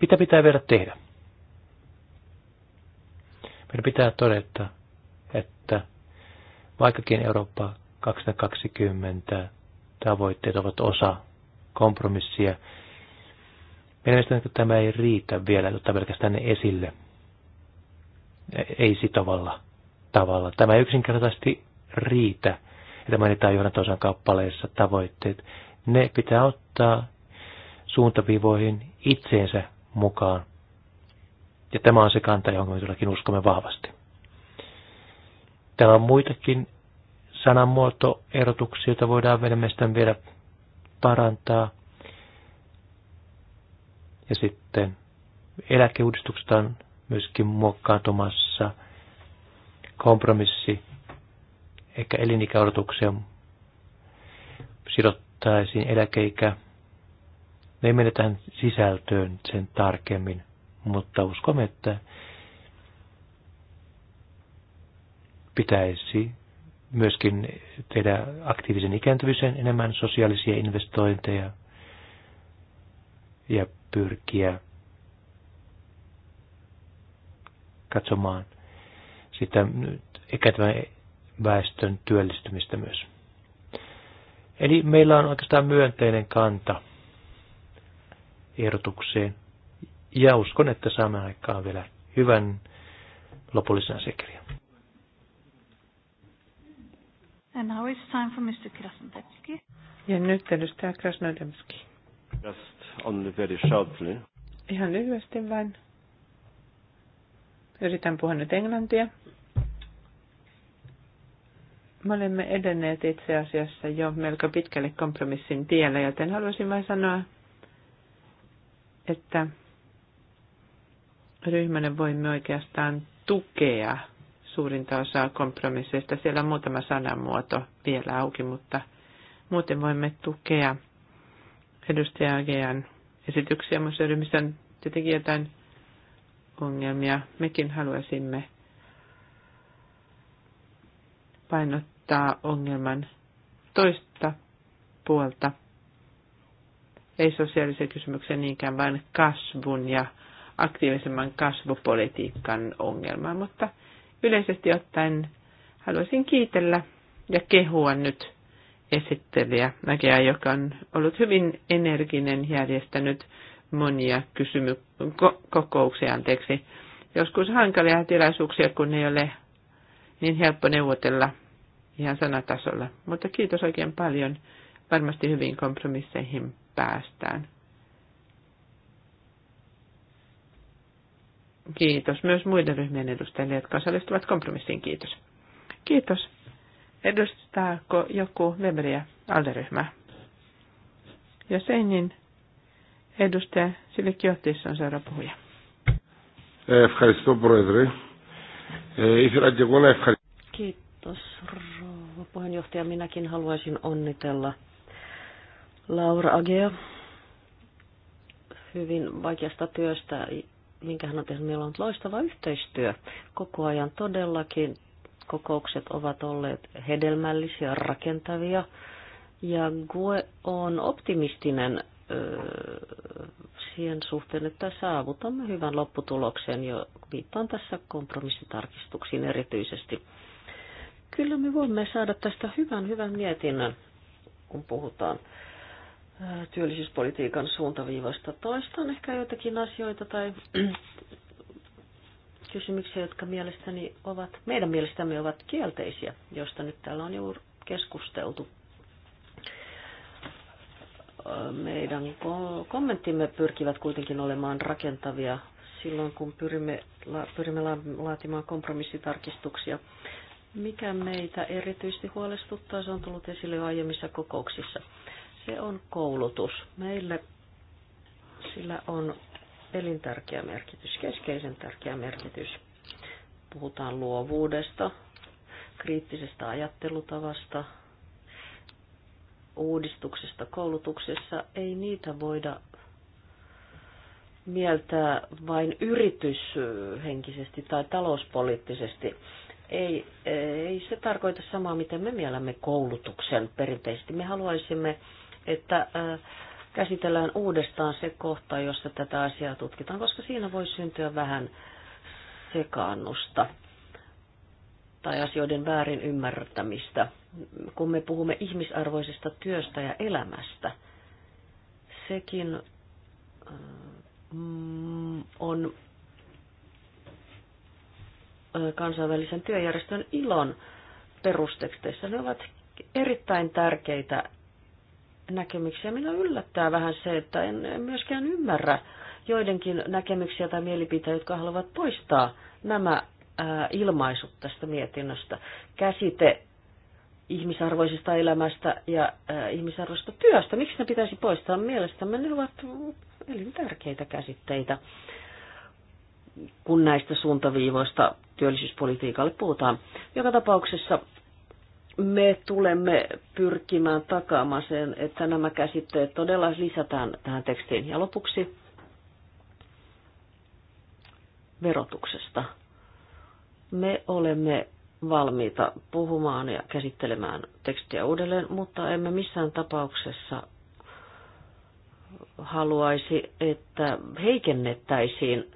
Mitä pitää vielä tehdä? Meidän pitää todeta, että vaikkakin Eurooppa 2020 tavoitteet ovat osa kompromissia, meidän mielestäni tämä ei riitä vielä, että ottaa pelkästään ne esille ei-sitovalla tavalla. Tämä ei yksinkertaisesti riitä, että mainitaan johdantosan kappaleissa tavoitteet. Ne pitää ottaa suuntaviivoihin itseensä mukaan. Ja tämä on se kanta, jonka me todellakin uskomme vahvasti. Täällä on muitakin sananmuotoerotuksia, joita voidaan meidän vielä parantaa. Ja sitten eläkeuudistuksesta on myöskin muokkaantumassa kompromissi, ehkä elinikäodotuksia sidottaisiin eläkeikä. Me ei mene tähän sisältöön sen tarkemmin, mutta uskomme, että pitäisi myöskin tehdä aktiivisen ikääntymisen enemmän sosiaalisia investointeja ja pyrkiä katsomaan sitä ikääntyvän väestön työllistymistä myös. Eli meillä on oikeastaan myönteinen kanta ehdotukseen, ja uskon, että saamme aikaan vielä hyvän lopullisen asiakirjan. And now it's time for Mr. Ja nyt edustaja Krasnodemski. Just on very shortly. Ihan lyhyesti vain. Yritän puhua nyt englantia. Me olemme edenneet itse asiassa jo melko pitkälle kompromissin tiellä, joten haluaisin vain sanoa, että ryhmänä voimme oikeastaan tukea suurinta osaa kompromisseista. Siellä on muutama sanamuoto vielä auki, mutta muuten voimme tukea edustaja Agean esityksiä. Muissa ryhmissä on tietenkin jotain ongelmia. Mekin haluaisimme painottaa ongelman toista puolta. Ei sosiaalisen kysymyksen niinkään, vaan kasvun ja aktiivisemman kasvupolitiikan ongelmaa, mutta yleisesti ottaen haluaisin kiitellä ja kehua nyt esittelijä Mäkeä, joka on ollut hyvin energinen järjestänyt monia kysymy- ko- kokouksia, anteeksi. Joskus hankalia tilaisuuksia, kun ei ole niin helppo neuvotella ihan sanatasolla. Mutta kiitos oikein paljon. Varmasti hyvin kompromisseihin päästään. Kiitos myös muiden ryhmien edustajille, jotka osallistuvat kompromissiin. Kiitos. Kiitos. Edustaako joku Weberia alderyhmää? Jos ei, niin Edustaja Silikiotis on seuraava puhuja. Eh, eh, Kiitos, rouva puheenjohtaja. Minäkin haluaisin onnitella Laura Agea hyvin vaikeasta työstä, minkä hän on tehnyt. Meillä on ollut loistava yhteistyö koko ajan todellakin. Kokoukset ovat olleet hedelmällisiä, rakentavia. Ja Gue on optimistinen siihen suhteen, että saavutamme hyvän lopputuloksen jo viittaan tässä kompromissitarkistuksiin erityisesti. Kyllä me voimme saada tästä hyvän, hyvän mietinnön, kun puhutaan työllisyyspolitiikan suuntaviivasta. Toistan ehkä joitakin asioita tai <clears throat> kysymyksiä, jotka mielestäni ovat, meidän mielestämme ovat kielteisiä, joista nyt täällä on juuri keskusteltu meidän kommenttimme pyrkivät kuitenkin olemaan rakentavia silloin, kun pyrimme, pyrimme laatimaan kompromissitarkistuksia. Mikä meitä erityisesti huolestuttaa, se on tullut esille jo aiemmissa kokouksissa. Se on koulutus. Meille sillä on elintärkeä merkitys, keskeisen tärkeä merkitys. Puhutaan luovuudesta, kriittisestä ajattelutavasta, uudistuksesta koulutuksessa, ei niitä voida mieltää vain yrityshenkisesti tai talouspoliittisesti. Ei, ei se tarkoita samaa, miten me mielämme koulutuksen perinteisesti. Me haluaisimme, että äh, käsitellään uudestaan se kohta, jossa tätä asiaa tutkitaan, koska siinä voi syntyä vähän sekaannusta tai asioiden väärin ymmärtämistä. Kun me puhumme ihmisarvoisesta työstä ja elämästä, sekin äh, mm, on äh, kansainvälisen työjärjestön ilon perusteksteissä. Ne ovat erittäin tärkeitä näkemyksiä. Minä yllättää vähän se, että en myöskään ymmärrä joidenkin näkemyksiä tai mielipiteitä, jotka haluavat poistaa nämä ilmaisut tästä mietinnöstä. Käsite ihmisarvoisesta elämästä ja ihmisarvoisesta työstä. Miksi ne pitäisi poistaa? Mielestämme ne ovat elintärkeitä käsitteitä, kun näistä suuntaviivoista työllisyyspolitiikalle puhutaan. Joka tapauksessa me tulemme pyrkimään takaamaan sen, että nämä käsitteet todella lisätään tähän tekstiin. Ja lopuksi verotuksesta. Me olemme valmiita puhumaan ja käsittelemään tekstiä uudelleen, mutta emme missään tapauksessa haluaisi, että heikennettäisiin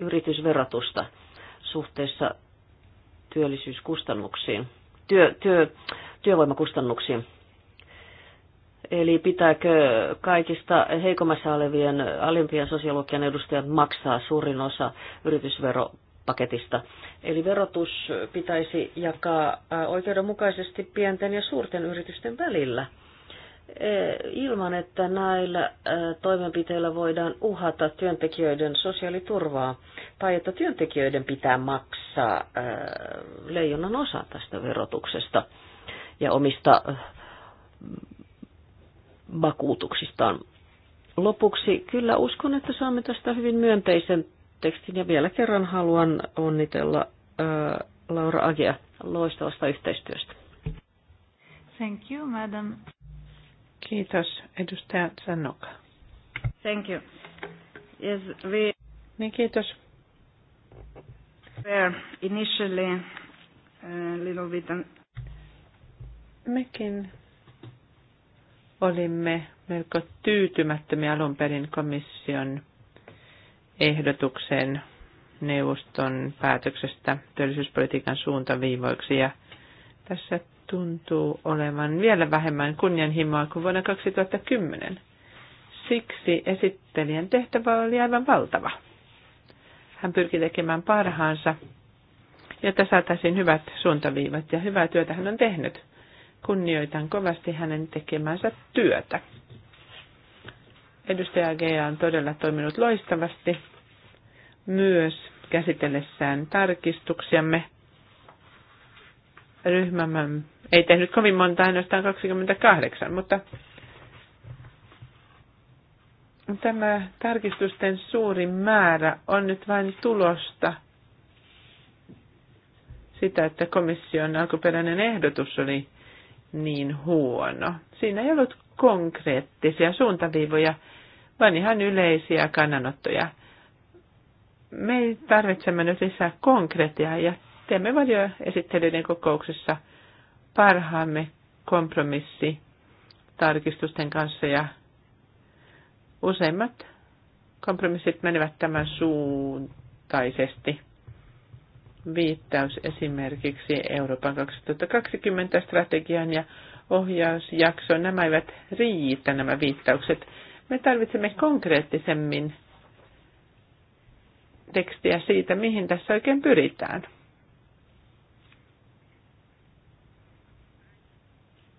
yritysverotusta suhteessa työllisyyskustannuksiin, työ, työ, työvoimakustannuksiin. Eli pitääkö kaikista heikommassa olevien alimpien sosiaaliluokkien edustajat maksaa suurin osa yritysvero paketista. Eli verotus pitäisi jakaa äh, oikeudenmukaisesti pienten ja suurten yritysten välillä e, ilman, että näillä äh, toimenpiteillä voidaan uhata työntekijöiden sosiaaliturvaa tai että työntekijöiden pitää maksaa äh, leijonan osa tästä verotuksesta ja omista vakuutuksistaan. Lopuksi kyllä uskon, että saamme tästä hyvin myönteisen tekstin ja vielä kerran haluan onnitella ää, Laura Agia loistavasta yhteistyöstä. Thank you, madam. Kiitos, edustaja Sanoka. Thank you. Yes, we... Niin, kiitos. Were initially a little bit... Mekin olimme melko tyytymättömiä alun perin komission ehdotuksen neuvoston päätöksestä työllisyyspolitiikan suuntaviivoiksi ja tässä tuntuu olevan vielä vähemmän kunnianhimoa kuin vuonna 2010. Siksi esittelijän tehtävä oli aivan valtava. Hän pyrki tekemään parhaansa, jotta saataisiin hyvät suuntaviivat ja hyvää työtä hän on tehnyt. Kunnioitan kovasti hänen tekemänsä työtä. Edustaja Gea on todella toiminut loistavasti myös käsitellessään tarkistuksiamme. Ryhmämme ei tehnyt kovin monta, ainoastaan 28, mutta tämä tarkistusten suuri määrä on nyt vain tulosta sitä, että komission alkuperäinen ehdotus oli niin huono. Siinä ei ollut konkreettisia suuntaviivoja vaan ihan yleisiä kannanottoja. Me tarvitsemme nyt lisää konkretiaa ja teemme valioesittelyiden kokouksessa parhaamme kompromissi tarkistusten kanssa ja useimmat kompromissit menevät tämän suuntaisesti. Viittaus esimerkiksi Euroopan 2020 strategian ja ohjausjakso nämä eivät riitä nämä viittaukset. Me tarvitsemme konkreettisemmin tekstiä siitä, mihin tässä oikein pyritään.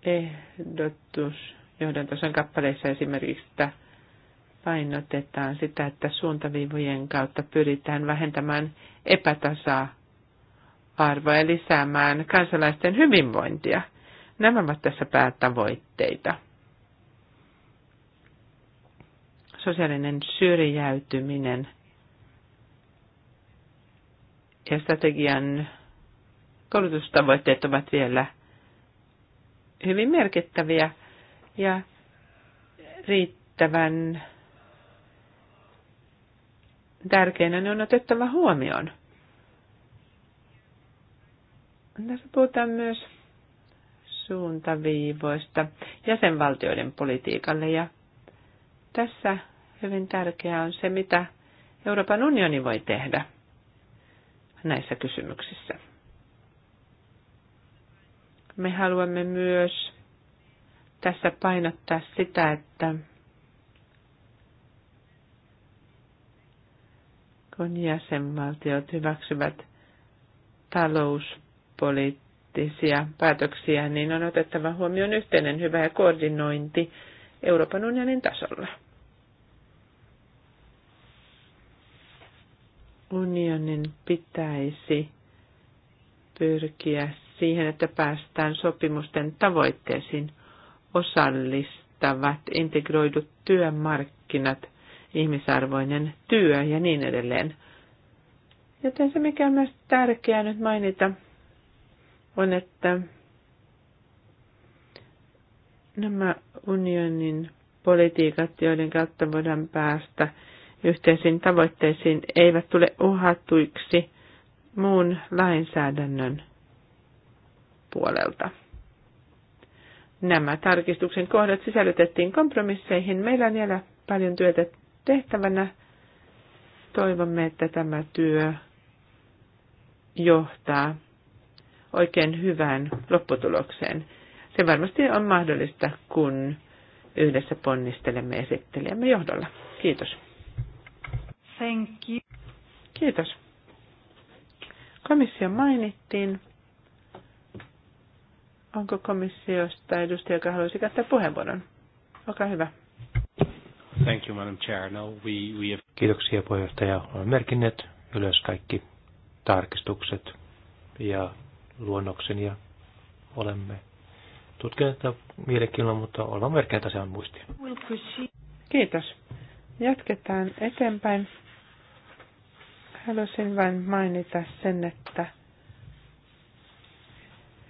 Ehdotus johdantosan kappaleissa esimerkiksi, että painotetaan sitä, että suuntaviivojen kautta pyritään vähentämään epätasa-arvoa ja lisäämään kansalaisten hyvinvointia. Nämä ovat tässä päätavoitteita. sosiaalinen syrjäytyminen ja strategian koulutustavoitteet ovat vielä hyvin merkittäviä ja riittävän tärkeänä ne on otettava huomioon. Tässä puhutaan myös suuntaviivoista jäsenvaltioiden politiikalle ja tässä hyvin tärkeää on se, mitä Euroopan unioni voi tehdä näissä kysymyksissä. Me haluamme myös tässä painottaa sitä, että kun jäsenvaltiot hyväksyvät talouspoliittisia päätöksiä, niin on otettava huomioon yhteinen hyvä ja koordinointi Euroopan unionin tasolla. unionin pitäisi pyrkiä siihen, että päästään sopimusten tavoitteisiin osallistavat, integroidut työmarkkinat, ihmisarvoinen työ ja niin edelleen. Joten se, mikä on myös tärkeää nyt mainita, on, että nämä unionin politiikat, joiden kautta voidaan päästä yhteisiin tavoitteisiin eivät tule uhattuiksi muun lainsäädännön puolelta. Nämä tarkistuksen kohdat sisällytettiin kompromisseihin. Meillä on vielä paljon työtä tehtävänä. Toivomme, että tämä työ johtaa oikein hyvään lopputulokseen. Se varmasti on mahdollista, kun yhdessä ponnistelemme esittelijämme johdolla. Kiitos. Thank you. Kiitos. Komissio mainittiin. Onko komissiosta edustaja, joka haluaisi käyttää puheenvuoron? Olkaa hyvä. Thank you, Madam Chair. No, we, we have... Kiitoksia puheenjohtaja. Olen merkinnyt ylös kaikki tarkistukset ja luonnoksen ja olemme tutkineet tätä mielenkiinnolla, mutta olemme merkinneet asian muistiin. Kiitos. Jatketaan eteenpäin. Halusin vain mainita sen, että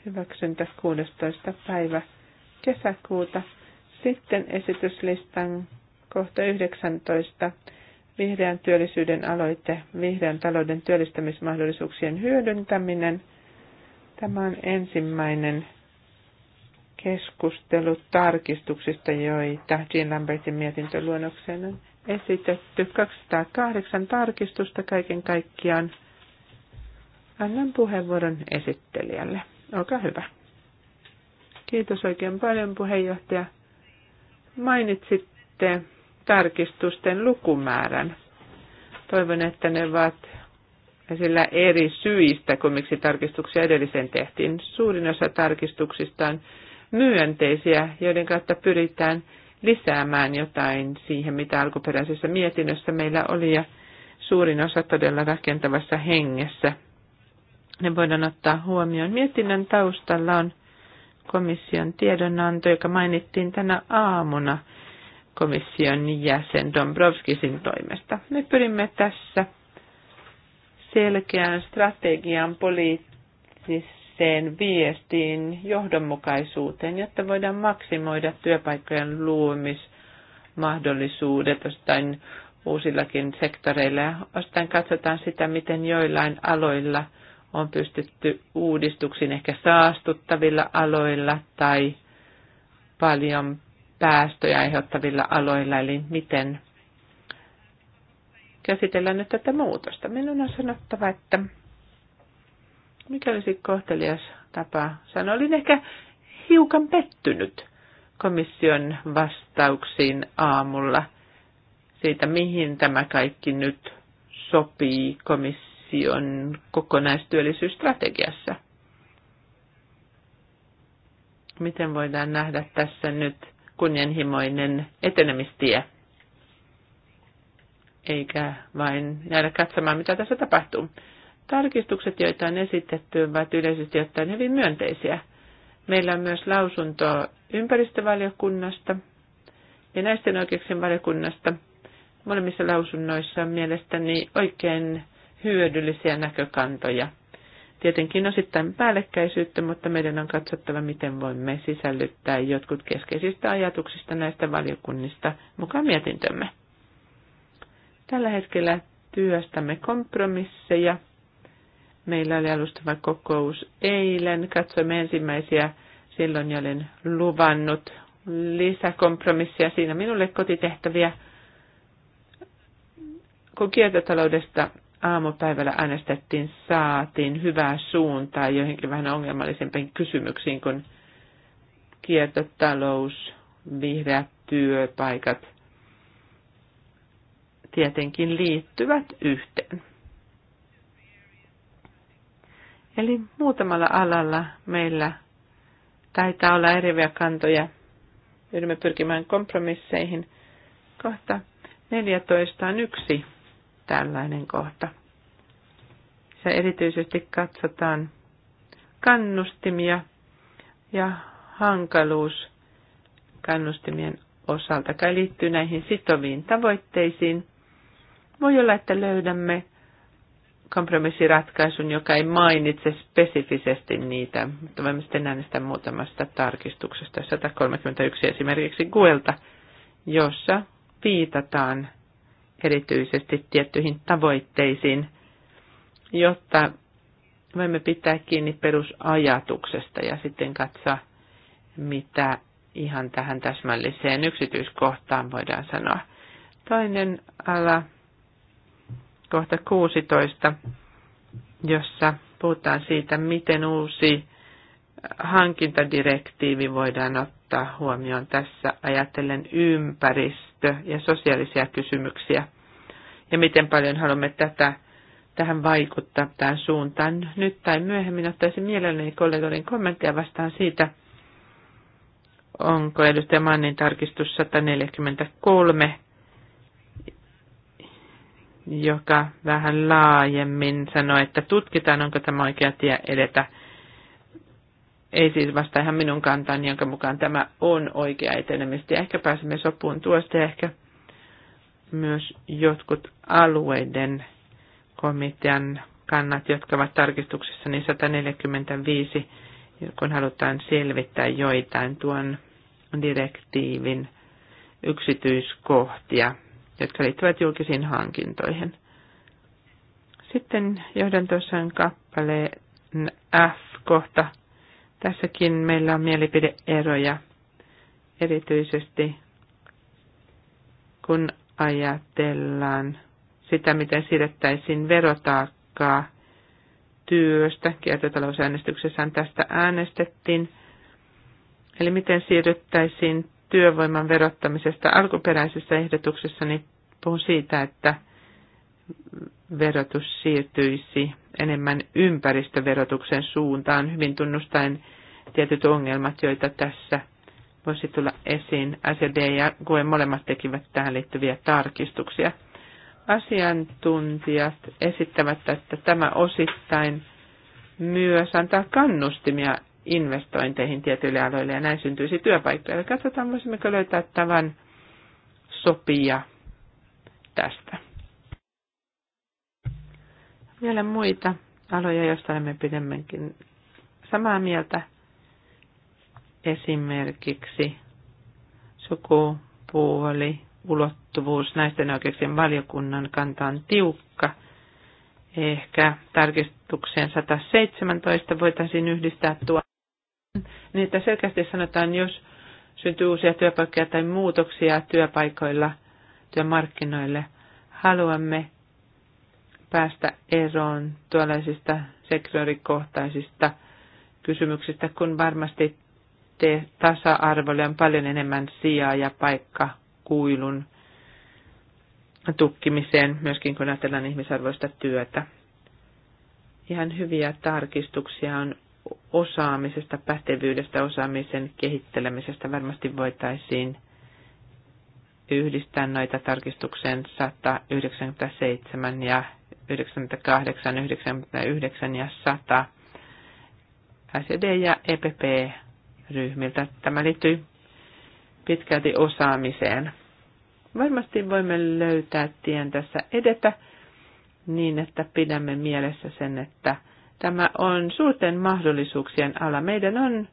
hyväksyntä 16. päivä kesäkuuta. Sitten esityslistan kohta 19. Vihreän työllisyyden aloite, vihreän talouden työllistämismahdollisuuksien hyödyntäminen. Tämä on ensimmäinen keskustelu tarkistuksista, joita Jean Lambertin mietintöluonnokseen on esitetty 208 tarkistusta kaiken kaikkiaan. Annan puheenvuoron esittelijälle. Olkaa hyvä. Kiitos oikein paljon puheenjohtaja. Mainitsitte tarkistusten lukumäärän. Toivon, että ne ovat esillä eri syistä kuin miksi tarkistuksia edelliseen tehtiin. Suurin osa tarkistuksista on myönteisiä, joiden kautta pyritään – lisäämään jotain siihen, mitä alkuperäisessä mietinnössä meillä oli ja suurin osa todella rakentavassa hengessä. Ne voidaan ottaa huomioon. Mietinnön taustalla on komission tiedonanto, joka mainittiin tänä aamuna komission jäsen Dombrovskisin toimesta. Me pyrimme tässä selkeään strategian poliittisessa poliittiseen viestiin, johdonmukaisuuteen, jotta voidaan maksimoida työpaikkojen luomismahdollisuudet jostain uusillakin sektoreilla. Ostain katsotaan sitä, miten joillain aloilla on pystytty uudistuksiin ehkä saastuttavilla aloilla tai paljon päästöjä aiheuttavilla aloilla, eli miten käsitellään nyt tätä muutosta. Minun on sanottava, että mikä olisi kohtelias tapa sanoa. Olin ehkä hiukan pettynyt komission vastauksiin aamulla siitä, mihin tämä kaikki nyt sopii komission kokonaistyöllisyysstrategiassa. Miten voidaan nähdä tässä nyt kunnianhimoinen etenemistie? Eikä vain jäädä katsomaan, mitä tässä tapahtuu. Tarkistukset, joita on esitetty, ovat yleisesti ottaen hyvin myönteisiä. Meillä on myös lausunto ympäristövaliokunnasta ja näisten oikeuksien valiokunnasta. Molemmissa lausunnoissa on mielestäni oikein hyödyllisiä näkökantoja. Tietenkin osittain päällekkäisyyttä, mutta meidän on katsottava, miten voimme sisällyttää jotkut keskeisistä ajatuksista näistä valiokunnista mukaan mietintömme. Tällä hetkellä työstämme kompromisseja – Meillä oli alustava kokous eilen. Katsoimme ensimmäisiä. Silloin jo olin luvannut lisäkompromissia siinä minulle kotitehtäviä. Kun kiertotaloudesta aamupäivällä äänestettiin, saatiin hyvää suuntaa joihinkin vähän ongelmallisempiin kysymyksiin kuin kiertotalous, vihreät työpaikat tietenkin liittyvät yhteen. Eli muutamalla alalla meillä taitaa olla eriviä kantoja. Yhdymme pyrkimään kompromisseihin. Kohta 14 on yksi tällainen kohta. Se erityisesti katsotaan kannustimia ja hankaluus kannustimien osalta, kai liittyy näihin sitoviin tavoitteisiin. Voi olla, että löydämme kompromissiratkaisun, joka ei mainitse spesifisesti niitä, mutta voimme sitten äänestää muutamasta tarkistuksesta, 131 esimerkiksi Guelta, jossa viitataan erityisesti tiettyihin tavoitteisiin, jotta voimme pitää kiinni perusajatuksesta ja sitten katsoa, mitä ihan tähän täsmälliseen yksityiskohtaan voidaan sanoa. Toinen ala kohta 16, jossa puhutaan siitä, miten uusi hankintadirektiivi voidaan ottaa huomioon tässä ajatellen ympäristö- ja sosiaalisia kysymyksiä. Ja miten paljon haluamme tätä, tähän vaikuttaa tähän suuntaan nyt tai myöhemmin. Ottaisin mielelläni kollegoiden kommentteja vastaan siitä, onko edustaja Mannin tarkistus 143 joka vähän laajemmin sanoi, että tutkitaan, onko tämä oikea tie edetä. Ei siis vasta ihan minun kantani, jonka mukaan tämä on oikea etenemistä. Ehkä pääsemme sopuun tuosta ja ehkä myös jotkut alueiden komitean kannat, jotka ovat tarkistuksessa, niin 145, kun halutaan selvittää joitain tuon direktiivin yksityiskohtia jotka liittyvät julkisiin hankintoihin. Sitten johdan tuossa kappaleen F-kohta. Tässäkin meillä on mielipideeroja, erityisesti kun ajatellaan sitä, miten siirrettäisiin verotaakkaa työstä. Kiertotalousäänestyksessä tästä äänestettiin. Eli miten siirryttäisiin työvoiman verottamisesta alkuperäisessä niin riippuu siitä, että verotus siirtyisi enemmän ympäristöverotuksen suuntaan, hyvin tunnustaen tietyt ongelmat, joita tässä voisi tulla esiin. SED ja GUE molemmat tekivät tähän liittyviä tarkistuksia. Asiantuntijat esittävät, että tämä osittain myös antaa kannustimia investointeihin tietyille aloille ja näin syntyisi työpaikkoja. Katsotaan, voisimmeko löytää tämän sopia tästä. Vielä muita aloja, joista olemme pidemmänkin samaa mieltä. Esimerkiksi sukupuoli, ulottuvuus naisten oikeuksien valiokunnan kanta on tiukka. Ehkä tarkistukseen 117 voitaisiin yhdistää tuo, niitä selkeästi sanotaan, jos syntyy uusia työpaikkoja tai muutoksia työpaikoilla – työmarkkinoille. Haluamme päästä eroon tuollaisista sektorikohtaisista kysymyksistä, kun varmasti te tasa-arvolle on paljon enemmän sijaa ja paikka kuilun tukkimiseen, myöskin kun ajatellaan ihmisarvoista työtä. Ihan hyviä tarkistuksia on osaamisesta, pätevyydestä, osaamisen kehittelemisestä varmasti voitaisiin yhdistää noita tarkistukseen 197 ja 98, 99 ja 100 SED- ja EPP-ryhmiltä. Tämä liittyy pitkälti osaamiseen. Varmasti voimme löytää tien tässä edetä niin, että pidämme mielessä sen, että tämä on suurten mahdollisuuksien ala. Meidän on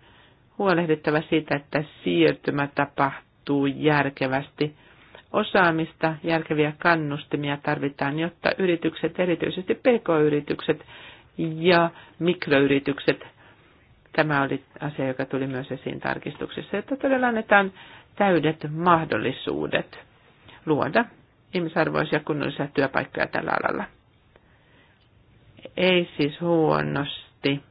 huolehdittava siitä, että siirtymä tapahtuu järkevästi Osaamista, järkeviä kannustimia tarvitaan, jotta yritykset, erityisesti pk-yritykset ja mikroyritykset, tämä oli asia, joka tuli myös esiin tarkistuksessa, että todella annetaan täydet mahdollisuudet luoda ihmisarvoisia kunnollisia työpaikkoja tällä alalla. Ei siis huonosti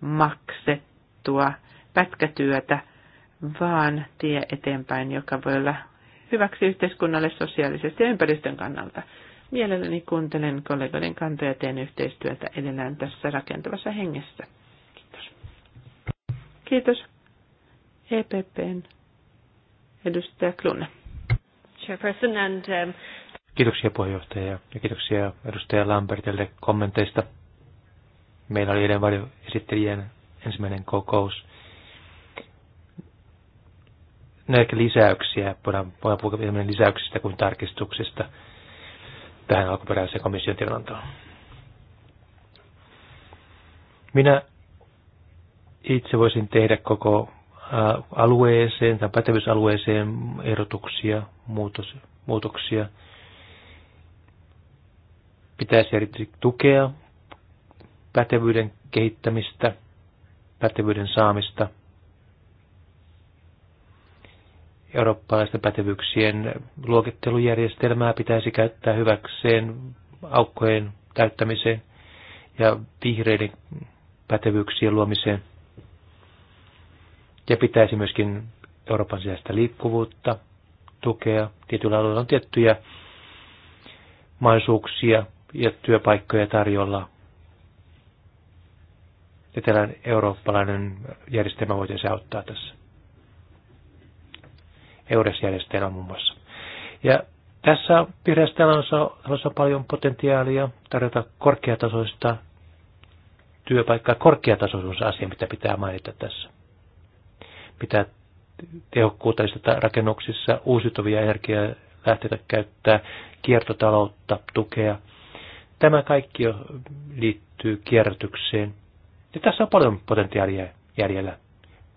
maksettua pätkätyötä, vaan tie eteenpäin, joka voi olla hyväksi yhteiskunnalle sosiaalisesti ja ympäristön kannalta. Mielelläni kuuntelen kollegoiden kantoja ja teen yhteistyötä edellään tässä rakentavassa hengessä. Kiitos. Kiitos. EPPn edustaja Klune. Chairperson and, um... Kiitoksia puheenjohtaja ja kiitoksia edustaja Lambertille kommenteista. Meillä oli eilen esittelijän ensimmäinen kokous näitä lisäyksiä, voidaan, voidaan puhua lisäyksistä kuin tarkistuksista tähän alkuperäiseen komission tiedonantoon. Minä itse voisin tehdä koko äh, alueeseen tai pätevyysalueeseen erotuksia, muutos, muutoksia. Pitäisi erityisesti tukea pätevyyden kehittämistä, pätevyyden saamista – eurooppalaisten pätevyyksien luokittelujärjestelmää pitäisi käyttää hyväkseen aukkojen täyttämiseen ja vihreiden pätevyyksien luomiseen. Ja pitäisi myöskin Euroopan sisäistä liikkuvuutta tukea. Tietyillä alueilla on tiettyjä mahdollisuuksia ja työpaikkoja tarjolla. Etelän eurooppalainen järjestelmä voitaisiin auttaa tässä. EURES-järjestelmä muun muassa. Ja tässä vihreässä talossa on paljon potentiaalia tarjota korkeatasoista työpaikkaa. Korkeatasoisuus on asia, mitä pitää mainita tässä. Pitää tehokkuutta lisätä rakennuksissa, uusiutuvia energialähteitä käyttää, kiertotaloutta tukea. Tämä kaikki liittyy kierrätykseen. Ja tässä on paljon potentiaalia jäljellä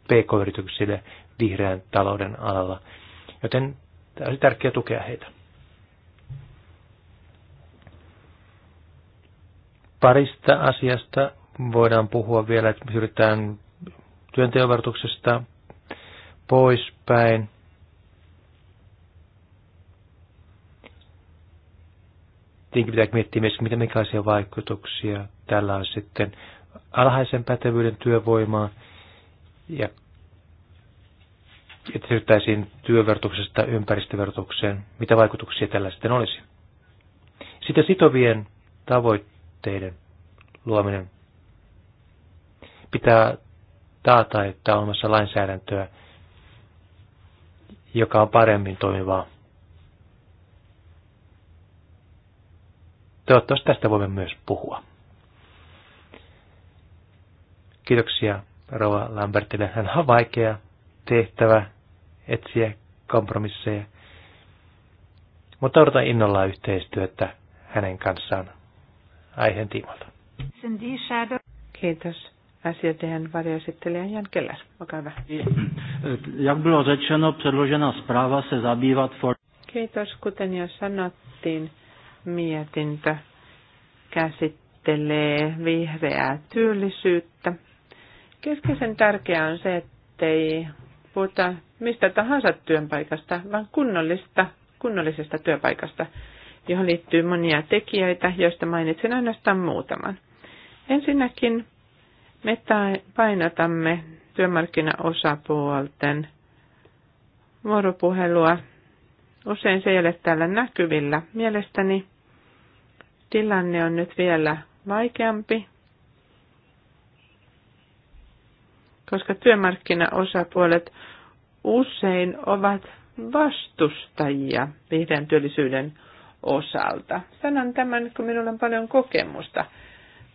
pk-yrityksille, vihreän talouden alalla. Joten tämä oli tärkeää tukea heitä. Parista asiasta voidaan puhua vielä, että yritetään työnteovertuksesta poispäin. Tietenkin pitää miettiä myös, mitä minkälaisia vaikutuksia tällä on sitten alhaisen pätevyyden työvoimaa ja että siirryttäisiin työvertuksesta ympäristövertukseen, mitä vaikutuksia tällä sitten olisi. Sitä sitovien tavoitteiden luominen pitää taata, että on olemassa lainsäädäntöä, joka on paremmin toimivaa. Toivottavasti tästä voimme myös puhua. Kiitoksia Rova Lambertille. Hän on vaikea tehtävä etsiä kompromisseja. Mutta odotan innolla yhteistyötä hänen kanssaan aiheen tiimalta. Kiitos. Asiateen varjoesittelijä Jan Keller. Olkaa hyvä. Jak było rzeczeno, przedłożona sprawa se zabývat for... Kiitos. Kuten jo sanottiin, mietintö käsittelee vihreää työllisyyttä. Keskeisen tärkeää on se, että ei puhuta mistä tahansa työpaikasta, vaan kunnollista, kunnollisesta työpaikasta, johon liittyy monia tekijöitä, joista mainitsen ainoastaan muutaman. Ensinnäkin me painotamme työmarkkinaosapuolten vuoropuhelua. Usein se ei ole täällä näkyvillä. Mielestäni tilanne on nyt vielä vaikeampi koska työmarkkinaosapuolet usein ovat vastustajia vihreän työllisyyden osalta. Sanon tämän, kun minulla on paljon kokemusta.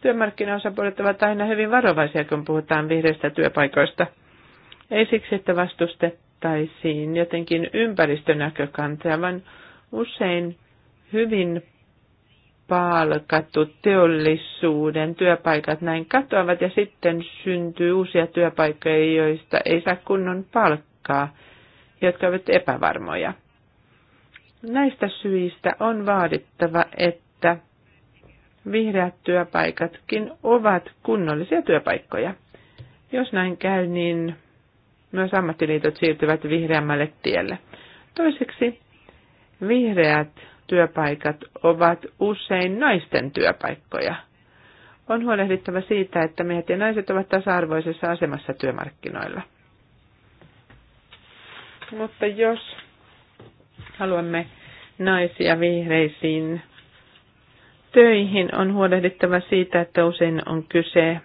Työmarkkinaosapuolet ovat aina hyvin varovaisia, kun puhutaan vihreistä työpaikoista. Ei siksi, että vastustettaisiin jotenkin ympäristönäkökantaa, vaan usein hyvin palkattu teollisuuden työpaikat näin katoavat ja sitten syntyy uusia työpaikkoja, joista ei saa kunnon palkkaa, jotka ovat epävarmoja. Näistä syistä on vaadittava, että vihreät työpaikatkin ovat kunnollisia työpaikkoja. Jos näin käy, niin myös ammattiliitot siirtyvät vihreämmälle tielle. Toiseksi vihreät työpaikat ovat usein naisten työpaikkoja. On huolehdittava siitä, että miehet ja naiset ovat tasa-arvoisessa asemassa työmarkkinoilla. Mutta jos haluamme naisia vihreisiin töihin, on huolehdittava siitä, että usein on kyse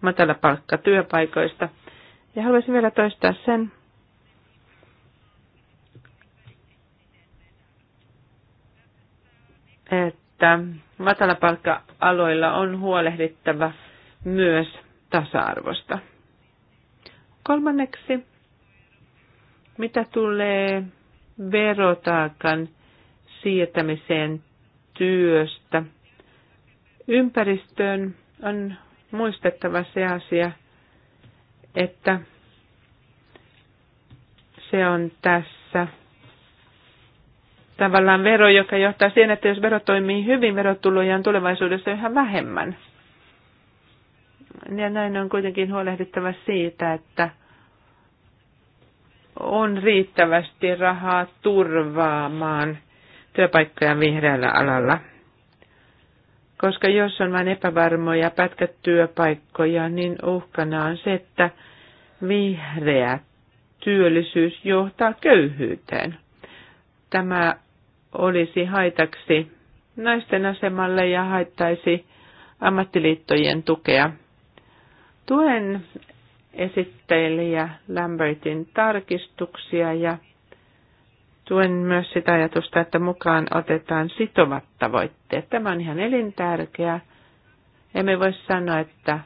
matalapalkkatyöpaikoista. Ja haluaisin vielä toistaa sen, että matalapalkka-aloilla on huolehdittava myös tasa-arvosta. Kolmanneksi, mitä tulee verotaakan siirtämiseen työstä ympäristöön, on muistettava se asia, että se on tässä tavallaan vero, joka johtaa siihen, että jos vero toimii hyvin, verotuloja on tulevaisuudessa yhä vähemmän. Ja näin on kuitenkin huolehdittava siitä, että on riittävästi rahaa turvaamaan työpaikkoja vihreällä alalla. Koska jos on vain epävarmoja pätkätyöpaikkoja, niin uhkana on se, että vihreä työllisyys johtaa köyhyyteen. Tämä olisi haitaksi naisten asemalle ja haittaisi ammattiliittojen tukea. Tuen esittelijä Lambertin tarkistuksia ja tuen myös sitä ajatusta, että mukaan otetaan sitovat tavoitteet. Tämä on ihan elintärkeää. Emme voi sanoa, että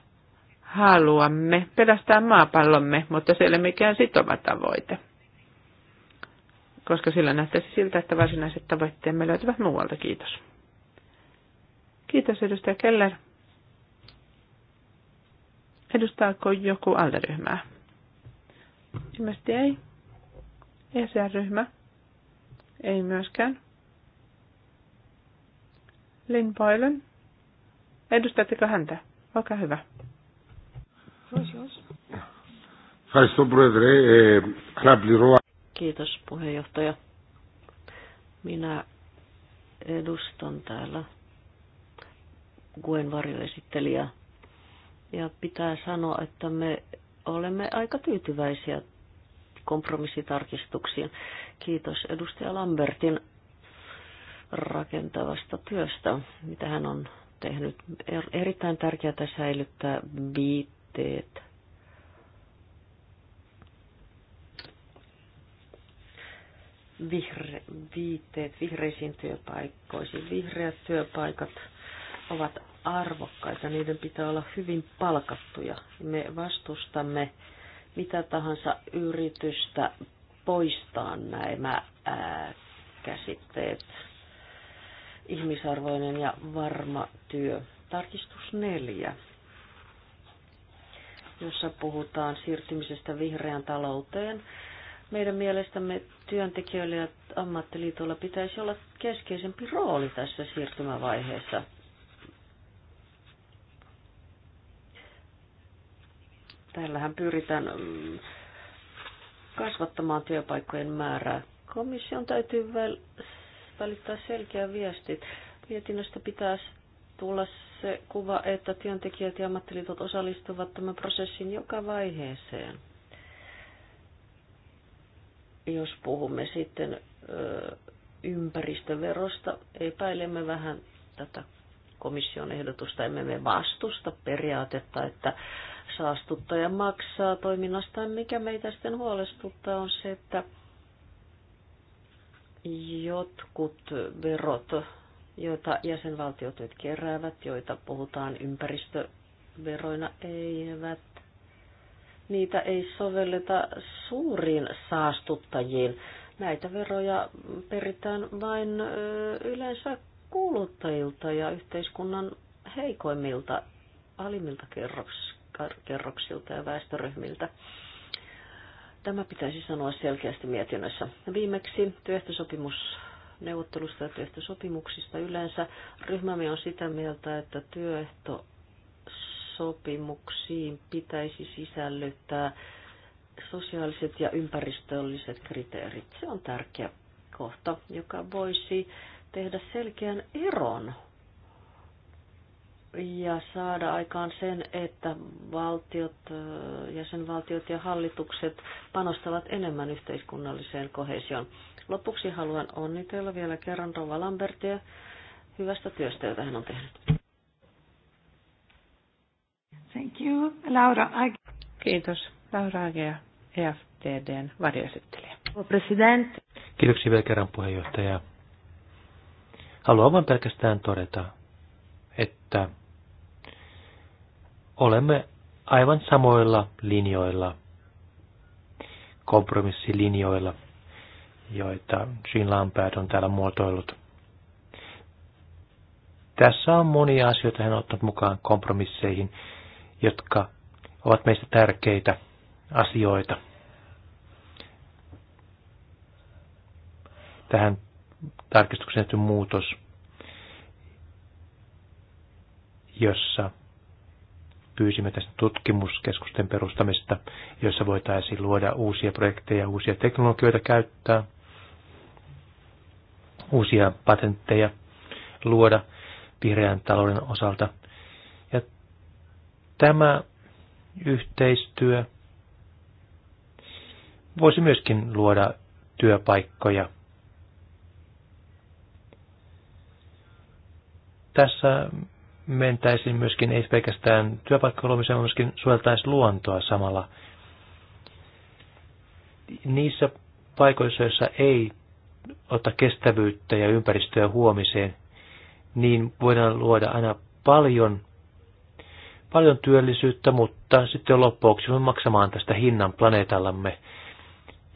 haluamme pelastaa maapallomme, mutta se ei ole mikään sitova tavoite koska silloin näyttäisi siltä, että varsinaiset tavoitteemme löytyvät muualta. Kiitos. Kiitos edustaja Keller. Edustaako joku alderyhmää? Ilmeisesti ei. esr ryhmä Ei myöskään. Lynn Boylan? Edustatteko häntä? Olkaa hyvä. Ευχαριστώ Πρόεδρε. Kiitos puheenjohtaja. Minä edustan täällä Guen varjoesittelijää. Ja pitää sanoa, että me olemme aika tyytyväisiä kompromissitarkistuksiin. Kiitos edustaja Lambertin rakentavasta työstä, mitä hän on tehnyt. Er- erittäin tärkeää säilyttää viitteet vihre, viitteet vihreisiin työpaikkoihin. Vihreät työpaikat ovat arvokkaita, niiden pitää olla hyvin palkattuja. Me vastustamme mitä tahansa yritystä poistaa nämä ää, käsitteet. Ihmisarvoinen ja varma työ. Tarkistus neljä, jossa puhutaan siirtymisestä vihreään talouteen meidän mielestämme työntekijöillä ja ammattiliitolla pitäisi olla keskeisempi rooli tässä siirtymävaiheessa. Tällähän pyritään mm, kasvattamaan työpaikkojen määrää. Komission täytyy väl, välittää selkeä viesti. Mietinnöstä pitäisi tulla se kuva, että työntekijät ja ammattiliitot osallistuvat tämän prosessin joka vaiheeseen. Jos puhumme sitten ympäristöverosta, epäilemme vähän tätä komission ehdotusta. Emme me vastusta periaatetta, että saastuttaja maksaa toiminnastaan. Mikä meitä sitten huolestuttaa on se, että jotkut verot, joita jäsenvaltiot nyt keräävät, joita puhutaan ympäristöveroina, eivät niitä ei sovelleta suuriin saastuttajiin. Näitä veroja peritään vain yleensä kuluttajilta ja yhteiskunnan heikoimmilta, alimmilta kerroksilta ja väestöryhmiltä. Tämä pitäisi sanoa selkeästi mietinnössä. Viimeksi työehtosopimus neuvottelusta ja työehtosopimuksista yleensä. Ryhmämme on sitä mieltä, että työehto sopimuksiin pitäisi sisällyttää sosiaaliset ja ympäristölliset kriteerit. Se on tärkeä kohta, joka voisi tehdä selkeän eron ja saada aikaan sen, että valtiot, jäsenvaltiot ja hallitukset panostavat enemmän yhteiskunnalliseen kohesioon. Lopuksi haluan onnitella vielä kerran Rova Lambertia hyvästä työstä, jota hän on tehnyt. Thank you. Laura Ag- Kiitos. Laura Agea, EFTDn varjoesittelijä. President. Kiitoksia vielä kerran puheenjohtaja. Haluan vain pelkästään todeta, että olemme aivan samoilla linjoilla, kompromissilinjoilla, joita Jean Lampard on täällä muotoillut. Tässä on monia asioita hän on ottanut mukaan kompromisseihin, jotka ovat meistä tärkeitä asioita. Tähän tarkistukseen tehty muutos, jossa pyysimme tästä tutkimuskeskusten perustamista, jossa voitaisiin luoda uusia projekteja, uusia teknologioita käyttää, uusia patentteja luoda vihreän talouden osalta – tämä yhteistyö voisi myöskin luoda työpaikkoja. Tässä mentäisiin myöskin ei pelkästään työpaikkojen luomiseen, vaan myöskin suojeltaisiin luontoa samalla. Niissä paikoissa, joissa ei ota kestävyyttä ja ympäristöä huomiseen, niin voidaan luoda aina paljon paljon työllisyyttä, mutta sitten loppuksi me maksamaan tästä hinnan planeetallamme,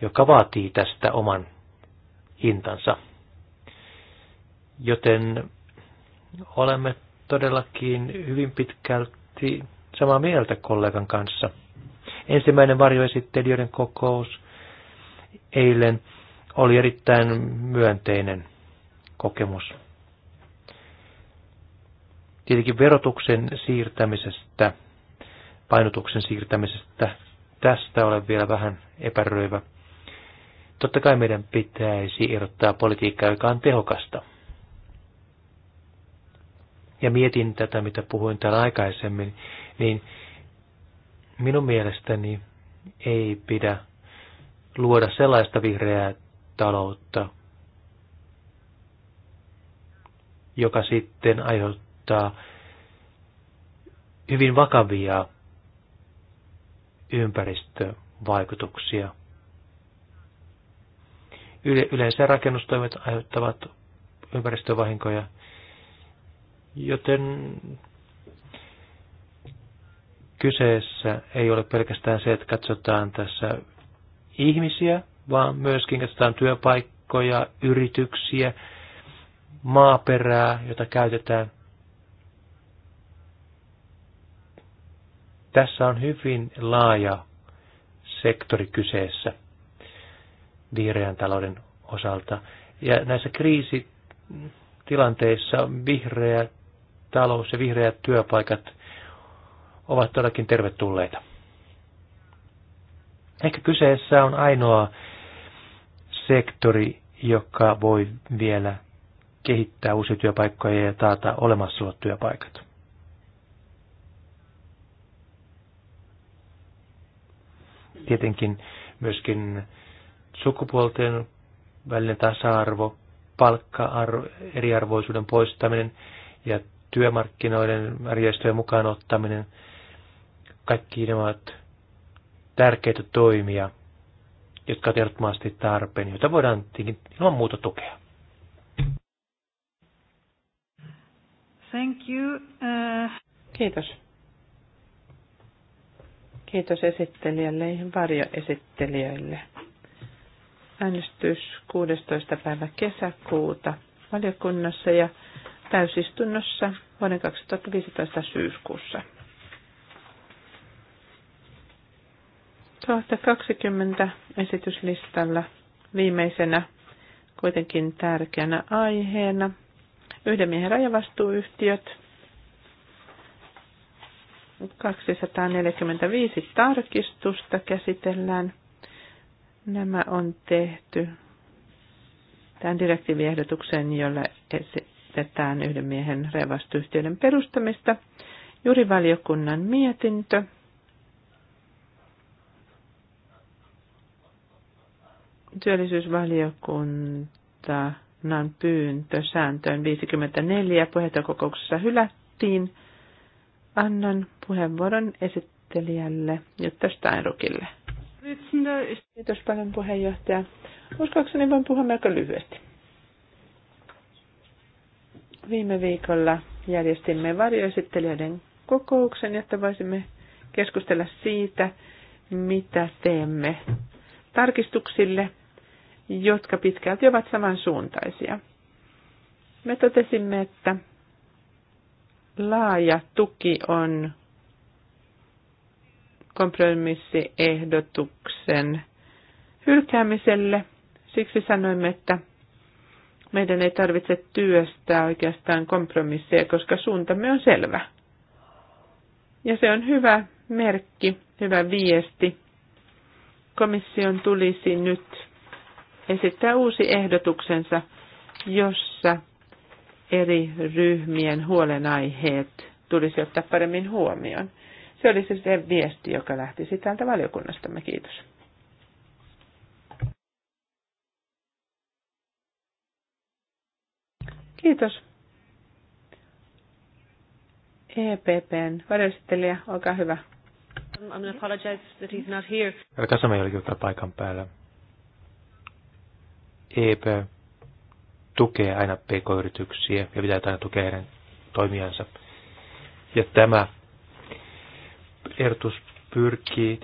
joka vaatii tästä oman hintansa. Joten olemme todellakin hyvin pitkälti samaa mieltä kollegan kanssa. Ensimmäinen varjoesittelijöiden kokous eilen oli erittäin myönteinen kokemus tietenkin verotuksen siirtämisestä, painotuksen siirtämisestä, tästä olen vielä vähän epäröivä. Totta kai meidän pitäisi erottaa politiikkaa, joka on tehokasta. Ja mietin tätä, mitä puhuin täällä aikaisemmin, niin minun mielestäni ei pidä luoda sellaista vihreää taloutta, joka sitten aiheuttaa aiheuttaa hyvin vakavia ympäristövaikutuksia. yleensä rakennustoimet aiheuttavat ympäristövahinkoja, joten kyseessä ei ole pelkästään se, että katsotaan tässä ihmisiä, vaan myöskin katsotaan työpaikkoja, yrityksiä, maaperää, jota käytetään. Tässä on hyvin laaja sektori kyseessä vihreän talouden osalta. Ja näissä kriisitilanteissa vihreä talous ja vihreät työpaikat ovat todellakin tervetulleita. Ehkä kyseessä on ainoa sektori, joka voi vielä kehittää uusia työpaikkoja ja taata olemassa työpaikat. tietenkin myöskin sukupuolten välinen tasa-arvo, palkka-eriarvoisuuden poistaminen ja työmarkkinoiden järjestöjen mukaan ottaminen. Kaikki nämä ovat tärkeitä toimia, jotka ovat ehdottomasti tarpeen, joita voidaan ilman muuta tukea. Thank you. Uh... Kiitos. Kiitos esittelijälle ja varjoesittelijöille. Äänestys 16. päivä kesäkuuta valiokunnassa ja täysistunnossa vuoden 2015 syyskuussa. 2020 esityslistalla viimeisenä kuitenkin tärkeänä aiheena yhden miehen rajavastuuyhtiöt – 245 tarkistusta käsitellään. Nämä on tehty tämän direktiiviehdotuksen, jolla esitetään yhden miehen revastuyhtiöiden perustamista. valiokunnan mietintö. Työllisyysvaliokunta pyyntö sääntöön 54 puheenjohtajakokouksessa hylättiin annan puheenvuoron esittelijälle Jutta Steinrukille. Kiitos paljon puheenjohtaja. Uskoakseni voin puhua melko lyhyesti. Viime viikolla järjestimme varjoesittelijöiden kokouksen, jotta voisimme keskustella siitä, mitä teemme tarkistuksille, jotka pitkälti ovat samansuuntaisia. Me totesimme, että laaja tuki on kompromissiehdotuksen hylkäämiselle. Siksi sanoimme, että meidän ei tarvitse työstää oikeastaan kompromisseja, koska suuntamme on selvä. Ja se on hyvä merkki, hyvä viesti. Komission tulisi nyt esittää uusi ehdotuksensa, jossa eri ryhmien huolenaiheet tulisi ottaa paremmin huomioon. Se oli se viesti, joka lähti täältä valiokunnastamme. Kiitos. Kiitos. EPPn varjostelijä, olkaa hyvä. I'm going to apologize that he's not here. Älkää sanoa jollekin paikan päällä. EPP tukee aina pk-yrityksiä ja pitää aina tukea heidän toimijansa. Ja tämä ehdotus pyrkii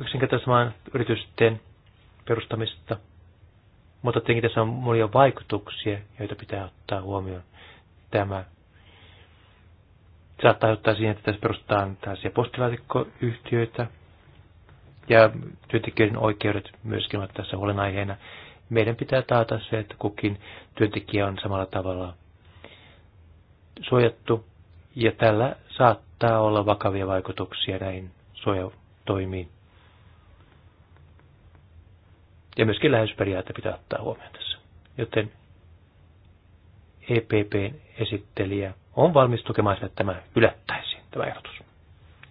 yksinkertaisemaan yritysten perustamista, mutta tietenkin tässä on monia vaikutuksia, joita pitää ottaa huomioon. Tämä saattaa johtaa siihen, että tässä perustetaan tällaisia postilaatikkoyhtiöitä, ja työntekijöiden oikeudet myöskin ovat tässä huolenaiheena meidän pitää taata se, että kukin työntekijä on samalla tavalla suojattu, ja tällä saattaa olla vakavia vaikutuksia näihin suojatoimiin. Ja myöskin läheisyysperiaate pitää ottaa huomioon tässä. Joten EPPn esittelijä on valmis tukemaan sen, että tämä ylättäisiin, tämä ehdotus.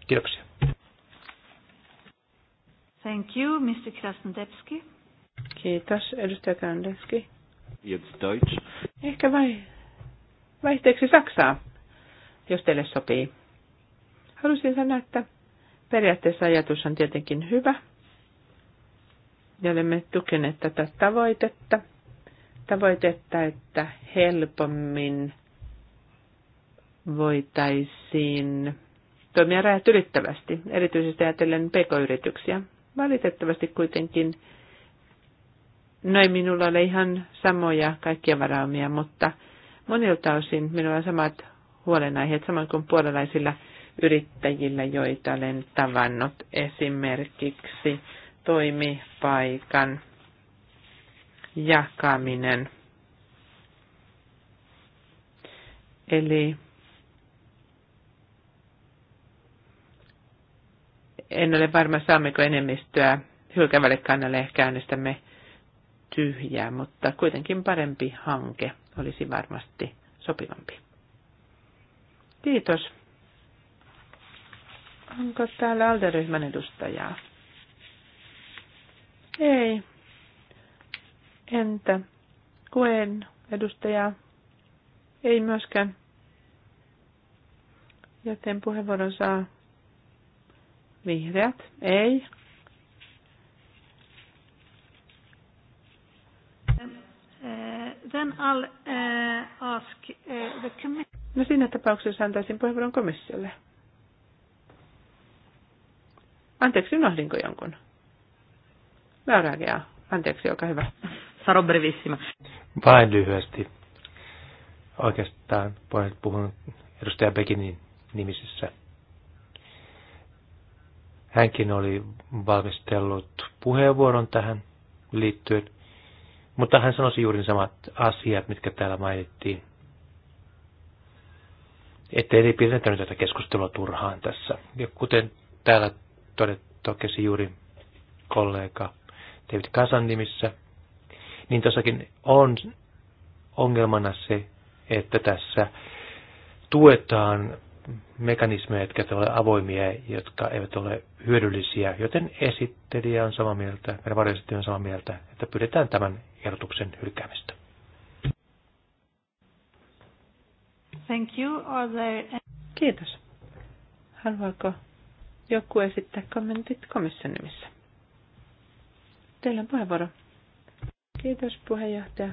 Kiitoksia. Thank you, Mr. Krasnodebski. Kiitos, edustaja Kandeski. Jetzt Deutsch. Ehkä vai, vaihteeksi Saksaa, jos teille sopii. Halusin sanoa, että periaatteessa ajatus on tietenkin hyvä. Ja olemme tukeneet tätä tavoitetta. Tavoitetta, että helpommin voitaisiin toimia rajat ylittävästi, erityisesti ajatellen pk-yrityksiä. Valitettavasti kuitenkin No ei minulla ole ihan samoja kaikkia varaumia, mutta monilta osin minulla on samat huolenaiheet, saman kuin puolalaisilla yrittäjillä, joita olen tavannut esimerkiksi toimipaikan jakaminen. Eli en ole varma, saammeko enemmistöä hylkävälle kannalle ehkä äänestämme tyhjää, mutta kuitenkin parempi hanke olisi varmasti sopivampi. Kiitos. Onko täällä alderyhmän edustajaa? Ei. Entä Kuen edustajaa? Ei myöskään. Joten puheenvuoron saa vihreät. Ei. Then I'll uh, ask uh, the committee. No siinä tapauksessa antaisin puheenvuoron komissiolle. Anteeksi, unohdinko jonkun? Laura Gea, anteeksi, olkaa hyvä. Saro brevissima. Vain lyhyesti. Oikeastaan puhun edustaja Beginin nimisessä. Hänkin oli valmistellut puheenvuoron tähän liittyen. Mutta hän sanoisi juuri samat asiat, mitkä täällä mainittiin. Että ei pidetä tätä keskustelua turhaan tässä. Ja kuten täällä todettiin, juuri kollega David Kasan nimissä, niin tosakin on ongelmana se, että tässä tuetaan mekanismeja, jotka eivät ole avoimia, jotka eivät ole hyödyllisiä, joten esittelijä on samaa mieltä, meidän varjoesittelijä on samaa mieltä, että pyydetään tämän ehdotuksen hylkäämistä. Thank you. Are there... Kiitos. Haluaako joku esittää kommentit komission nimissä? Teillä on puheenvuoro. Kiitos puheenjohtaja.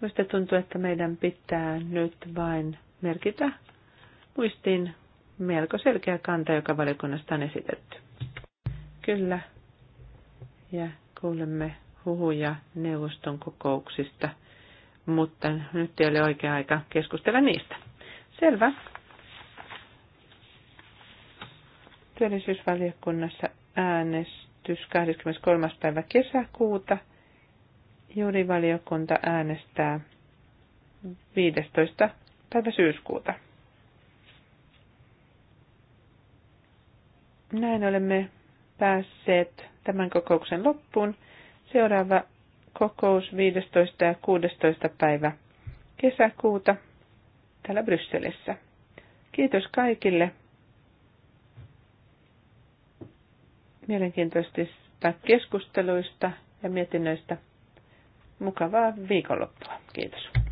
Minusta tuntuu, että meidän pitää nyt vain merkitä muistiin melko selkeä kanta, joka valiokunnasta on esitetty. Kyllä. Ja kuulemme huhuja neuvoston kokouksista, mutta nyt ei ole oikea aika keskustella niistä. Selvä. Työllisyysvaliokunnassa äänestys 23. päivä kesäkuuta. Juurivaliokunta äänestää 15. päivä syyskuuta. Näin olemme päässeet tämän kokouksen loppuun. Seuraava kokous 15. ja 16. päivä kesäkuuta täällä Brysselissä. Kiitos kaikille mielenkiintoisista keskusteluista ja mietinnöistä. Mukavaa viikonloppua. Kiitos.